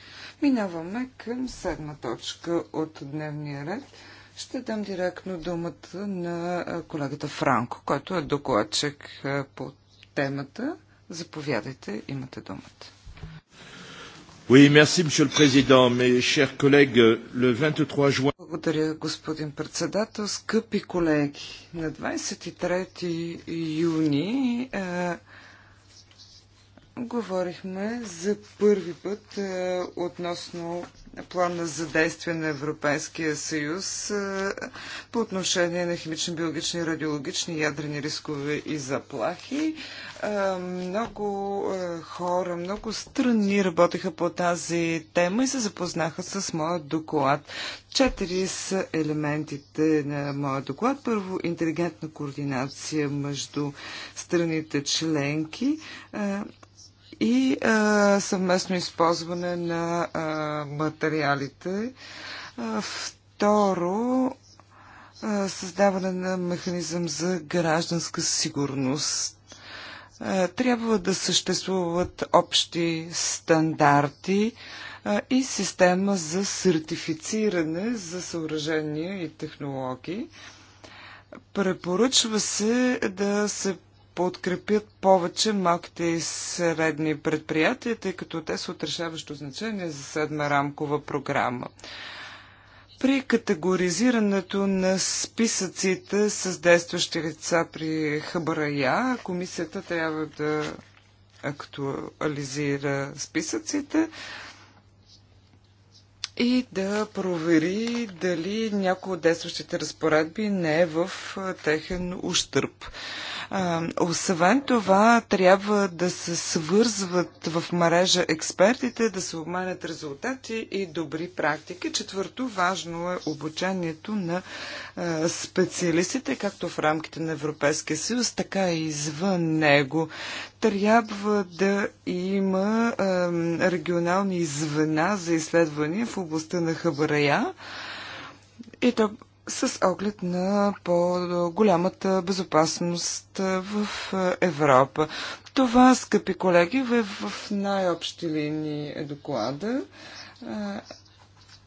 Speaker 2: Минаваме към седма точка от дневния ред. Ще дам директно думата на колегата Франко, който е докладчик по темата. Заповядайте, имате думата. Благодаря, господин председател. Скъпи колеги, на 23 юни е, говорихме за първи път е, относно плана за действие на Европейския съюз по отношение на химични, биологични, радиологични, ядрени рискове и заплахи. Много хора, много страни работеха по тази тема и се запознаха с моя доклад. Четири са елементите на моя доклад. Първо, интелигентна координация между страните членки и а, съвместно използване на а, материалите. А, второ, а, създаване на механизъм за гражданска сигурност. трябва да съществуват общи стандарти и система за сертифициране за съоръжения и технологии. Препоръчва се да се подкрепят повече малките и средни предприятия, тъй като те са отрешаващо значение за седма рамкова програма. При категоризирането на списъците с действащи лица при Хабарая, комисията трябва да актуализира списъците и да провери дали някои от действащите разпоредби не е в техен ущърп. Освен това, трябва да се свързват в мрежа експертите, да се обменят резултати и добри практики. Четвърто, важно е обучението на специалистите, както в рамките на Европейския съюз, така и извън него трябва да има а, регионални звена за изследвания в областта на хабарая и то с оглед на по-голямата безопасност в Европа. Това, скъпи колеги, е в, най-общи линии е доклада.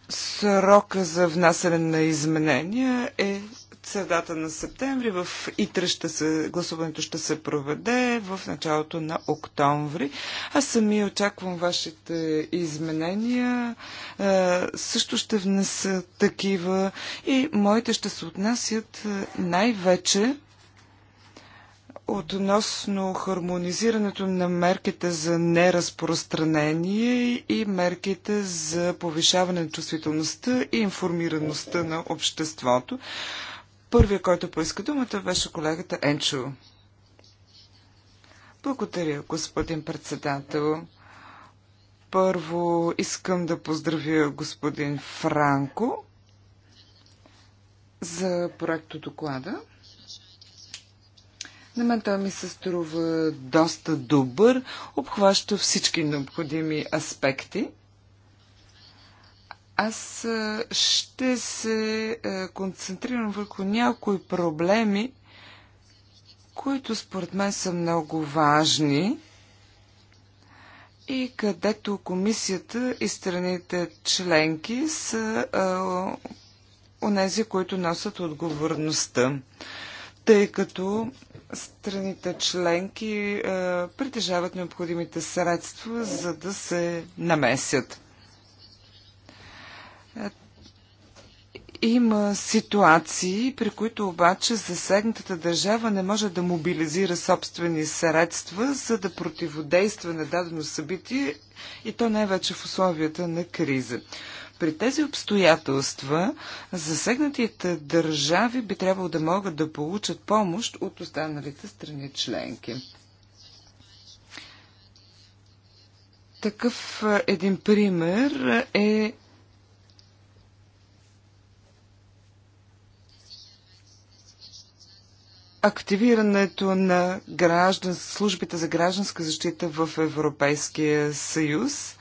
Speaker 2: срока за внасяне на изменения е средата на септември. В Итра ще се, гласуването ще се проведе в началото на октомври. Аз сами очаквам вашите изменения. Е, също ще внеса такива и моите ще се отнасят е, най-вече относно хармонизирането на мерките за неразпространение и мерките за повишаване на чувствителността и информираността на обществото. Първият, който поиска думата, беше колегата Енчо. Благодаря, господин председател. Първо искам да поздравя господин Франко за проекто доклада. На мен той ми се струва доста добър, обхваща всички необходими аспекти – аз ще се концентрирам върху някои проблеми, които според мен са много важни и където комисията и страните членки са а, онези, които носят отговорността, тъй като страните членки притежават необходимите средства, за да се намесят. Има ситуации, при които обаче засегнатата държава не може да мобилизира собствени средства, за да противодейства на дадено събитие и то най-вече в условията на криза. При тези обстоятелства засегнатите държави би трябвало да могат да получат помощ от останалите страни членки. Такъв е, един пример е активирането на граждан, службите за гражданска защита в Европейския съюз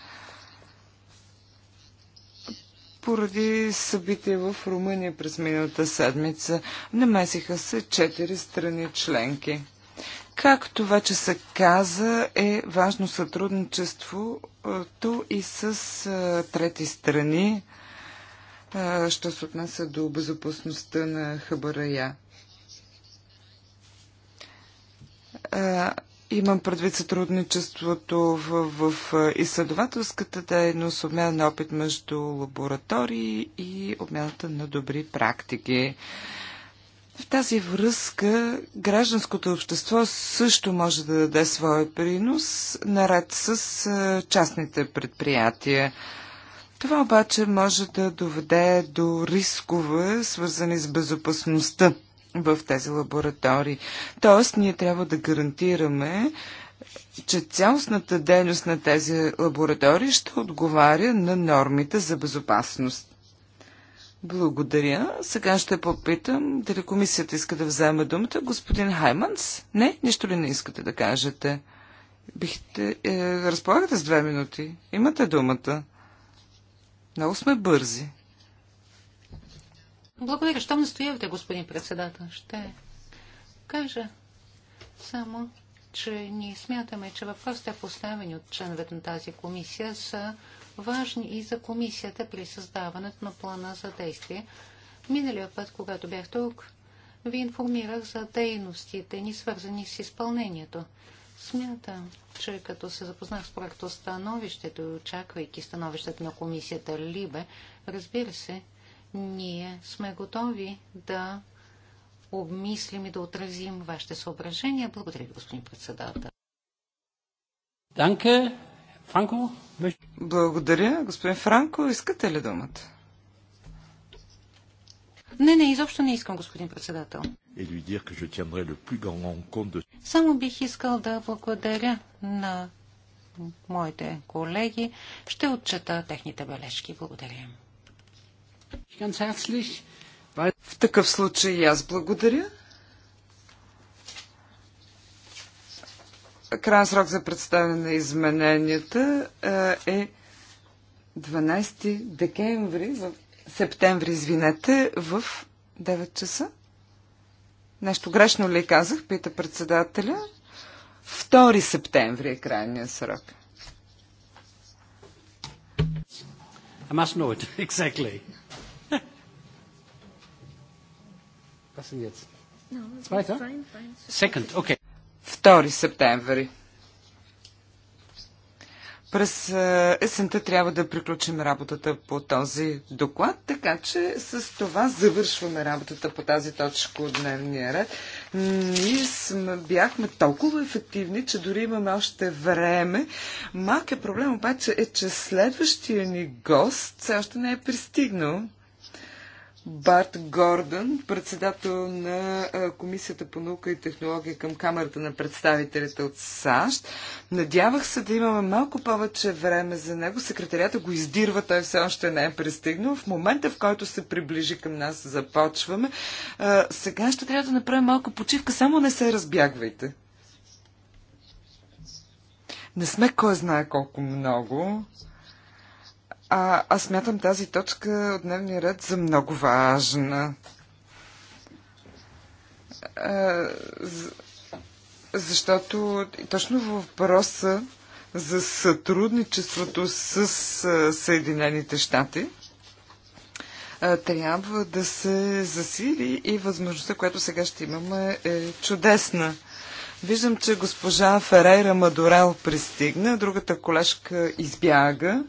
Speaker 2: поради събития в Румъния през миналата седмица. Намесиха се четири страни членки. Както вече се каза, е важно сътрудничеството и с трети страни, що се отнася до безопасността на хабарая. Имам предвид сътрудничеството в, в изследователската дейност, обмяна на опит между лаборатории и обмяната на добри практики. В тази връзка гражданското общество също може да даде своя принос, наред с частните предприятия. Това обаче може да доведе до рискове, свързани с безопасността в тези лаборатории. Тоест, ние трябва да гарантираме, че цялостната дейност на тези лаборатории ще отговаря на нормите за безопасност. Благодаря. Сега ще попитам дали комисията иска да вземе думата. Господин Хайманс? Не? Нищо ли не искате да кажете? Бихте... Е, разполагате с две минути. Имате думата. Много сме бързи.
Speaker 1: Благодаря, Щом настоявате, господин председател. Ще кажа само, че ние смятаме, че въпросите поставени от членовете на тази комисия са важни и за комисията при създаването на плана за действие. Миналия път, когато бях тук, ви информирах за дейностите ни, свързани с изпълнението. Смятам, че като се запознах с проекто становището и очаквайки становището на комисията Либе, разбира се, ние сме готови да обмислим и да отразим вашите съображения. Благодаря ви, господин председател.
Speaker 2: Данке, Франко. Благодаря, господин Франко. Искате ли думата?
Speaker 1: Не, не, изобщо не искам, господин председател. Само бих искал да благодаря на моите колеги. Ще отчета техните бележки. Благодаря.
Speaker 2: В такъв случай аз благодаря. Крайен срок за представяне на измененията е 12 е декември, в септември, извинете, в 9 часа. Нещо грешно ли казах, пита председателя. 2 септември е крайният срок. I must know it, [laughs] exactly. Was denn jetzt?
Speaker 4: Zweiter? Second,
Speaker 2: okay. 2 септември. През е, есента трябва да приключим работата по този доклад, така че с това завършваме работата по тази точка от дневния ред. Ние сме, бяхме толкова ефективни, че дори имаме още време. Малкият проблем обаче е, че следващия ни гост все още не е пристигнал. Барт Гордън, председател на Комисията по наука и технология към Камерата на представителите от САЩ. Надявах се да имаме малко повече време за него. Секретарията го издирва, той все още не е пристигнал. В момента, в който се приближи към нас, започваме. Сега ще трябва да направим малко почивка, само не се разбягвайте. Не сме кой знае колко много. А, аз смятам тази точка от дневния ред за много важна. А, защото точно въпроса за сътрудничеството с Съединените щати трябва да се засили и възможността, която сега ще имаме, е чудесна. Виждам, че госпожа Ферейра Мадорел пристигна, другата колежка избяга.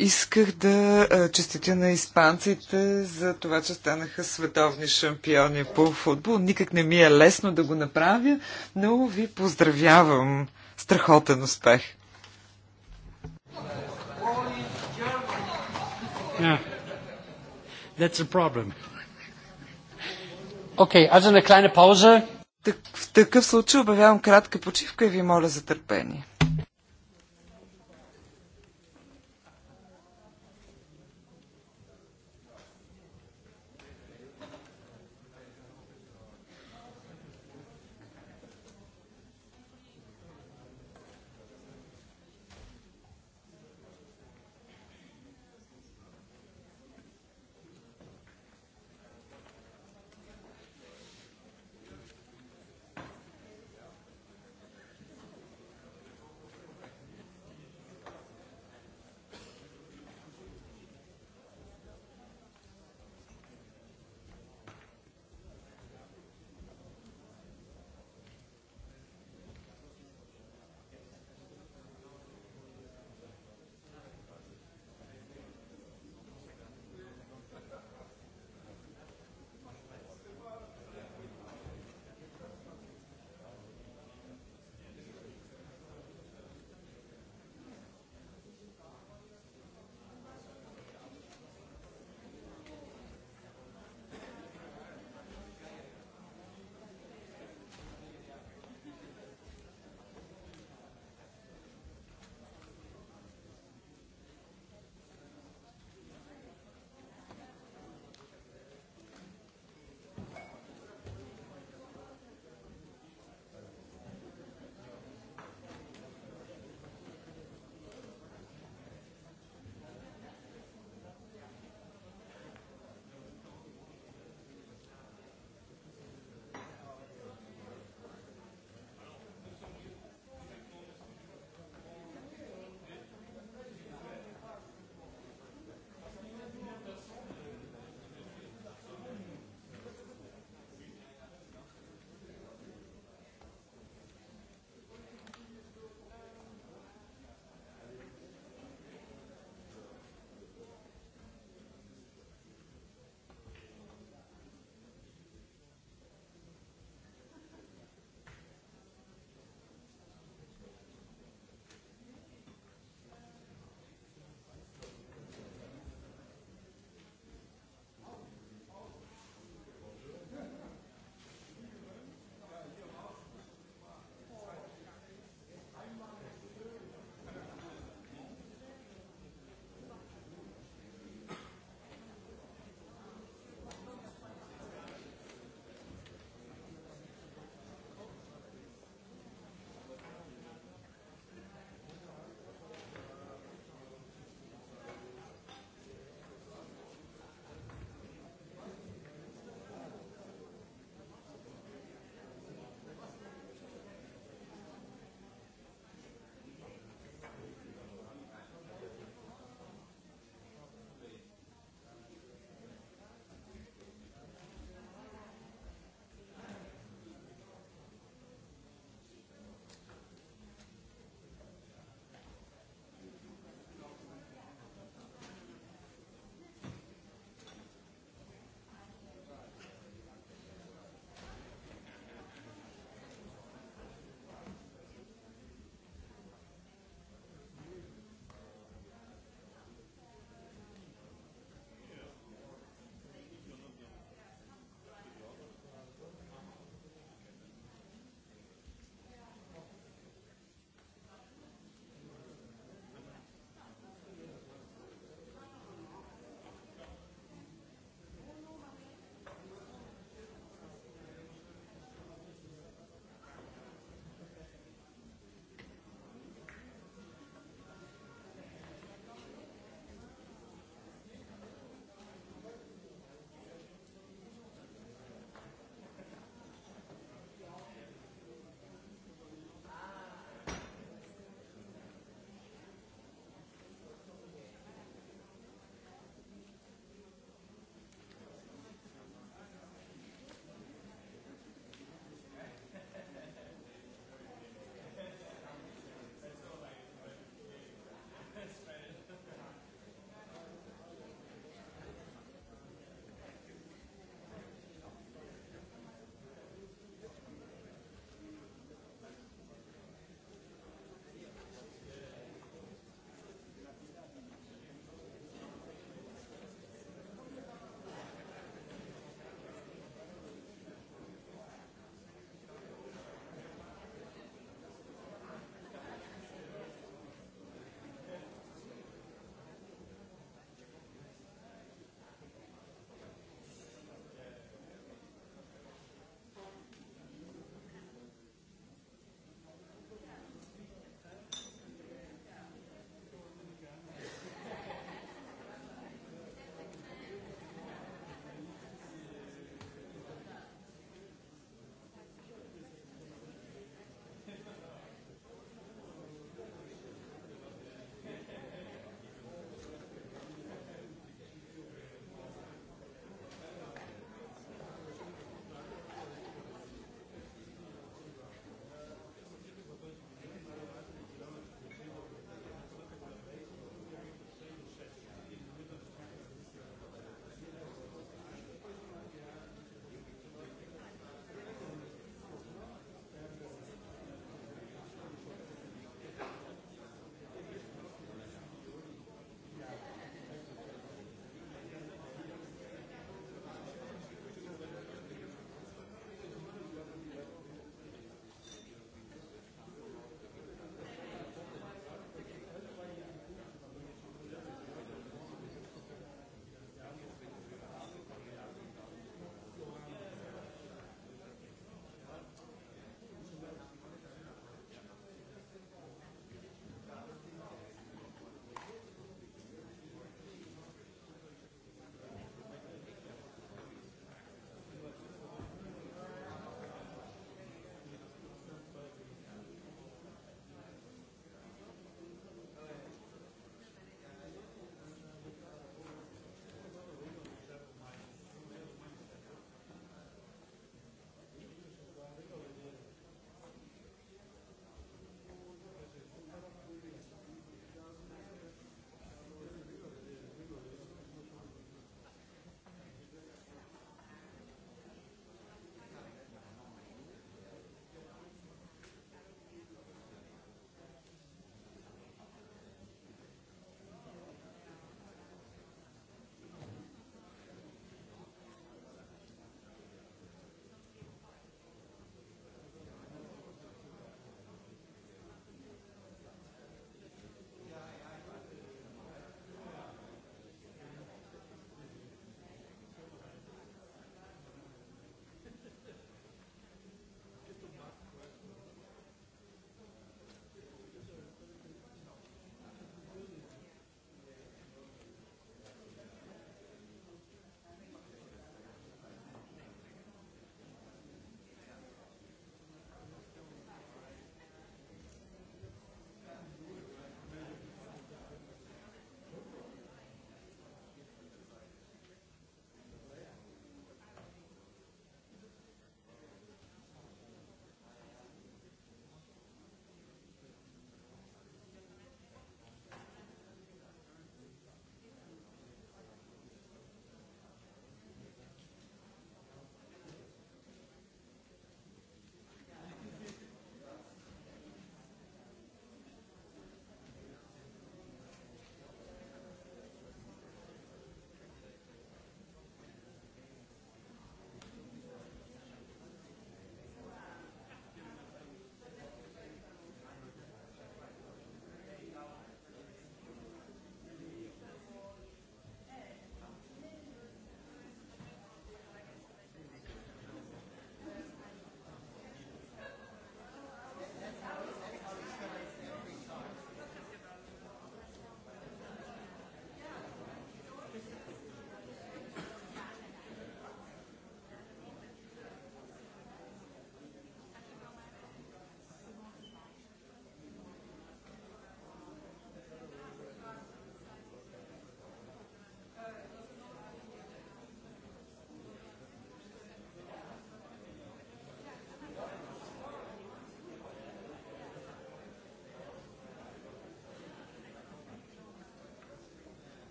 Speaker 2: Исках да честитя на испанците за това, че станаха световни шампиони по футбол. Никак не ми е лесно да го направя, но ви поздравявам. Страхотен успех! Yeah. That's a problem. Okay, also kleine В такъв случай обявявам кратка почивка и ви моля за търпение.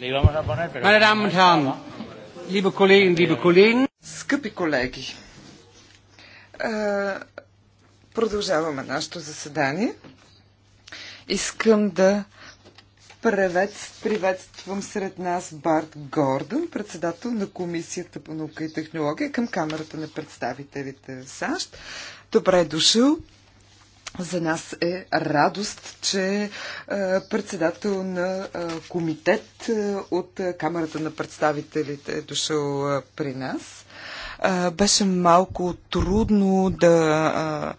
Speaker 2: Le íbamos a poner, und Herren, liebe Kollegen, liebe Kollegen. Скъпи колеги, продължаваме нашето заседание. Искам да приветствам сред нас Барт Гордън, председател на Комисията по наука и технология към Камерата на представителите в САЩ. Добре е дошъл. За нас е радост, че е, председател на е, комитет е, от Камерата на представителите е дошъл при нас. Беше малко трудно да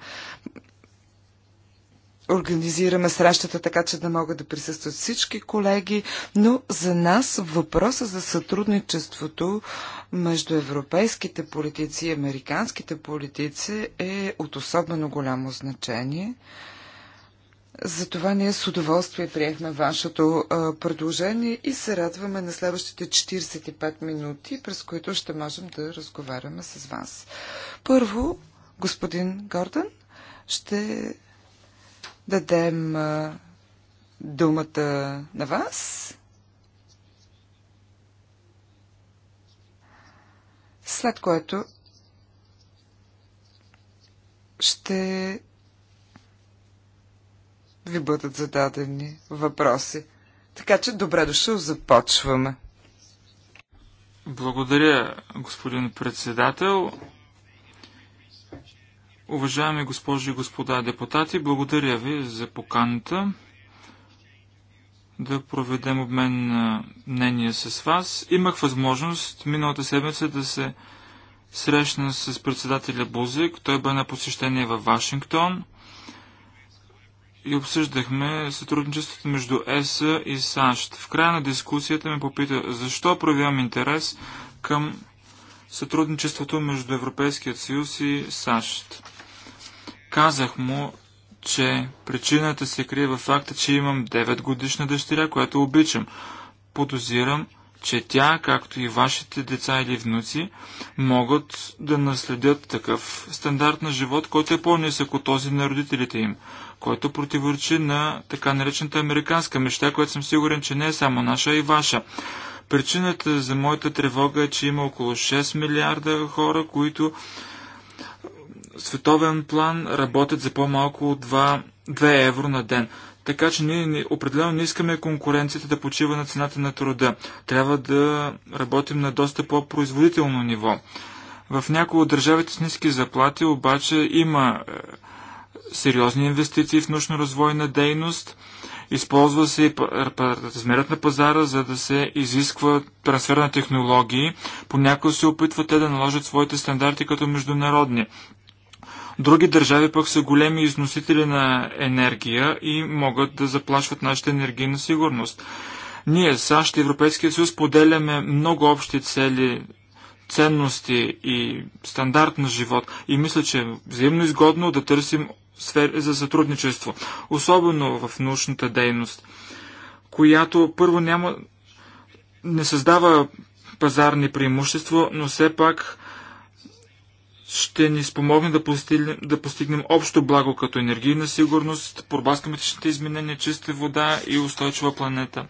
Speaker 2: организираме срещата така, че да могат да присъстват всички колеги, но за нас въпроса за сътрудничеството между европейските политици и американските политици е от особено голямо значение. Затова ние с удоволствие приехме вашето а, предложение и се радваме на следващите 45 минути, през които ще можем да разговаряме с вас. Първо, господин Гордън ще дадем думата на вас. След което ще ви бъдат зададени въпроси. Така че добре дошъл, започваме.
Speaker 3: Благодаря, господин председател. Уважаеми госпожи и господа депутати, благодаря ви за поканата да проведем обмен на мнение с вас. Имах възможност миналата седмица да се срещна с председателя Бузик. Той бе на посещение във Вашингтон и обсъждахме сътрудничеството между ЕС и САЩ. В края на дискусията ме попита защо проявявам интерес към сътрудничеството между Европейският съюз и САЩ. Казах му, че причината се крие във факта, че имам 9 годишна дъщеря, която обичам. Подозирам, че тя, както и вашите деца или внуци, могат да наследят такъв стандарт на живот, който е по-нисък от този на родителите им, който противоречи на така наречената американска мечта, която съм сигурен, че не е само наша, а и ваша. Причината за моята тревога е, че има около 6 милиарда хора, които световен план работят за по-малко от 2, 2 евро на ден. Така че ние определено не искаме конкуренцията да почива на цената на труда. Трябва да работим на доста по-производително ниво. В някои от държавите с ниски заплати обаче има е, сериозни инвестиции в научно-развойна дейност. Използва се и е, размерът на пазара, за да се изисква трансфер на технологии. Понякога се опитват те да наложат своите стандарти като международни. Други държави пък са големи износители на енергия и могат да заплашват нашата енергийна сигурност. Ние, САЩ и Европейския съюз, поделяме много общи цели, ценности и стандарт на живот и мисля, че е взаимно изгодно да търсим сфери за сътрудничество, особено в научната дейност, която първо няма, не създава пазарни преимущества, но все пак ще ни спомогне да постигнем, да постигнем общо благо като енергийна сигурност, борба с климатичните изменения, чиста вода и устойчива планета.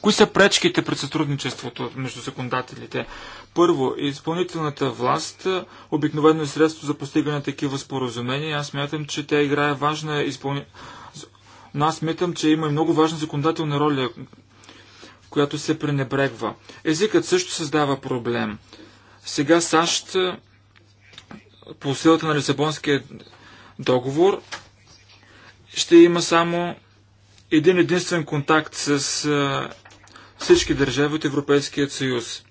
Speaker 3: Кои са пречките пред сътрудничеството между законодателите? Първо, изпълнителната власт обикновено е средство за постигане на такива споразумения. Аз мятам, че тя играе важна изпълни... Но аз мятам, че има и много важна законодателна роля, която се пренебрегва. Езикът също създава проблем. Сега САЩ по силата на Лисабонския договор ще има само един единствен контакт с а, всички държави от Европейския съюз.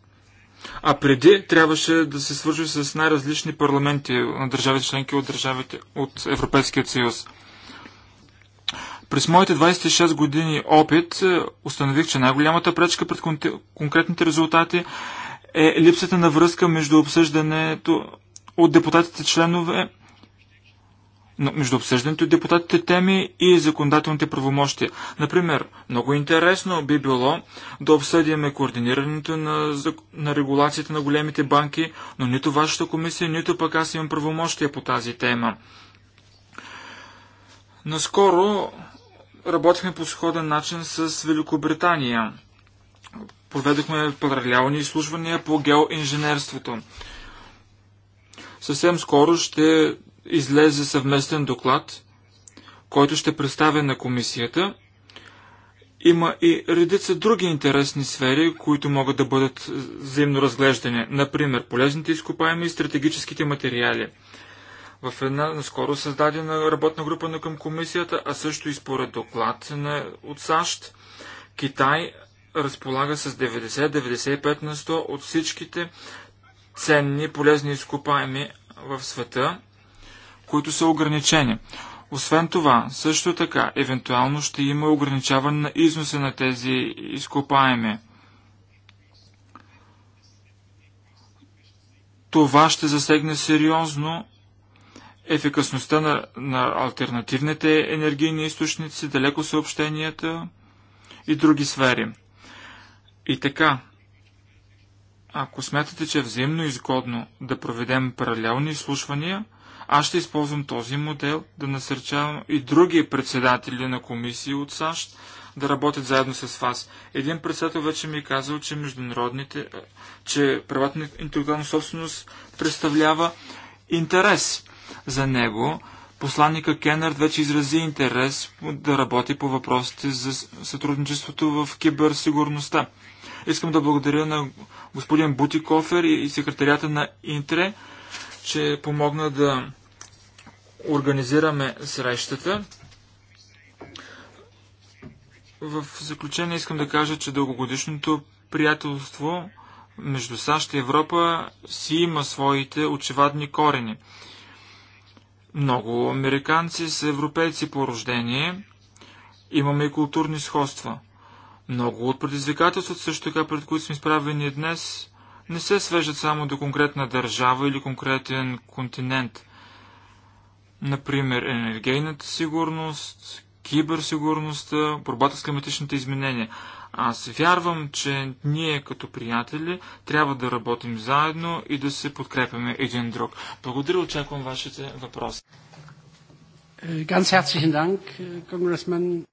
Speaker 3: А преди трябваше да се свържи с най-различни парламенти на държави членки от държавите от Европейския съюз. През моите 26 години опит установих, че най-голямата пречка пред конкретните резултати е липсата на връзка между обсъждането от депутатите членове но между обсъждането и депутатите теми и законодателните правомощия. Например, много интересно би било да обсъдиме координирането на, на регулацията на големите банки, но нито вашата комисия, нито пък аз имам правомощия по тази тема. Наскоро работихме по сходен начин с Великобритания. Проведохме паралелни изслужвания по геоинженерството. Съвсем скоро ще излезе съвместен доклад, който ще представя на комисията. Има и редица други интересни сфери, които могат да бъдат взаимно разглеждане. Например, полезните изкопаеми и стратегическите материали. В една наскоро създадена работна група на към комисията, а също и според доклад на, от САЩ, Китай разполага с 90-95 на 100 от всичките ценни полезни изкопаеми в света, които са ограничени. Освен това, също така, евентуално ще има ограничаване на износа на тези изкопаеми. Това ще засегне сериозно ефикасността на, на альтернативните енергийни източници, далеко съобщенията и други сфери. И така, ако смятате, че е взаимно изгодно да проведем паралелни изслушвания, аз ще използвам този модел да насърчавам и други председатели на комисии от САЩ да работят заедно с вас. Един председател вече ми е казал, че международните, е, че правата на интелектуална собственост представлява интерес за него. Посланника Кенърд вече изрази интерес да работи по въпросите за сътрудничеството в киберсигурността. Искам да благодаря на господин Бутикофер и секретарията на Интре, че помогна да организираме срещата. В заключение искам да кажа, че дългогодишното приятелство между САЩ и Европа си има своите очевадни корени. Много американци са европейци по рождение. Имаме и културни сходства – много от предизвикателствата, също така, пред които сме изправени днес, не се свеждат само до конкретна държава или конкретен континент. Например, енергийната сигурност, киберсигурността, борбата с климатичните изменения. Аз вярвам, че ние като приятели трябва да работим заедно и да се подкрепяме един друг. Благодаря, очаквам вашите въпроси.
Speaker 1: Ганс е,
Speaker 2: herzlichen Dank, Конгресмен.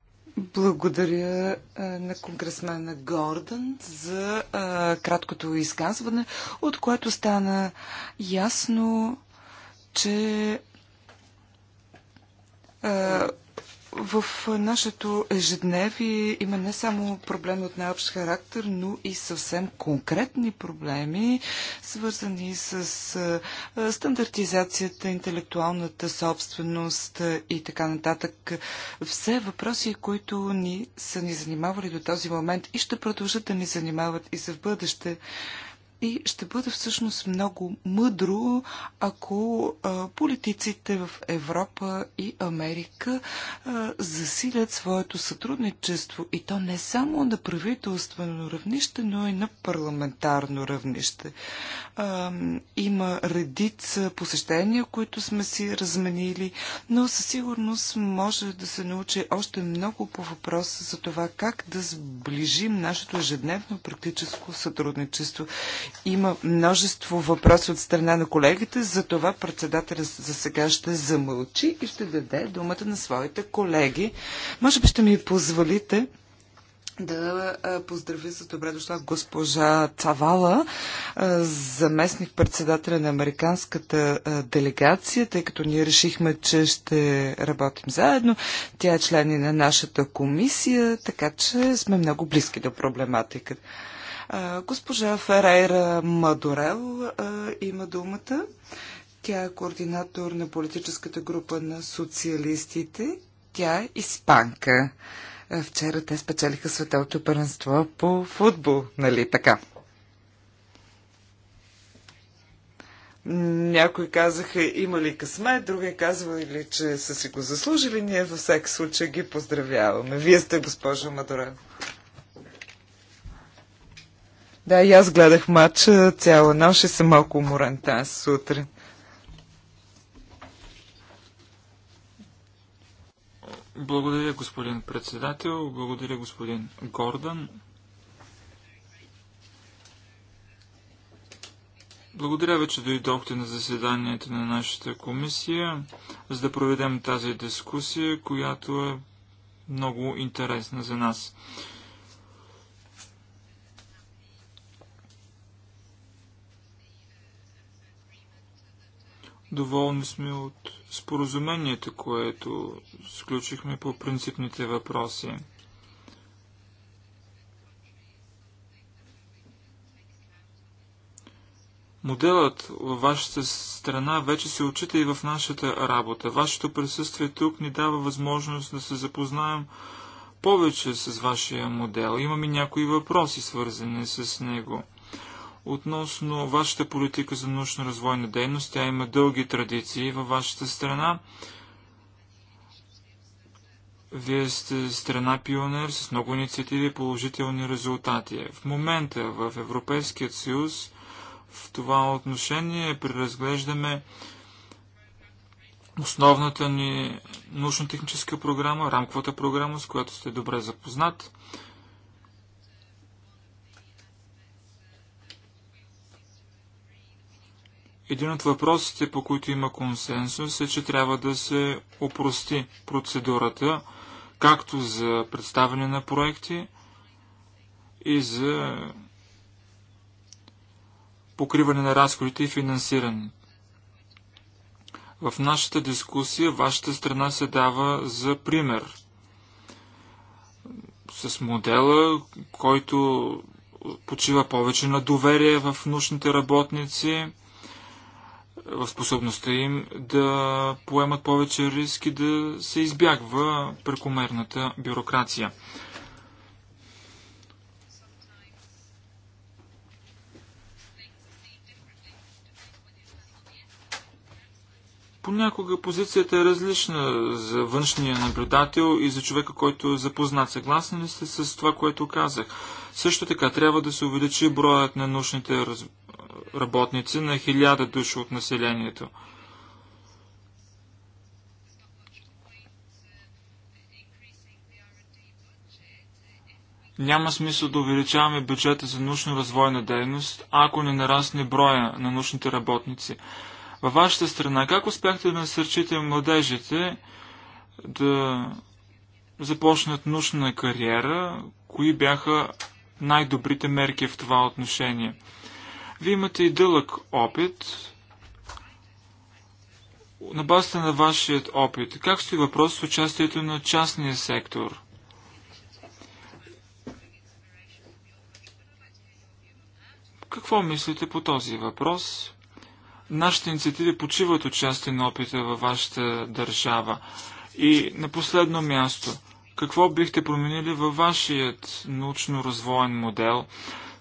Speaker 2: Благодаря на конгресмена Гордън за краткото изказване, от което стана ясно, че в нашето ежедневие има не само проблеми от най-общ характер, но и съвсем конкретни проблеми, свързани с стандартизацията, интелектуалната собственост и така нататък. Все въпроси, които ни са ни занимавали до този момент и ще продължат да ни занимават и за в бъдеще. И ще бъде всъщност много мъдро, ако а, политиците в Европа и Америка а, засилят своето сътрудничество и то не само на правителствено равнище, но и на парламентарно равнище. А, има редица посещения, които сме си разменили, но със сигурност може да се научи още много по въпроса за това как да сближим нашето ежедневно практическо сътрудничество. Има множество въпроси от страна на колегите, за това председателя за сега ще замълчи и ще даде думата на своите колеги. Може би ще ми позволите да поздрави с добре дошла госпожа Цавала, заместник председателя на американската делегация, тъй като ние решихме, че ще работим заедно. Тя е член на нашата комисия, така че сме много близки до проблематиката. Госпожа Ферейра Мадорел има думата. Тя е координатор на политическата група на социалистите. Тя е испанка. Вчера те спечелиха световното първенство по футбол, нали така? Някои казаха има ли късмет, други казвали, че са си го заслужили. Ние във всеки случай ги поздравяваме. Вие сте госпожа Мадорел. Да, и аз гледах матча цяла нощ и съм малко уморен тази сутрин.
Speaker 3: Благодаря, господин председател. Благодаря, господин Гордан. Благодаря ви, че дойдохте на заседанието на нашата комисия, за да проведем тази дискусия, която е много интересна за нас. Доволни сме от споразумението, което сключихме по принципните въпроси. Моделът във вашата страна вече се отчита и в нашата работа. Вашето присъствие тук ни дава възможност да се запознаем повече с вашия модел. Имаме някои въпроси, свързани с него относно вашата политика за научно-развойна дейност. Тя има дълги традиции във вашата страна. Вие сте страна пионер с много инициативи и положителни резултати. В момента в Европейският съюз в това отношение преразглеждаме основната ни научно-техническа програма, рамковата програма, с която сте добре запознат. Един от въпросите, по които има консенсус, е, че трябва да се опрости процедурата, както за представяне на проекти и за покриване на разходите и финансиране. В нашата дискусия вашата страна се дава за пример с модела, който почива повече на доверие в нужните работници, в способността им да поемат повече риски, да се избягва прекомерната бюрокрация. Понякога позицията е различна за външния наблюдател и за човека, който е запознат. Съгласни ли сте с това, което казах? Също така трябва да се увеличи броят на научните работници на хиляда души от населението. Няма смисъл да увеличаваме бюджета за научно-развойна дейност, ако не нарасне броя на научните работници. Във вашата страна, как успяхте да насърчите младежите да започнат научна кариера? Кои бяха най-добрите мерки в това отношение? Вие имате и дълъг опит. На базата на вашият опит, как стои въпрос с участието на частния сектор? Какво мислите по този въпрос? Нашите инициативи почиват участие на опита във вашата държава. И на последно място, какво бихте променили във вашият научно-развоен модел,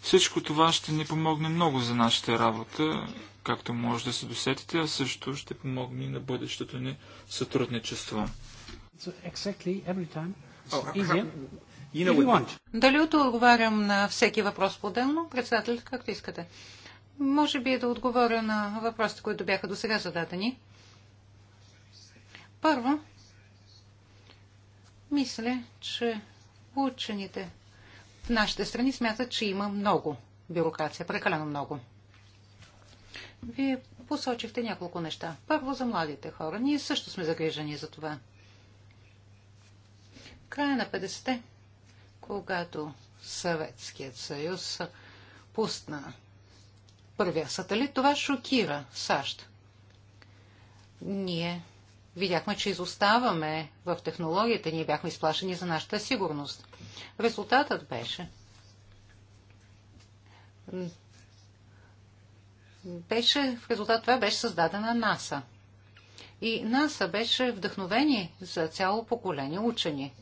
Speaker 3: всичко това ще ни помогне много за нашата работа, както може да се досетите, а също ще помогне на бъдещето ни сътрудничество. Oh,
Speaker 1: Дали отговарям на всеки въпрос по-отделно, председател, както искате? Може би е да отговоря на въпросите, които бяха до сега зададени. Първо, мисля, че учените в нашите страни смятат, че има много бюрокрация, прекалено много. Вие посочихте няколко неща. Първо за младите хора. Ние също сме загрижени за това. края на 50-те, когато Съветският съюз пусна първия сателит, това шокира САЩ. Ние видяхме, че изоставаме в технологията, ние бяхме изплашени за нашата сигурност. Резултатът беше беше, в резултат това беше създадена НАСА. И НАСА беше вдъхновение за цяло поколение учени.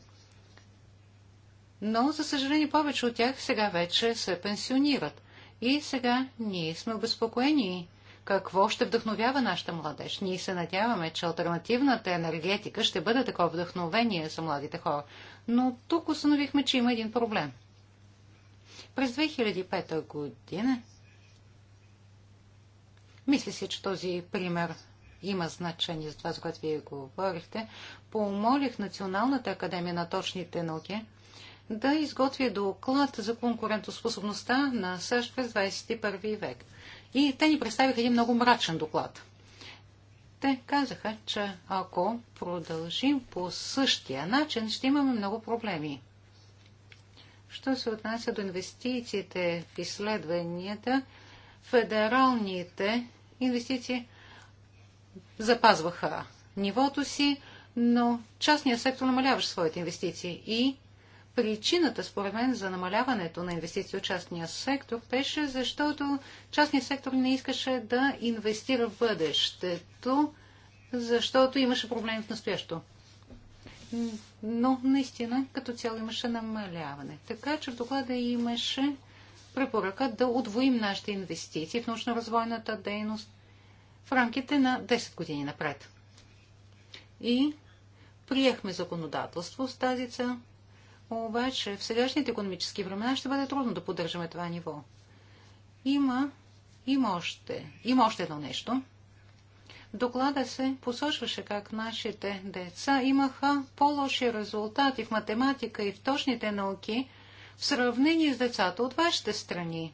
Speaker 1: Но, за съжаление, повече от тях сега вече се пенсионират. И сега ние сме обезпокоени какво ще вдъхновява нашата младеж. Ние се надяваме, че альтернативната енергетика ще бъде такова вдъхновение за младите хора но тук установихме, че има един проблем. През 2005 година, мисля си, че този пример има значение за това, за което вие говорихте, помолих Националната академия на точните науки да изготви доклад за конкурентоспособността на САЩ през 21 век. И те ни представиха един много мрачен доклад. Те казаха, че ако продължим по същия начин, ще имаме много проблеми. Що се отнася до инвестициите в изследванията, федералните инвестиции запазваха нивото си, но частният сектор намаляваше своите инвестиции и причината, според мен, за намаляването на инвестиции от частния сектор беше, защото частният сектор не искаше да инвестира в бъдещето, защото имаше проблеми в настоящето. Но наистина като цяло имаше намаляване. Така че в доклада имаше препоръка да удвоим нашите инвестиции в научно-развойната дейност в рамките на 10 години напред. И приехме законодателство с тази цел. Обаче в сегашните економически времена ще бъде трудно да поддържаме това ниво. Има, има, още, има още едно нещо. В доклада се посочваше как нашите деца имаха по-лоши резултати в математика и в точните науки в сравнение с децата от вашите страни.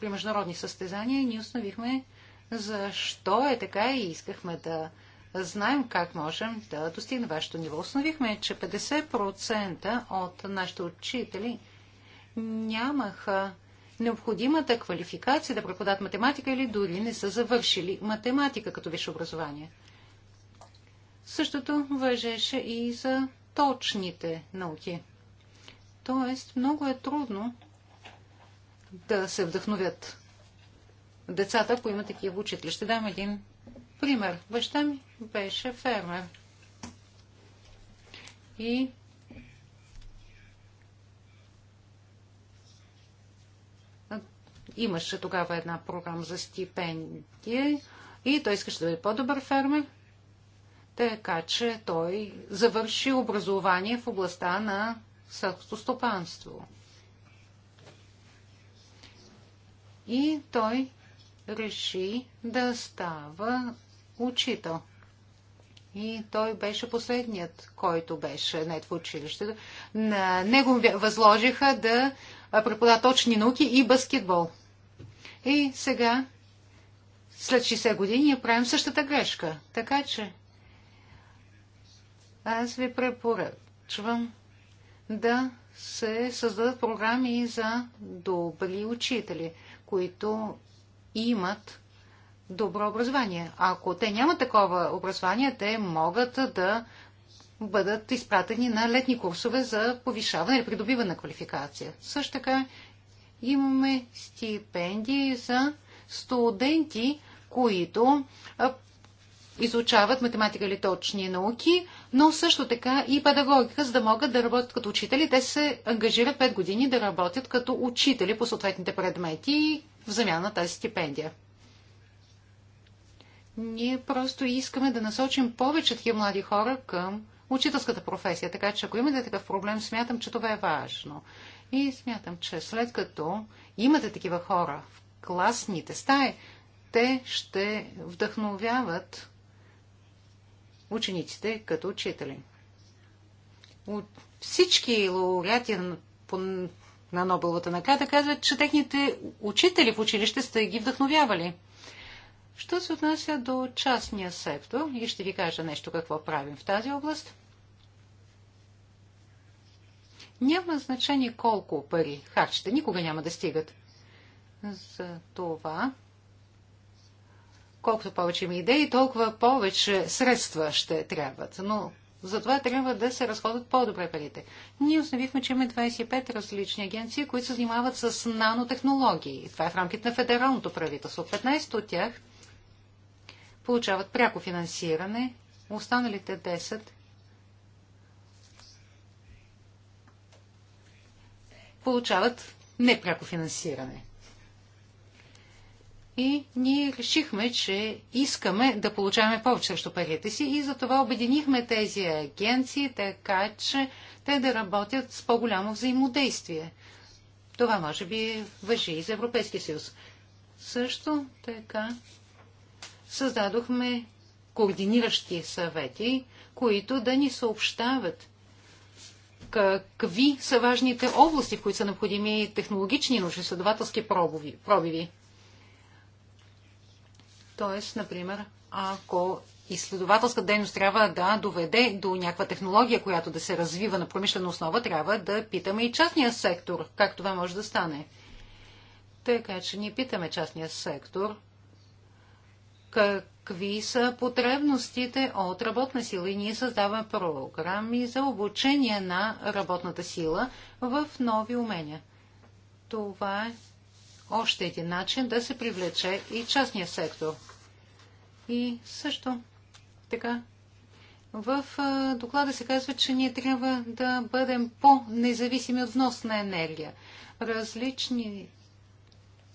Speaker 1: При международни състезания ние установихме защо е така и искахме да знаем как можем да достигнем вашето ниво. Установихме, че 50% от нашите учители нямаха необходимата квалификация да преподават математика или дори не са завършили математика като висше образование. Същото въжеше и за точните науки. Тоест, много е трудно да се вдъхновят децата, ако има такива учители. Ще дам един пример. Баща ми беше фермер. И имаше тогава една програма за стипендия и той искаше да бъде по-добър фермер. Така че той завърши образование в областта на селското стопанство. И той реши да става учител. И той беше последният, който беше нет в училището. На него възложиха да преподава точни науки и баскетбол. И сега, след 60 години, правим същата грешка. Така че, аз ви препоръчвам да се създадат програми за добри учители, които имат добро образование. Ако те нямат такова образование, те могат да бъдат изпратени на летни курсове за повишаване или придобиване на квалификация. Също така имаме стипендии за студенти, които изучават математика или точни науки, но също така и педагогика, за да могат да работят като учители. Те се ангажират 5 години да работят като учители по съответните предмети в замяна на тази стипендия. Ние просто искаме да насочим повече такива млади хора към учителската професия. Така че ако имате такъв проблем, смятам, че това е важно. И смятам, че след като имате такива хора в класните стаи, те ще вдъхновяват учениците като учители. От всички лауреати на Нобеловата награда казват, че техните учители в училище сте ги вдъхновявали. Що се отнася до частния сектор, и ще ви кажа нещо какво правим в тази област, няма значение колко пари харчите, никога няма да стигат. За това, колкото повече има идеи, толкова повече средства ще трябват. Но затова трябва да се разходят по-добре парите. Ние установихме, че имаме 25 различни агенции, които се занимават с нанотехнологии. Това е в рамките на федералното правителство. 15 от тях – получават пряко финансиране, останалите 10 получават непряко финансиране. И ние решихме, че искаме да получаваме повече срещу парите си и затова обединихме тези агенции, така че те да работят с по-голямо взаимодействие. Това може би въжи и за Европейския съюз. Също така създадохме координиращи съвети, които да ни съобщават какви са важните области, в които са необходими технологични научно следователски пробиви. Тоест, например, ако изследователска дейност трябва да доведе до някаква технология, която да се развива на промишлена основа, трябва да питаме и частния сектор, как това може да стане. Така че ние питаме частния сектор какви са потребностите от работна сила и ние създаваме програми за обучение на работната сила в нови умения. Това е още един начин да се привлече и частния сектор. И също така в доклада се казва, че ние трябва да бъдем по-независими от внос на енергия. Различни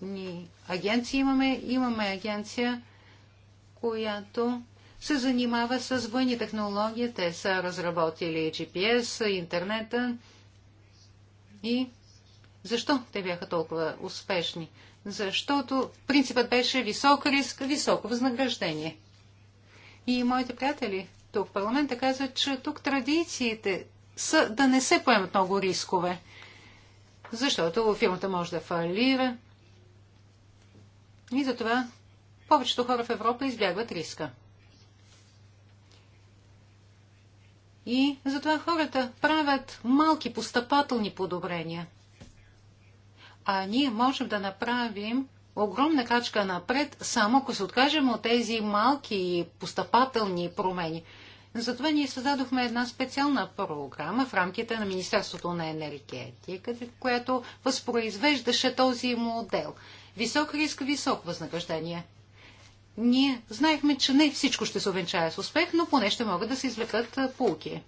Speaker 1: ни агенции имаме. Имаме агенция която се занимава с военни технологии. Те са разработили GPS, интернета и защо те бяха толкова успешни? Защото принципът беше висок риск, високо възнаграждение. И моите приятели тук в парламента казват, че тук традициите са да не се поемат много рискове, защото фирмата може да фалира. И затова повечето хора в Европа избягват риска. И затова хората правят малки постъпателни подобрения. А ние можем да направим огромна качка напред, само ако се откажем от тези малки постъпателни промени. Затова ние създадохме една специална програма в рамките на Министерството на енергетика, която възпроизвеждаше този модел. Висок риск, висок възнаграждение – ние знаехме, че не всичко ще се увенчае с успех, но поне ще могат да се извлекат полки.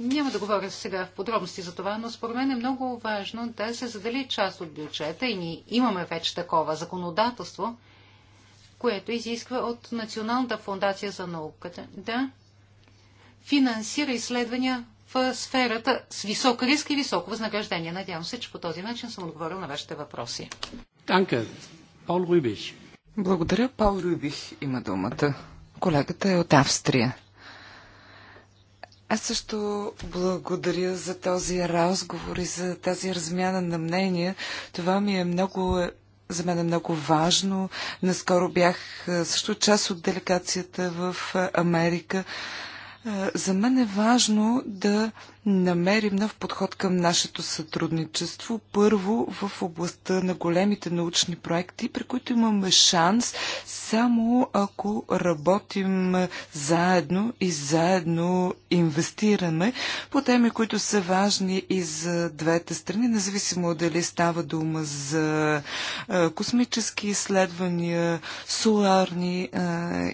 Speaker 1: Няма да говоря сега в подробности за това, но според мен е много важно да се задели част от бюджета и ние имаме вече такова законодателство, което изисква от Националната фундация за науката да финансира изследвания в сферата с висок риск и високо възнаграждение. Надявам се, че по този начин съм отговорил на вашите въпроси. Данке. Пол Рубиш.
Speaker 2: Благодаря. Паул Рюбих има думата. Колегата е от Австрия. Аз също благодаря за този разговор и за тази размяна на мнения. Това ми е много за мен е много важно. Наскоро бях също част от делегацията в Америка. За мен е важно да намерим нов подход към нашето сътрудничество. Първо в областта на големите научни проекти, при които имаме шанс само ако работим заедно и заедно инвестираме по теми, които са важни и за двете страни, независимо дали става дума за е, космически изследвания, соларни е,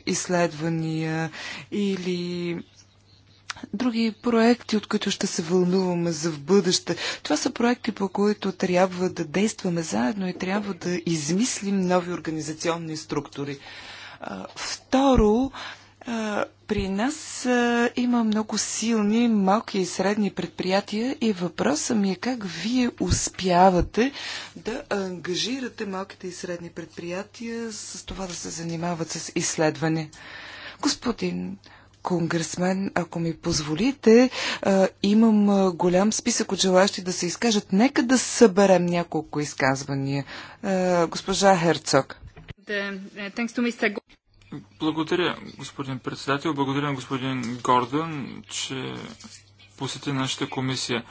Speaker 2: изследвания или други проекти, от които ще се вълнуваме за в бъдеще. Това са проекти, по които трябва да действаме заедно и трябва да измислим нови организационни структури. Второ, при нас има много силни малки и средни предприятия и въпросът ми е как вие успявате да ангажирате малките и средни предприятия с това да се занимават с изследване. Господин конгресмен, ако ми позволите, имам голям списък от желащи да се изкажат. Нека да съберем няколко изказвания. Госпожа Херцог. Е, е,
Speaker 3: Благодаря, господин председател. Благодаря, господин Гордън, че посети нашата комисия.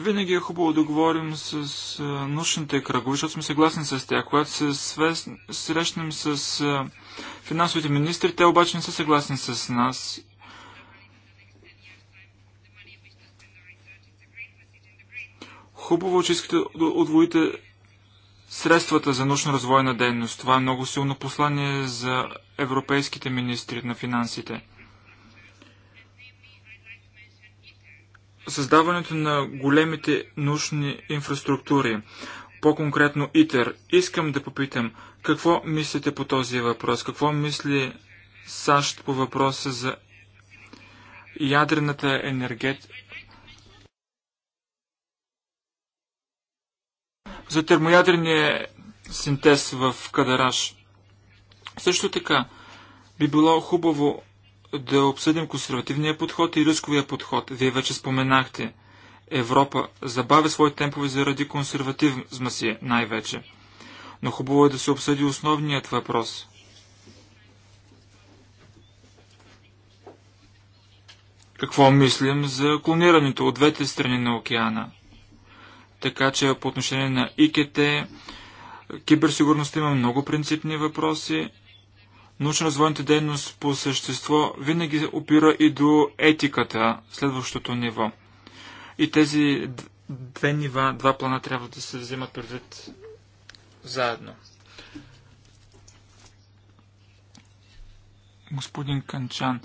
Speaker 3: Винаги е хубаво да говорим с научните кръгове, защото сме съгласни с тях. Когато се свест... срещнем с финансовите министри, те обаче не са съгласни с нас. Хубаво, че искате да отвоите средствата за научно-развойна дейност. Това е много силно послание за европейските министри на финансите. създаването на големите научни инфраструктури, по-конкретно ИТЕР. Искам да попитам, какво мислите по този въпрос? Какво мисли САЩ по въпроса за ядрената енергетика? За термоядрения синтез в Кадараш. Също така, би било хубаво да обсъдим консервативния подход и рисковия подход. Вие вече споменахте. Европа забавя своите темпове заради консервативизма си най-вече. Но хубаво е да се обсъди основният въпрос. Какво мислим за клонирането от двете страни на океана? Така че по отношение на ИКТ, киберсигурността има много принципни въпроси научно-развойната дейност по същество винаги опира и до етиката, следващото ниво. И тези две нива, два плана трябва да се вземат предвид заедно. Господин Канчан.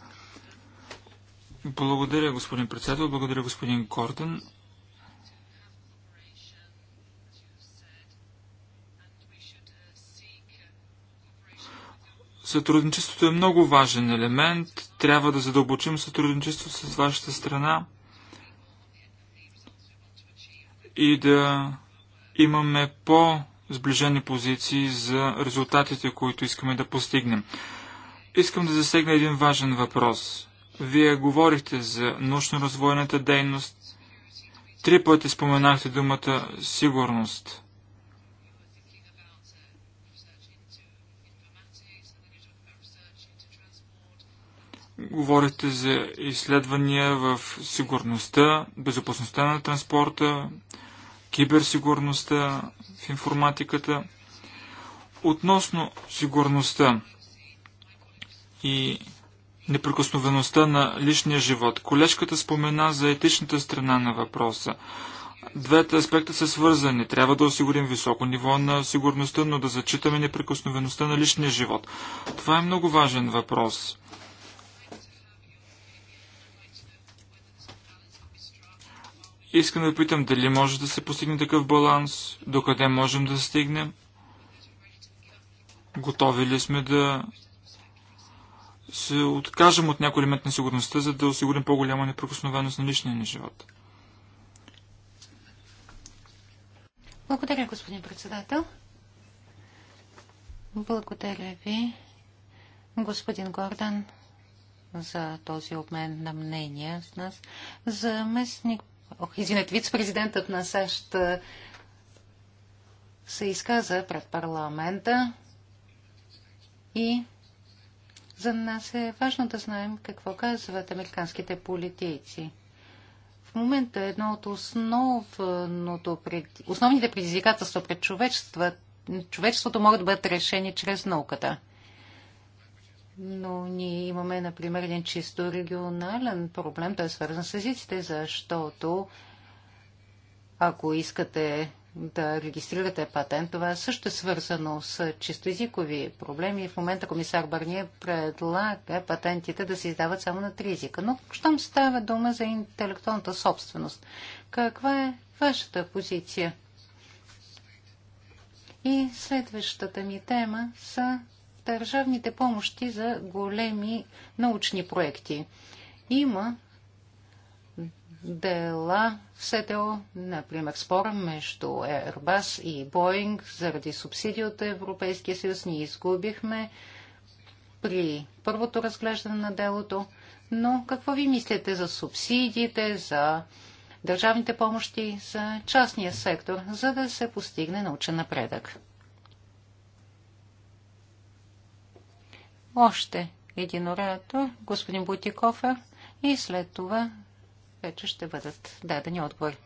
Speaker 3: Благодаря, господин председател. Благодаря, господин Гордън. Сътрудничеството е много важен елемент. Трябва да задълбочим сътрудничеството с вашата страна и да имаме по-сближени позиции за резултатите, които искаме да постигнем. Искам да засегна един важен въпрос. Вие говорихте за научно-развойната дейност. Три пъти споменахте думата сигурност. Говорите за изследвания в сигурността, безопасността на транспорта, киберсигурността в информатиката. Относно сигурността и неприкосновеността на личния живот. Колежката спомена за етичната страна на въпроса. Двете аспекта са свързани. Трябва да осигурим високо ниво на сигурността, но да зачитаме неприкосновеността на личния живот. Това е много важен въпрос. Искам да питам дали може да се постигне такъв баланс, докъде можем да стигнем. Готови ли сме да се откажем от някой елемент на сигурността, за да осигурим по-голяма непрекосновеност на личния ни живот?
Speaker 1: Благодаря, господин председател. Благодаря ви, господин Гордан, за този обмен на мнения с нас. Заместник ох, извинете, вице-президентът на САЩ се изказа пред парламента и за нас е важно да знаем какво казват американските политици. В момента е едно от основното, пред... основните предизвикателства пред човечеството, човечеството могат да бъдат решени чрез науката – но ние имаме, например, един чисто регионален проблем. Той е свързан с езиците, защото ако искате да регистрирате патент, това е също е свързано с чисто езикови проблеми. В момента комисар Барния предлага патентите да се издават само на три езика. Но щом става дума за интелектуалната собственост, каква е вашата позиция? И следващата ми тема са държавните помощи за големи научни проекти. Има дела в СТО, например спора между Airbus и Boeing заради субсидии от Европейския съюз. Ние изгубихме при първото разглеждане на делото. Но какво ви мислите за субсидиите, за държавните помощи, за частния сектор, за да се постигне научен напредък? още един оратор, господин Бутикофер, и след това вече ще бъдат дадени отговори.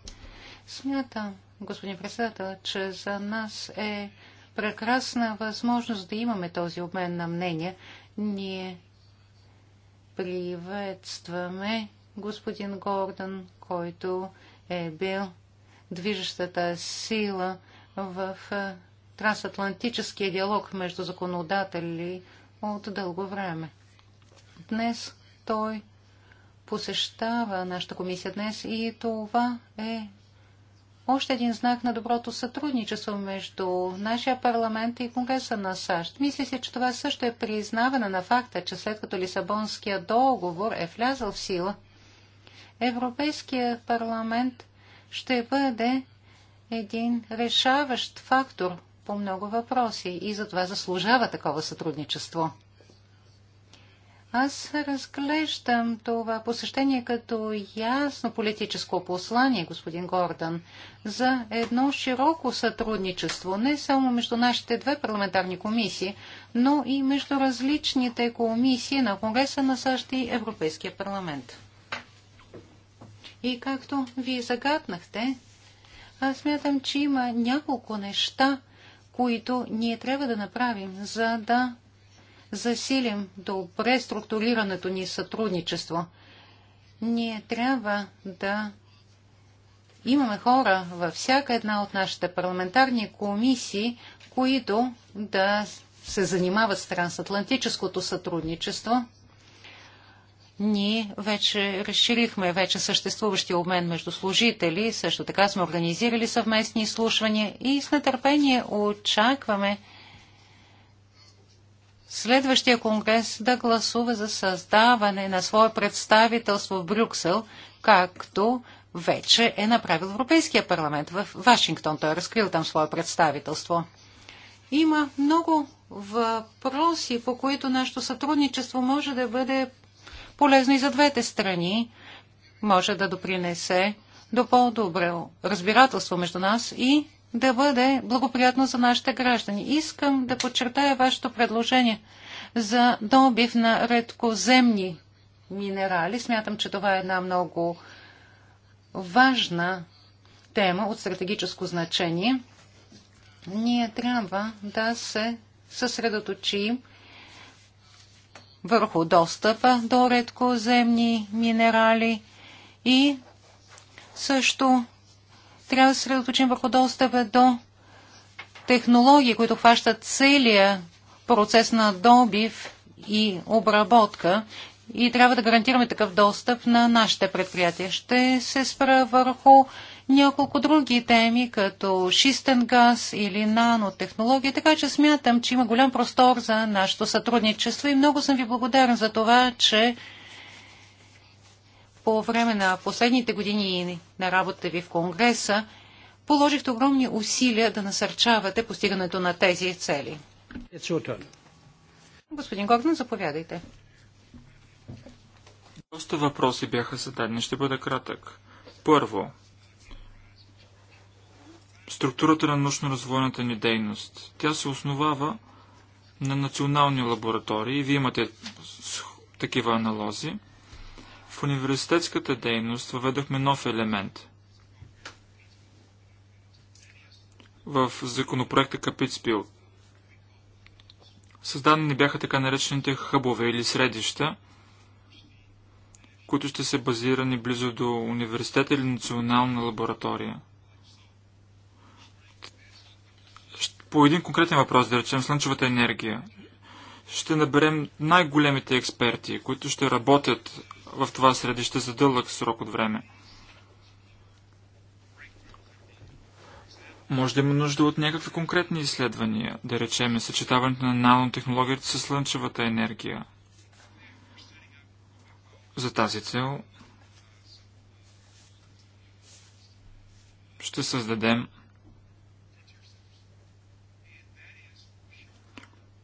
Speaker 1: Смятам, господин председател, че за нас е прекрасна възможност да имаме този обмен на мнения. Ние приветстваме господин Гордън, който е бил движещата сила в трансатлантическия диалог между законодатели от дълго време. Днес той посещава нашата комисия днес и това е още един знак на доброто сътрудничество между нашия парламент и Конгреса на САЩ. Мисля се, че това също е признаване на факта, че след като Лисабонския договор е влязъл в сила, Европейския парламент ще бъде един решаващ фактор по много въпроси и затова заслужава такова сътрудничество. Аз разглеждам това посещение като ясно политическо послание, господин Гордън, за едно широко сътрудничество, не само между нашите две парламентарни комисии, но и между различните комисии на Конгреса на САЩ и Европейския парламент. И както вие загаднахте, аз смятам, че има няколко неща, които ние трябва да направим, за да засилим добре структурирането ни сътрудничество. Ние трябва да имаме хора във всяка една от нашите парламентарни комисии, които да се занимават с трансатлантическото сътрудничество ние вече разширихме вече съществуващия обмен между служители, също така сме организирали съвместни изслушвания и с нетърпение очакваме следващия конгрес да гласува за създаване на свое представителство в Брюксел, както вече е направил Европейския парламент. В Вашингтон той е разкрил там свое представителство. Има много въпроси, по които нашето сътрудничество може да бъде полезно и за двете страни, може да допринесе до по-добро разбирателство между нас и да бъде благоприятно за нашите граждани. Искам да подчертая вашето предложение за добив на редкоземни минерали. Смятам, че това е една много важна тема от стратегическо значение. Ние трябва да се съсредоточим върху достъпа до редкоземни минерали и също трябва да се средоточим върху достъпа до технологии, които хващат целия процес на добив и обработка и трябва да гарантираме такъв достъп на нашите предприятия. Ще се спра върху няколко други теми, като шистен газ или нанотехнологии, така че смятам, че има голям простор за нашето сътрудничество и много съм ви благодарен за това, че по време на последните години на работа ви в Конгреса положихте огромни усилия да насърчавате постигането на тези цели. Господин Гордон, заповядайте.
Speaker 3: Доста въпроси бяха зададени. Ще бъда кратък. Първо, структурата на научно-развойната ни дейност. Тя се основава на национални лаборатории. Вие имате такива аналози. В университетската дейност въведохме нов елемент. В законопроекта Капитспил. Създадени бяха така наречените хъбове или средища, които ще се базирани близо до университета или национална лаборатория. по един конкретен въпрос, да речем слънчевата енергия, ще наберем най-големите експерти, които ще работят в това средище за дълъг срок от време. Може да има нужда от някакви конкретни изследвания, да речем съчетаването на нанотехнологията с слънчевата енергия. За тази цел ще създадем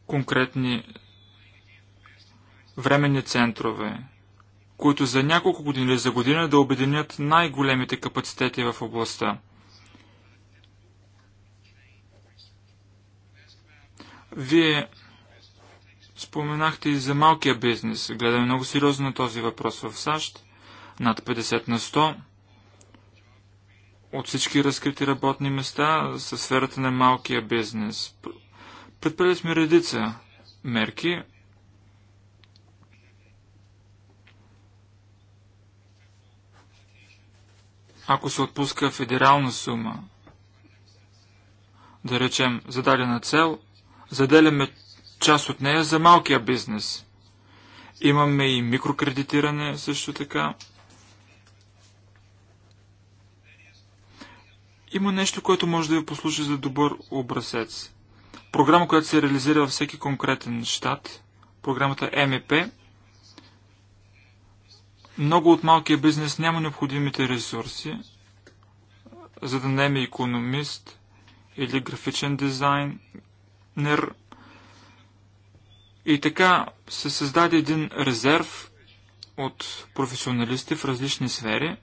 Speaker 3: конкретни временни центрове, които за няколко години или за година да обединят най-големите капацитети в областта. Вие споменахте и за малкия бизнес. Гледаме много сериозно на този въпрос в САЩ. Над 50 на 100 от всички разкрити работни места са сферата на малкия бизнес. Предприели сме редица мерки. Ако се отпуска федерална сума, да речем зададена цел, заделяме част от нея за малкия бизнес. Имаме и микрокредитиране също така. Има нещо, което може да ви послужи за добър образец програма, която се реализира във всеки конкретен щат, програмата МЕП. Много от малкия бизнес няма необходимите ресурси, за да наеме економист или графичен дизайнер. И така се създаде един резерв от професионалисти в различни сфери,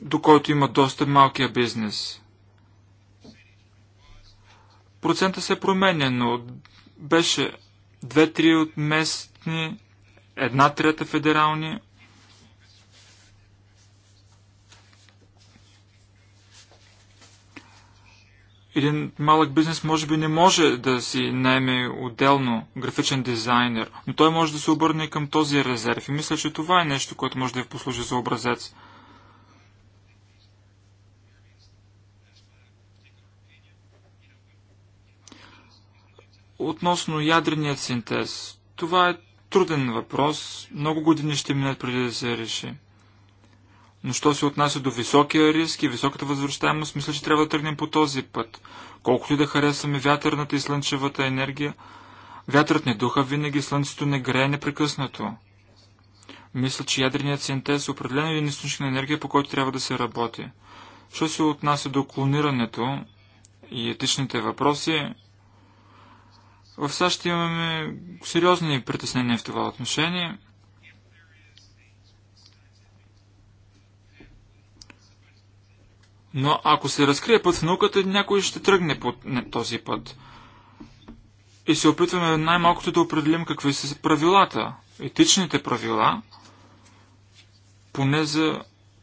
Speaker 3: до който има доста малкия бизнес процента се променя, но беше две три от местни, една трета федерални. Един малък бизнес може би не може да си найме отделно графичен дизайнер, но той може да се обърне към този резерв и мисля, че това е нещо, което може да ви послужи за образец. Относно ядреният синтез, това е труден въпрос. Много години ще минат преди да се реши. Но що се отнася до високия риск и високата възвръщаемост, мисля, че трябва да тръгнем по този път. Колкото и да харесваме вятърната и слънчевата енергия, вятърът не духа винаги, слънцето не грее непрекъснато. Мисля, че ядреният синтез е определено един източник на енергия, по който трябва да се работи. Що се отнася до клонирането и етичните въпроси, в САЩ имаме сериозни притеснения в това отношение. Но ако се разкрие път в науката, някой ще тръгне по този път. И се опитваме най-малкото да определим какви са правилата, етичните правила, поне за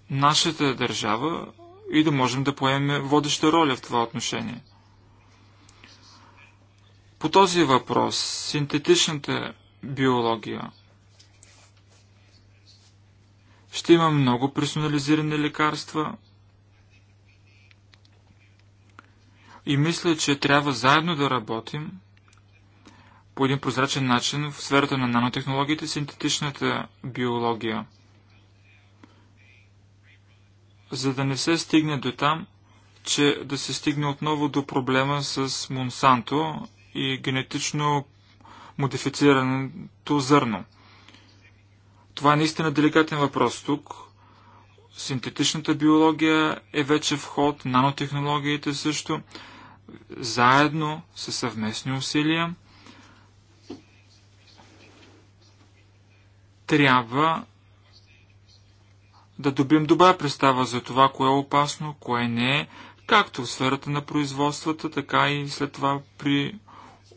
Speaker 3: нашата държава и да можем да поемем водеща роля в това отношение. По този въпрос, синтетичната биология, ще има много персонализирани лекарства и мисля, че трябва заедно да работим по един прозрачен начин в сферата на нанотехнологиите, синтетичната биология, за да не се стигне до там, че да се стигне отново до проблема с Монсанто и генетично модифицираното зърно. Това е наистина деликатен въпрос тук. Синтетичната биология е вече в ход, нанотехнологиите също. Заедно с съвместни усилия трябва да добим добра представа за това, кое е опасно, кое не е, както в сферата на производствата, така и след това при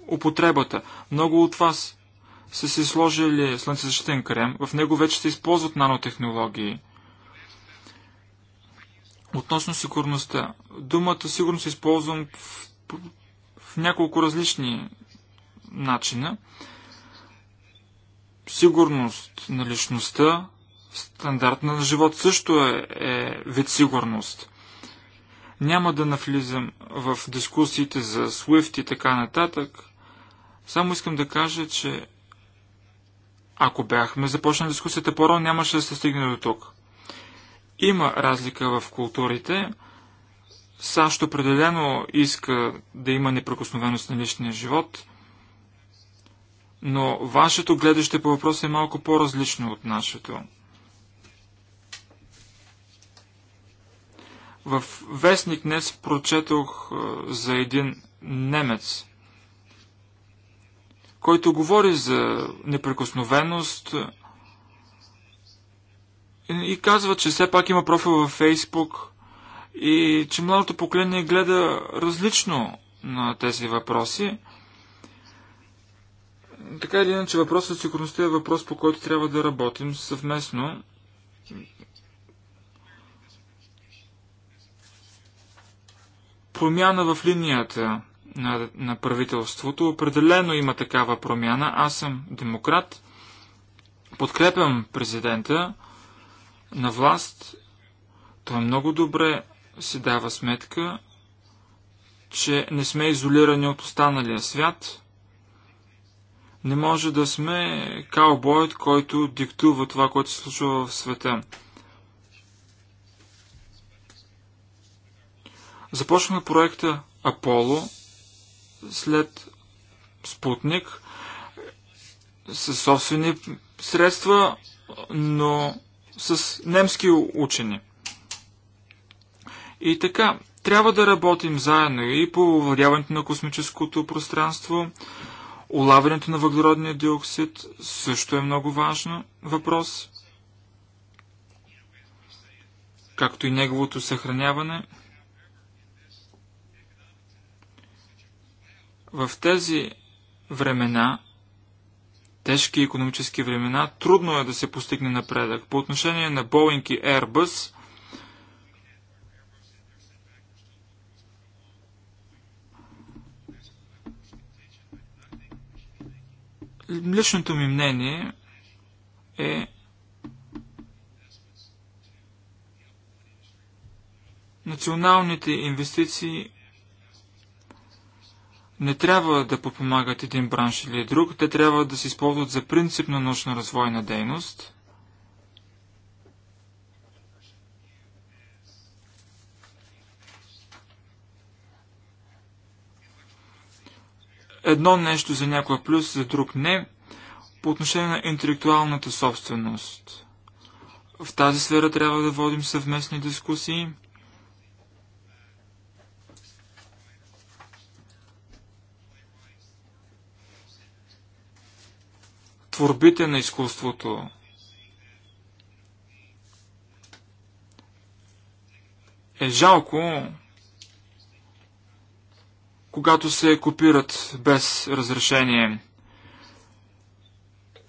Speaker 3: употребата. Много от вас са си сложили слънцезащитен крем, в него вече се използват нанотехнологии. Относно сигурността. Думата сигурност е използвам в, в няколко различни начина. Сигурност на личността, стандарт на живот също е, е вид сигурност. Няма да навлизам в дискусиите за SWIFT и така нататък. Само искам да кажа, че ако бяхме започнали дискусията по-рано, нямаше да се стигне до тук. Има разлика в културите. САЩ определено иска да има неприкосновеност на личния живот, но вашето гледаще по въпроса е малко по-различно от нашето. В вестник днес прочетох за един немец, който говори за неприкосновеност и казва, че все пак има профил във Фейсбук и че младото поколение гледа различно на тези въпроси. Така или иначе, въпросът за сигурността е въпрос, по който трябва да работим съвместно. Промяна в линията на, на правителството. Определено има такава промяна. Аз съм демократ. Подкрепям президента на власт. Той много добре си дава сметка, че не сме изолирани от останалия свят. Не може да сме каубоят, който диктува това, което се случва в света. Започнахме проекта Аполо след спутник със собствени средства, но с немски учени. И така, трябва да работим заедно и по овладяването на космическото пространство, улавянето на въглеродния диоксид също е много важен въпрос, както и неговото съхраняване – В тези времена, тежки економически времена, трудно е да се постигне напредък. По отношение на Boeing и Airbus, личното ми мнение е националните инвестиции не трябва да подпомагат един бранш или друг, те трябва да се използват за принцип на научно-развойна дейност. Едно нещо за някой плюс, за друг не, по отношение на интелектуалната собственост. В тази сфера трябва да водим съвместни дискусии – творбите на изкуството. Е жалко, когато се копират без разрешение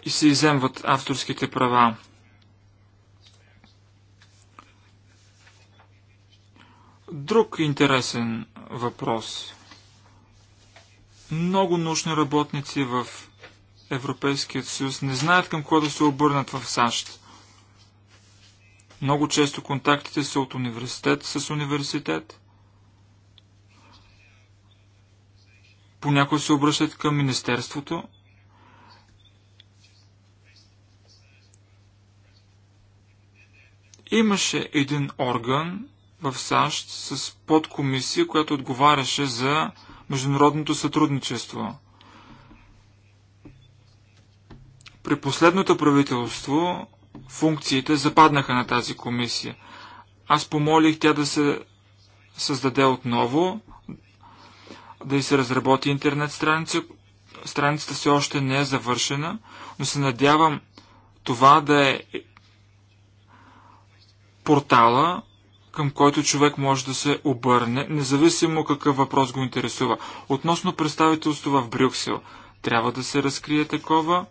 Speaker 3: и се иземват авторските права. Друг интересен въпрос. Много научни работници в Европейският съюз не знаят към кого да се обърнат в САЩ. Много често контактите са от университет с университет. Понякога се обръщат към Министерството. Имаше един орган в САЩ с подкомисия, която отговаряше за международното сътрудничество. При последното правителство функциите западнаха на тази комисия. Аз помолих тя да се създаде отново, да и се разработи интернет страница. Страницата все още не е завършена, но се надявам това да е портала, към който човек може да се обърне, независимо какъв въпрос го интересува. Относно представителство в Брюксел, трябва да се разкрие такова.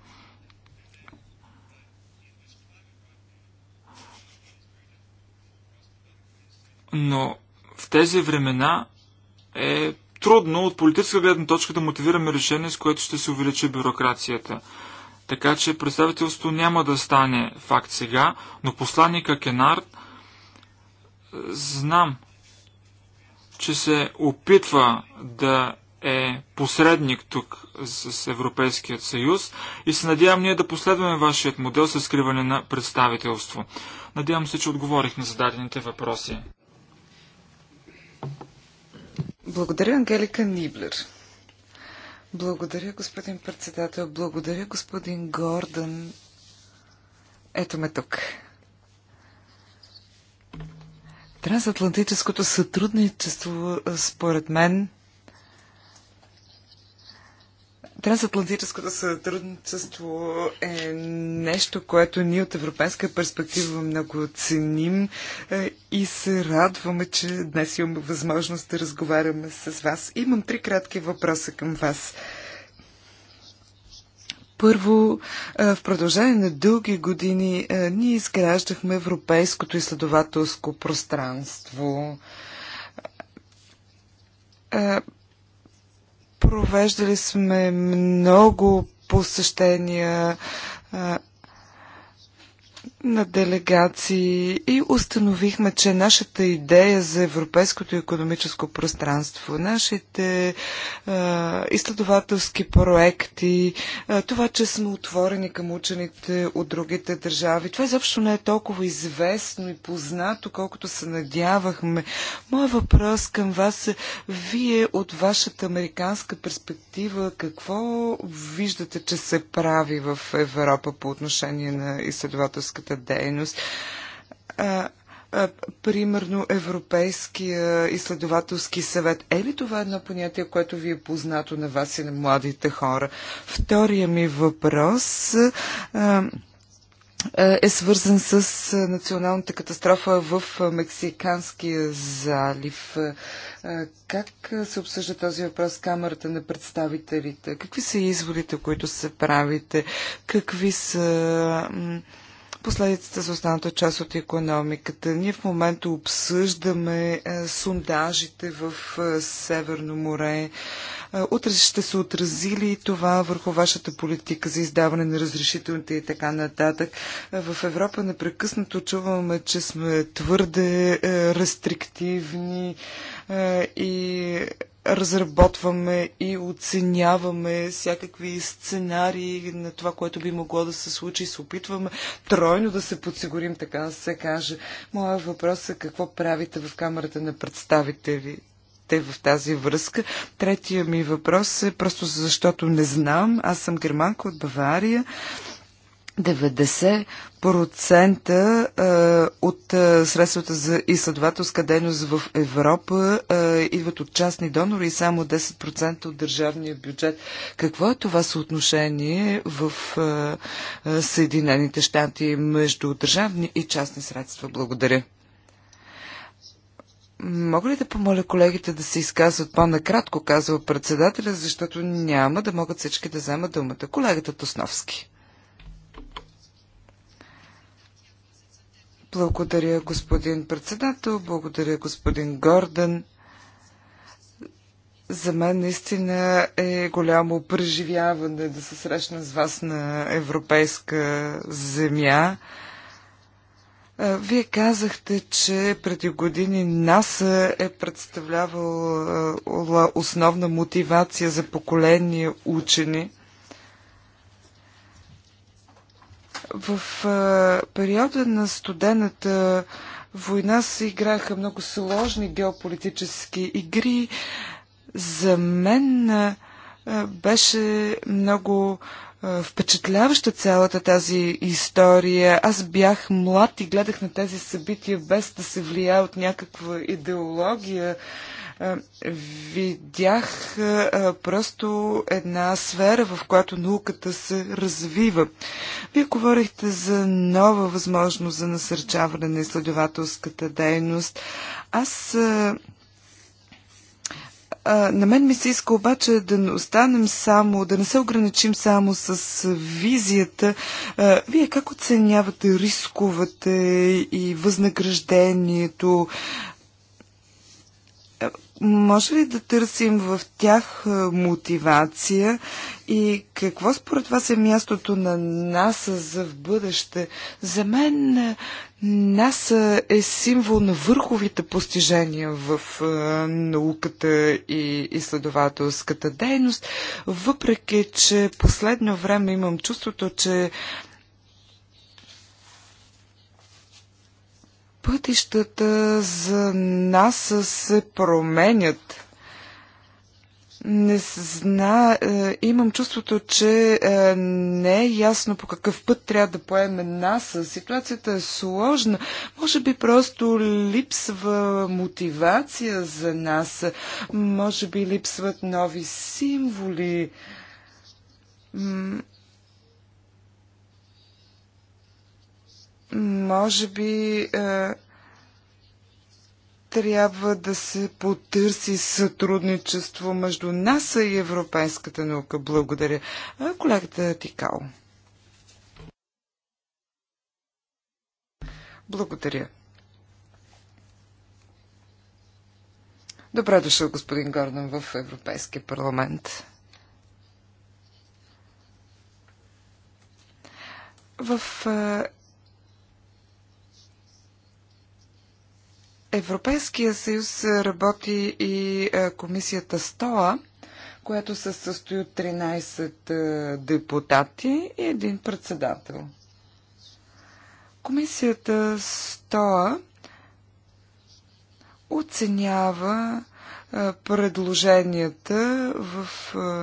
Speaker 3: Но в тези времена е трудно от политическа гледна точка да мотивираме решение, с което ще се увеличи бюрокрацията. Така че представителството няма да стане факт сега, но посланника Кенард е, знам, че се опитва да е посредник тук с Европейският съюз и се надявам ние да последваме вашият модел с скриване на представителство. Надявам се, че отговорих на зададените въпроси.
Speaker 2: Благодаря, Ангелика Ниблер. Благодаря, господин председател. Благодаря, господин Гордън. Ето ме тук. Трансатлантическото сътрудничество, според мен, Трансатлантическото сътрудничество е нещо, което ние от европейска перспектива много ценим е, и се радваме, че днес имаме възможност да разговаряме с вас. Имам три кратки въпроса към вас. Първо, е, в продължение на дълги години е, ние изграждахме европейското изследователско пространство Провеждали сме много посещения на делегации и установихме, че нашата идея за европейското економическо пространство, нашите а, изследователски проекти, а, това, че сме отворени към учените от другите държави, това изобщо не е толкова известно и познато, колкото се надявахме. Моя въпрос към вас е, вие от вашата американска перспектива, какво виждате, че се прави в Европа по отношение на изследователската научната дейност. Примерно Европейския изследователски съвет. Е ли това едно понятие, което ви е познато на вас и на младите хора? Втория ми въпрос е свързан с националната катастрофа в Мексиканския залив. Как се обсъжда този въпрос с Камерата на представителите? Какви са изводите, които се правите? Какви са последиците за останата част от економиката. Ние в момента обсъждаме е, сундажите в е, Северно море. Е, утре ще се отразили това върху вашата политика за издаване на разрешителните и така нататък. В Европа непрекъснато чуваме, че сме твърде рестриктивни и разработваме и оценяваме всякакви сценарии на това, което би могло да се случи. Се опитваме тройно да се подсигурим, така да се каже. Моя въпрос е какво правите в Камерата на представители? в тази връзка. Третия ми въпрос е просто защото не знам. Аз съм германка от Бавария 90% от средствата за изследователска дейност в Европа идват от частни донори и само 10% от държавния бюджет. Какво е това съотношение в Съединените щати между държавни и частни средства? Благодаря. Мога ли да помоля колегите да се изказват по-накратко, казва председателя, защото няма да могат всички да вземат думата. Колегата Тосновски. Благодаря, господин председател. Благодаря, господин Гордън. За мен наистина е голямо преживяване да се срещна с вас на европейска земя. Вие казахте, че преди години НАСА е представлявала основна мотивация за поколение учени. В а, периода на студената война се играха много сложни геополитически игри. За мен а, беше много а, впечатляваща цялата тази история. Аз бях млад и гледах на тези събития без да се влия от някаква идеология. А, е, видях е, е, просто една сфера, в която науката се развива. Вие говорихте за нова възможност за насърчаване на изследователската дейност. Аз на мен ми се иска обаче да не останем само, да не се ограничим само с визията. Вие как оценявате рисковете и възнаграждението? Може ли да търсим в тях мотивация и какво според вас е мястото на НАСА за в бъдеще? За мен НАСА е символ на върховите постижения в науката и изследователската дейност, въпреки че последно време имам чувството, че Пътищата за нас се променят. Не зна, е, имам чувството, че е, не е ясно по какъв път трябва да поеме НАСА. Ситуацията е сложна. Може би просто липсва мотивация за нас. Може би липсват нови символи. Може би е, трябва да се потърси сътрудничество между НАСА и европейската наука. Благодаря. Колегата Тикал. Благодаря. Добре дошъл, господин Гордон, в Европейския парламент. В е, Европейския съюз работи и е, комисията СТОА, която се състои от 13 е, депутати и един председател. Комисията СТОА оценява е, предложенията в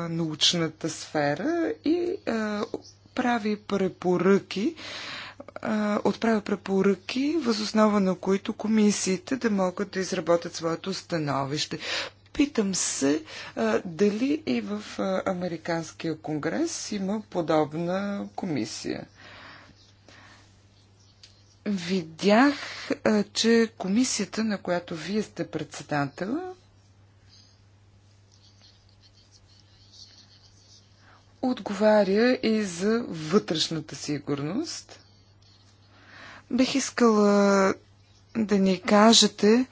Speaker 2: научната сфера и прави препоръки отправя препоръки, възоснова на които комисиите да могат да изработят своето становище. Питам се а, дали и в а, Американския конгрес има подобна комисия. Видях, а, че комисията, на която вие сте председател, отговаря и за вътрешната сигурност. Бих искала да ни кажете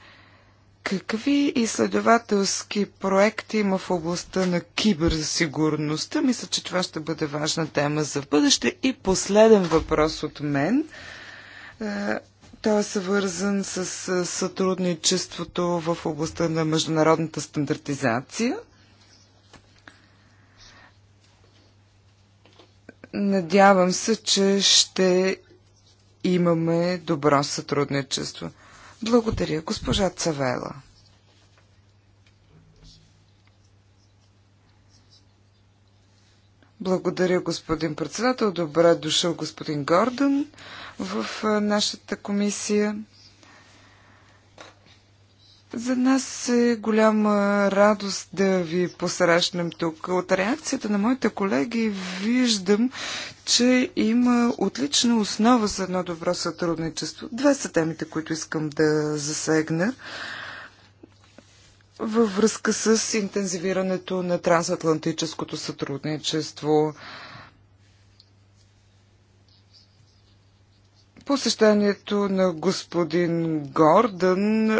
Speaker 2: какви изследователски проекти има в областта на киберсигурността. Мисля, че това ще бъде важна тема за бъдеще. И последен въпрос от мен. Е, той е съвързан с е, сътрудничеството в областта на международната стандартизация. Надявам се, че ще имаме добро сътрудничество. Благодаря, госпожа Цавела. Благодаря, господин председател. Добре дошъл, господин Гордън, в нашата комисия. За нас е голяма радост да ви посрещнем тук. От реакцията на моите колеги виждам, че има отлична основа за едно добро сътрудничество. Две са темите, които искам да засегна във връзка с интензивирането на трансатлантическото сътрудничество. Посещението на господин Гордън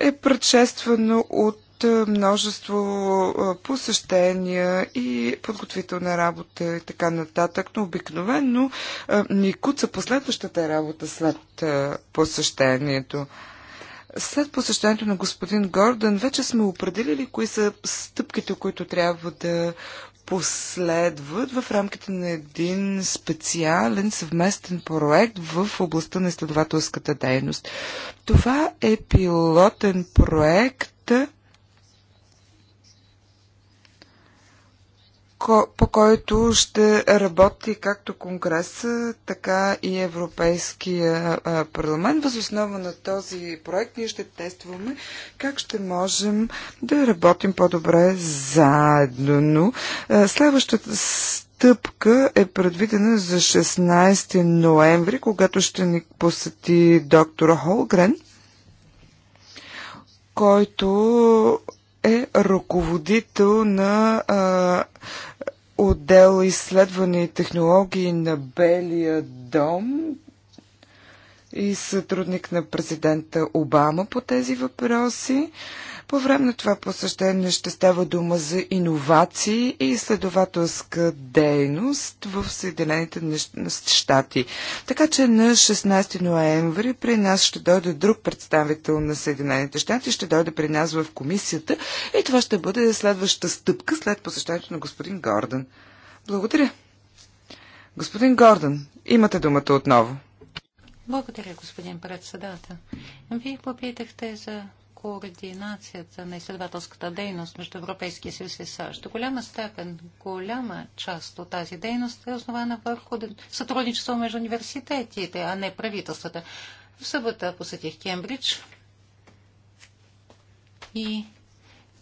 Speaker 2: е предшествано от множество посещения и подготвителна работа и така нататък, но обикновено ни куца последващата работа след посещението. След посещението на господин Гордън вече сме определили кои са стъпките, които трябва да последват в рамките на един специален съвместен проект в областта на изследователската дейност. Това е пилотен проект по който ще работи както Конгреса, така и Европейския парламент. Въз основа на този проект ние ще тестваме как ще можем да работим по-добре заедно. Следващата стъпка е предвидена за 16 ноември, когато ще ни посети доктор Холгрен който е ръководител на а, отдел изследване и технологии на Белия дом и сътрудник на президента Обама по тези въпроси. А, по време на това посещение ще става дума за иновации и изследователска дейност в Съединените щати. Така че на 16 ноември при нас ще дойде друг представител на Съединените щати, ще дойде при нас в комисията и това ще бъде следващата стъпка след посещението на господин Гордън. Благодаря. Господин Гордън, имате думата отново.
Speaker 1: Благодаря, господин председател. Вие попитахте за координацията на изследователската дейност между Европейския съюз и САЩ. До голяма степен, голяма част от тази дейност е основана върху сътрудничество между университетите, а не правителствата. В събота посетих Кембридж и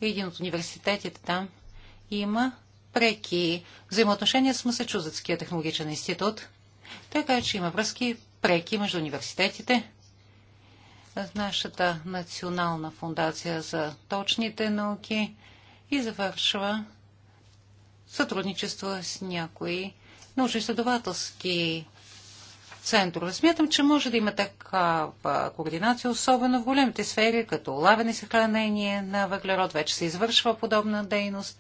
Speaker 1: един от университетите там има преки взаимоотношения с Масачузетския технологичен институт, така че има връзки преки между университетите нашата национална фундация за точните науки и завършва сътрудничество с някои научно-изследователски центрове. Смятам, че може да има такава координация, особено в големите сфери, като лавене и съхранение на въглерод. Вече се извършва подобна дейност.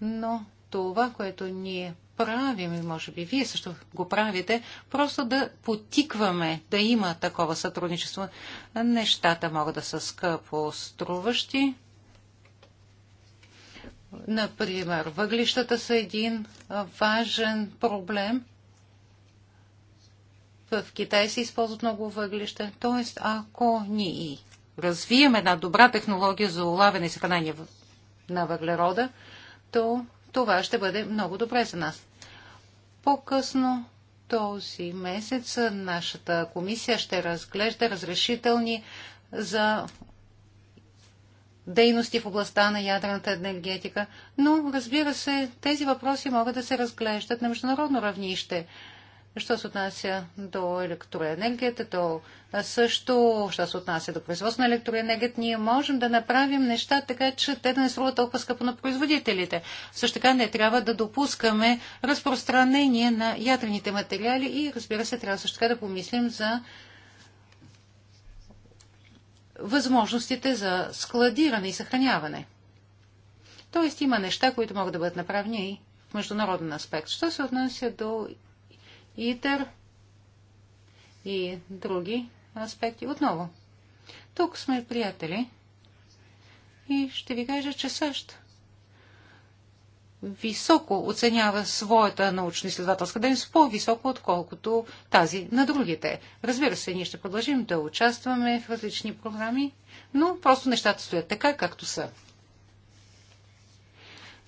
Speaker 1: Но това, което ние правим, и може би вие също го правите, просто да потикваме да има такова сътрудничество. Нещата могат да са скъпо струващи. Например, въглищата са един важен проблем. В Китай се използват много въглища. Тоест, ако ние развием една добра технология за улавяне и съхранение на въглерода, то това ще бъде много добре за нас. По-късно този месец нашата комисия ще разглежда разрешителни за дейности в областта на ядрената енергетика, но разбира се, тези въпроси могат да се разглеждат на международно равнище що се отнася до електроенергията, то също, що се отнася до производство на електроенергията, ние можем да направим неща така, че те да не струват толкова скъпо на производителите. Също така не трябва да допускаме разпространение на ядрените материали и разбира се, трябва също така да помислим за възможностите за складиране и съхраняване. Тоест има неща, които могат да бъдат направени и в международен аспект. Що се отнася до ИТЕР и други аспекти. Отново, тук сме приятели и ще ви кажа, че също високо оценява своята научно-изследователска дейност, по-високо, отколкото тази на другите. Разбира се, ние ще продължим да участваме в различни програми, но просто нещата стоят така, както са.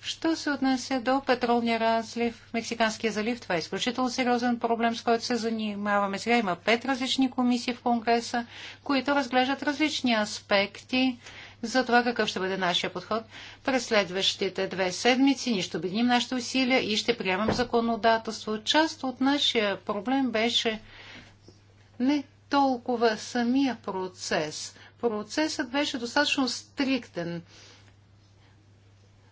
Speaker 1: Що се отнася до петролния разлив в Мексиканския залив, това е изключително сериозен проблем, с който се занимаваме. Сега има пет различни комисии в Конгреса, които разглеждат различни аспекти за това какъв ще бъде нашия подход. През следващите две седмици ние ще обединим нашите усилия и ще приемем законодателство. Част от нашия проблем беше не толкова самия процес. Процесът беше достатъчно стриктен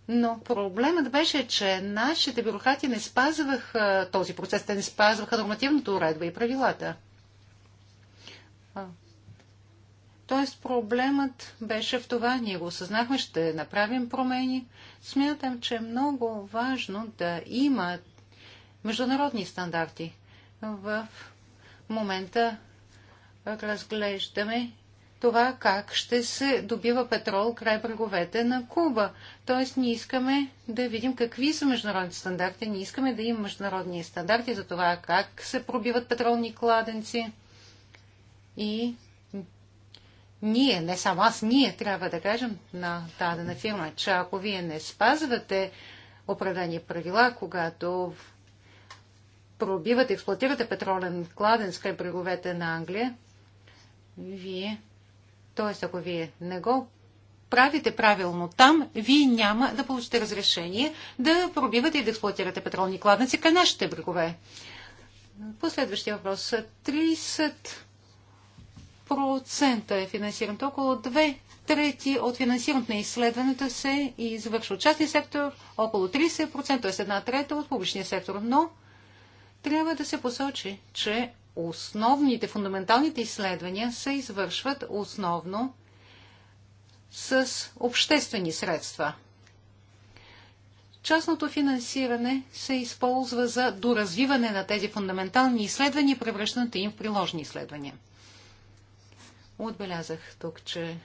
Speaker 1: но проблемът беше, че нашите бюрократи не спазваха този процес, те не спазваха нормативната уредба и правилата. Тоест проблемът беше в това, ние го осъзнахме, ще направим промени. Смятам, че е много важно да има международни стандарти. В момента разглеждаме това как ще се добива петрол край бреговете на Куба. Тоест ние искаме да видим какви са международните стандарти. Ние искаме да има международни стандарти за това как се пробиват петролни кладенци. И ние, не само аз, ние трябва да кажем на дадена фирма, че ако вие не спазвате определени правила, когато пробивате, експлуатирате петролен кладенц край бреговете на Англия, вие Тоест, ако вие не го правите правилно там, вие няма да получите разрешение да пробивате и да експлуатирате петролни кладници към нашите брегове. Последващия въпрос. 30% е финансирането. Около 2 трети от финансирането на изследването се извършва от частния сектор, около 30%, т.е. една трета от публичния сектор. Но трябва да се посочи, че основните, фундаменталните изследвания се извършват основно с обществени средства. Частното финансиране се използва за доразвиване на тези фундаментални изследвания превръщането им в приложни изследвания. Отбелязах тук, че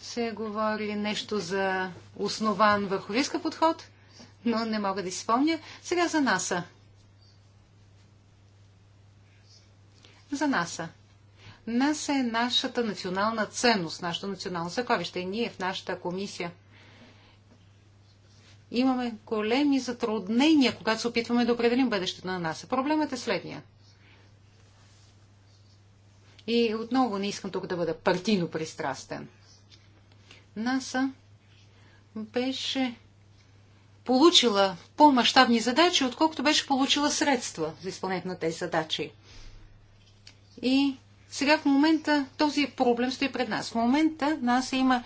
Speaker 1: се говори нещо за основан върху риска подход, но не мога да си спомня. Сега за НАСА. за НАСА. НАСА е нашата национална ценност, нашето национално съковище. И ние в нашата комисия имаме големи затруднения, когато се опитваме да определим бъдещето на НАСА. Проблемът е следния. И отново не искам тук да бъда партийно пристрастен. НАСА беше получила по-масштабни задачи, отколкото беше получила средства за изпълнението на тези задачи. И сега в момента този проблем стои пред нас. В момента нас има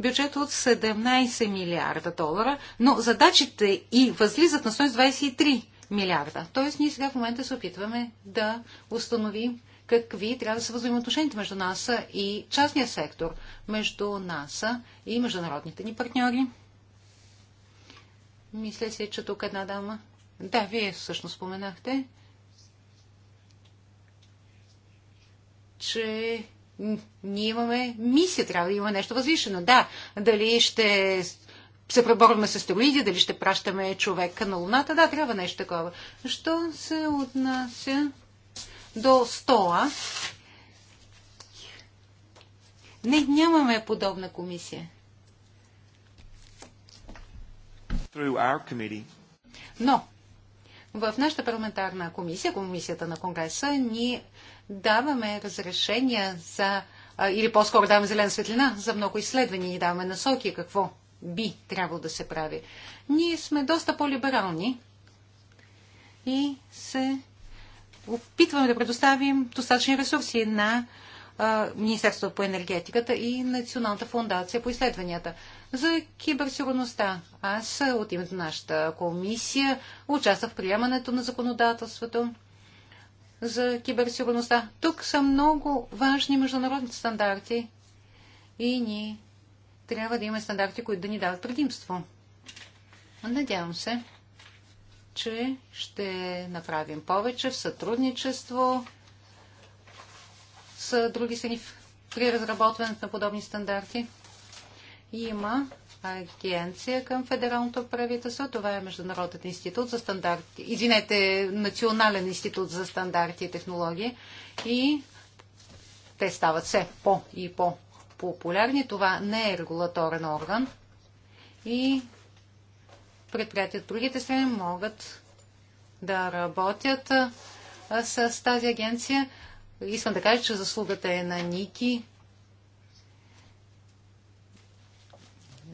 Speaker 1: бюджет от 17 милиарда долара, но задачите и възлизат на 123 милиарда. Тоест ние сега в момента се опитваме да установим какви трябва да са взаимоотношенията между нас и частния сектор, между нас и международните ни партньори. Мисля се, че тук една дама. Да, вие всъщност споменахте. че ние имаме мисия, трябва да има нещо възвишено. Да, дали ще се преборваме с астероиди, дали ще пращаме човека на Луната, да, трябва нещо такова. Що се отнася до стола? Не, нямаме подобна комисия. Но в нашата парламентарна комисия, комисията на Конгреса, ние даваме разрешения за, или по-скоро даваме зелена светлина за много изследвания и даваме насоки какво би трябвало да се прави. Ние сме доста по-либерални и се опитваме да предоставим достатъчни ресурси на Министерството по енергетиката и Националната фундация по изследванията. За киберсигурността аз от името на нашата комисия участвах в приемането на законодателството за киберсигурността. Тук са много важни международни стандарти и ние трябва да имаме стандарти, които да ни дават предимство. Надявам се, че ще направим повече в сътрудничество с други страни при разработването на подобни стандарти. Има агенция към федералното правителство. Това е Международен институт за стандарти. Извинете, Национален институт за стандарти и технологии. И те стават все по и по популярни. Това не е регулаторен орган. И предприятия от другите страни могат да работят с тази агенция. Искам да кажа, че заслугата е на Ники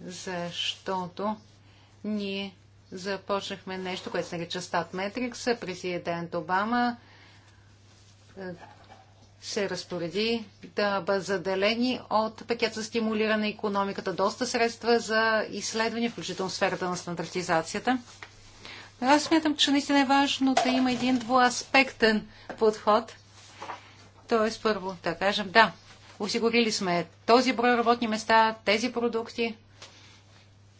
Speaker 1: защото ние започнахме нещо, което се нарича Стат Метрикс. Президент Обама е, се разпореди да бъдат заделени от пакет за стимулиране на економиката доста средства за изследвания, включително сферата на стандартизацията. Аз смятам, че наистина е важно да има един двуаспектен подход. Тоест, първо, да кажем, да, осигурили сме този брой работни места, тези продукти,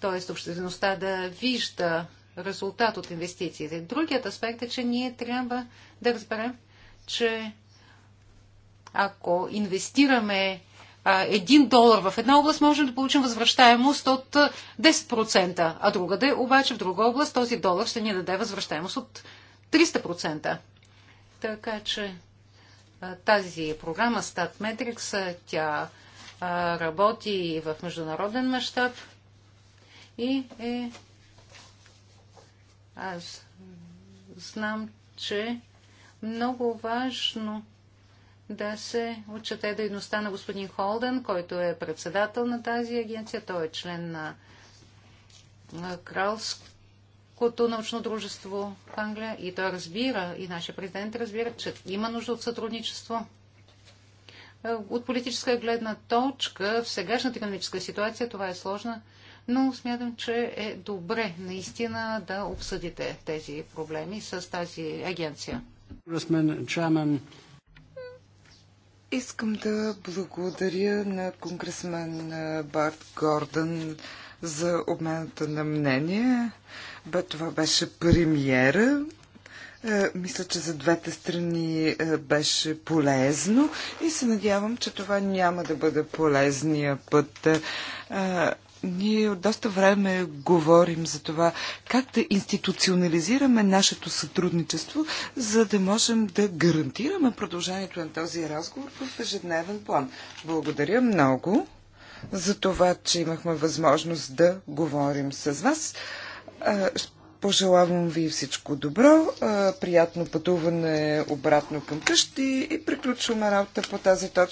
Speaker 1: т.е. обществеността да вижда резултат от инвестициите. Другият аспект е, че ние трябва да разберем, че ако инвестираме един долар в една област, можем да получим възвръщаемост от 10%, а другаде, обаче в друга област, този долар ще ни даде възвръщаемост от 300%. Така че тази програма StatMetrix, тя работи в международен мащаб, и е, аз знам, че много важно да се отчете дейността на господин Холден, който е председател на тази агенция. Той е член на Кралското научно дружество в Англия и той разбира, и нашия президент разбира, че има нужда от сътрудничество. Е, от политическа гледна точка, в сегашната економическа ситуация това е сложна но смятам, че е добре наистина да обсъдите тези проблеми с тази агенция.
Speaker 2: Искам да благодаря на конгресмен Барт Гордън за обмената на мнение. Бе, това беше премиера. Мисля, че за двете страни беше полезно и се надявам, че това няма да бъде полезния път. Ние от доста време говорим за това как да институционализираме нашето сътрудничество, за да можем да гарантираме продължението на този разговор в ежедневен план. Благодаря много за това, че имахме възможност да говорим с вас. Пожелавам ви всичко добро, приятно пътуване обратно към къщи и приключваме работа по тази точка.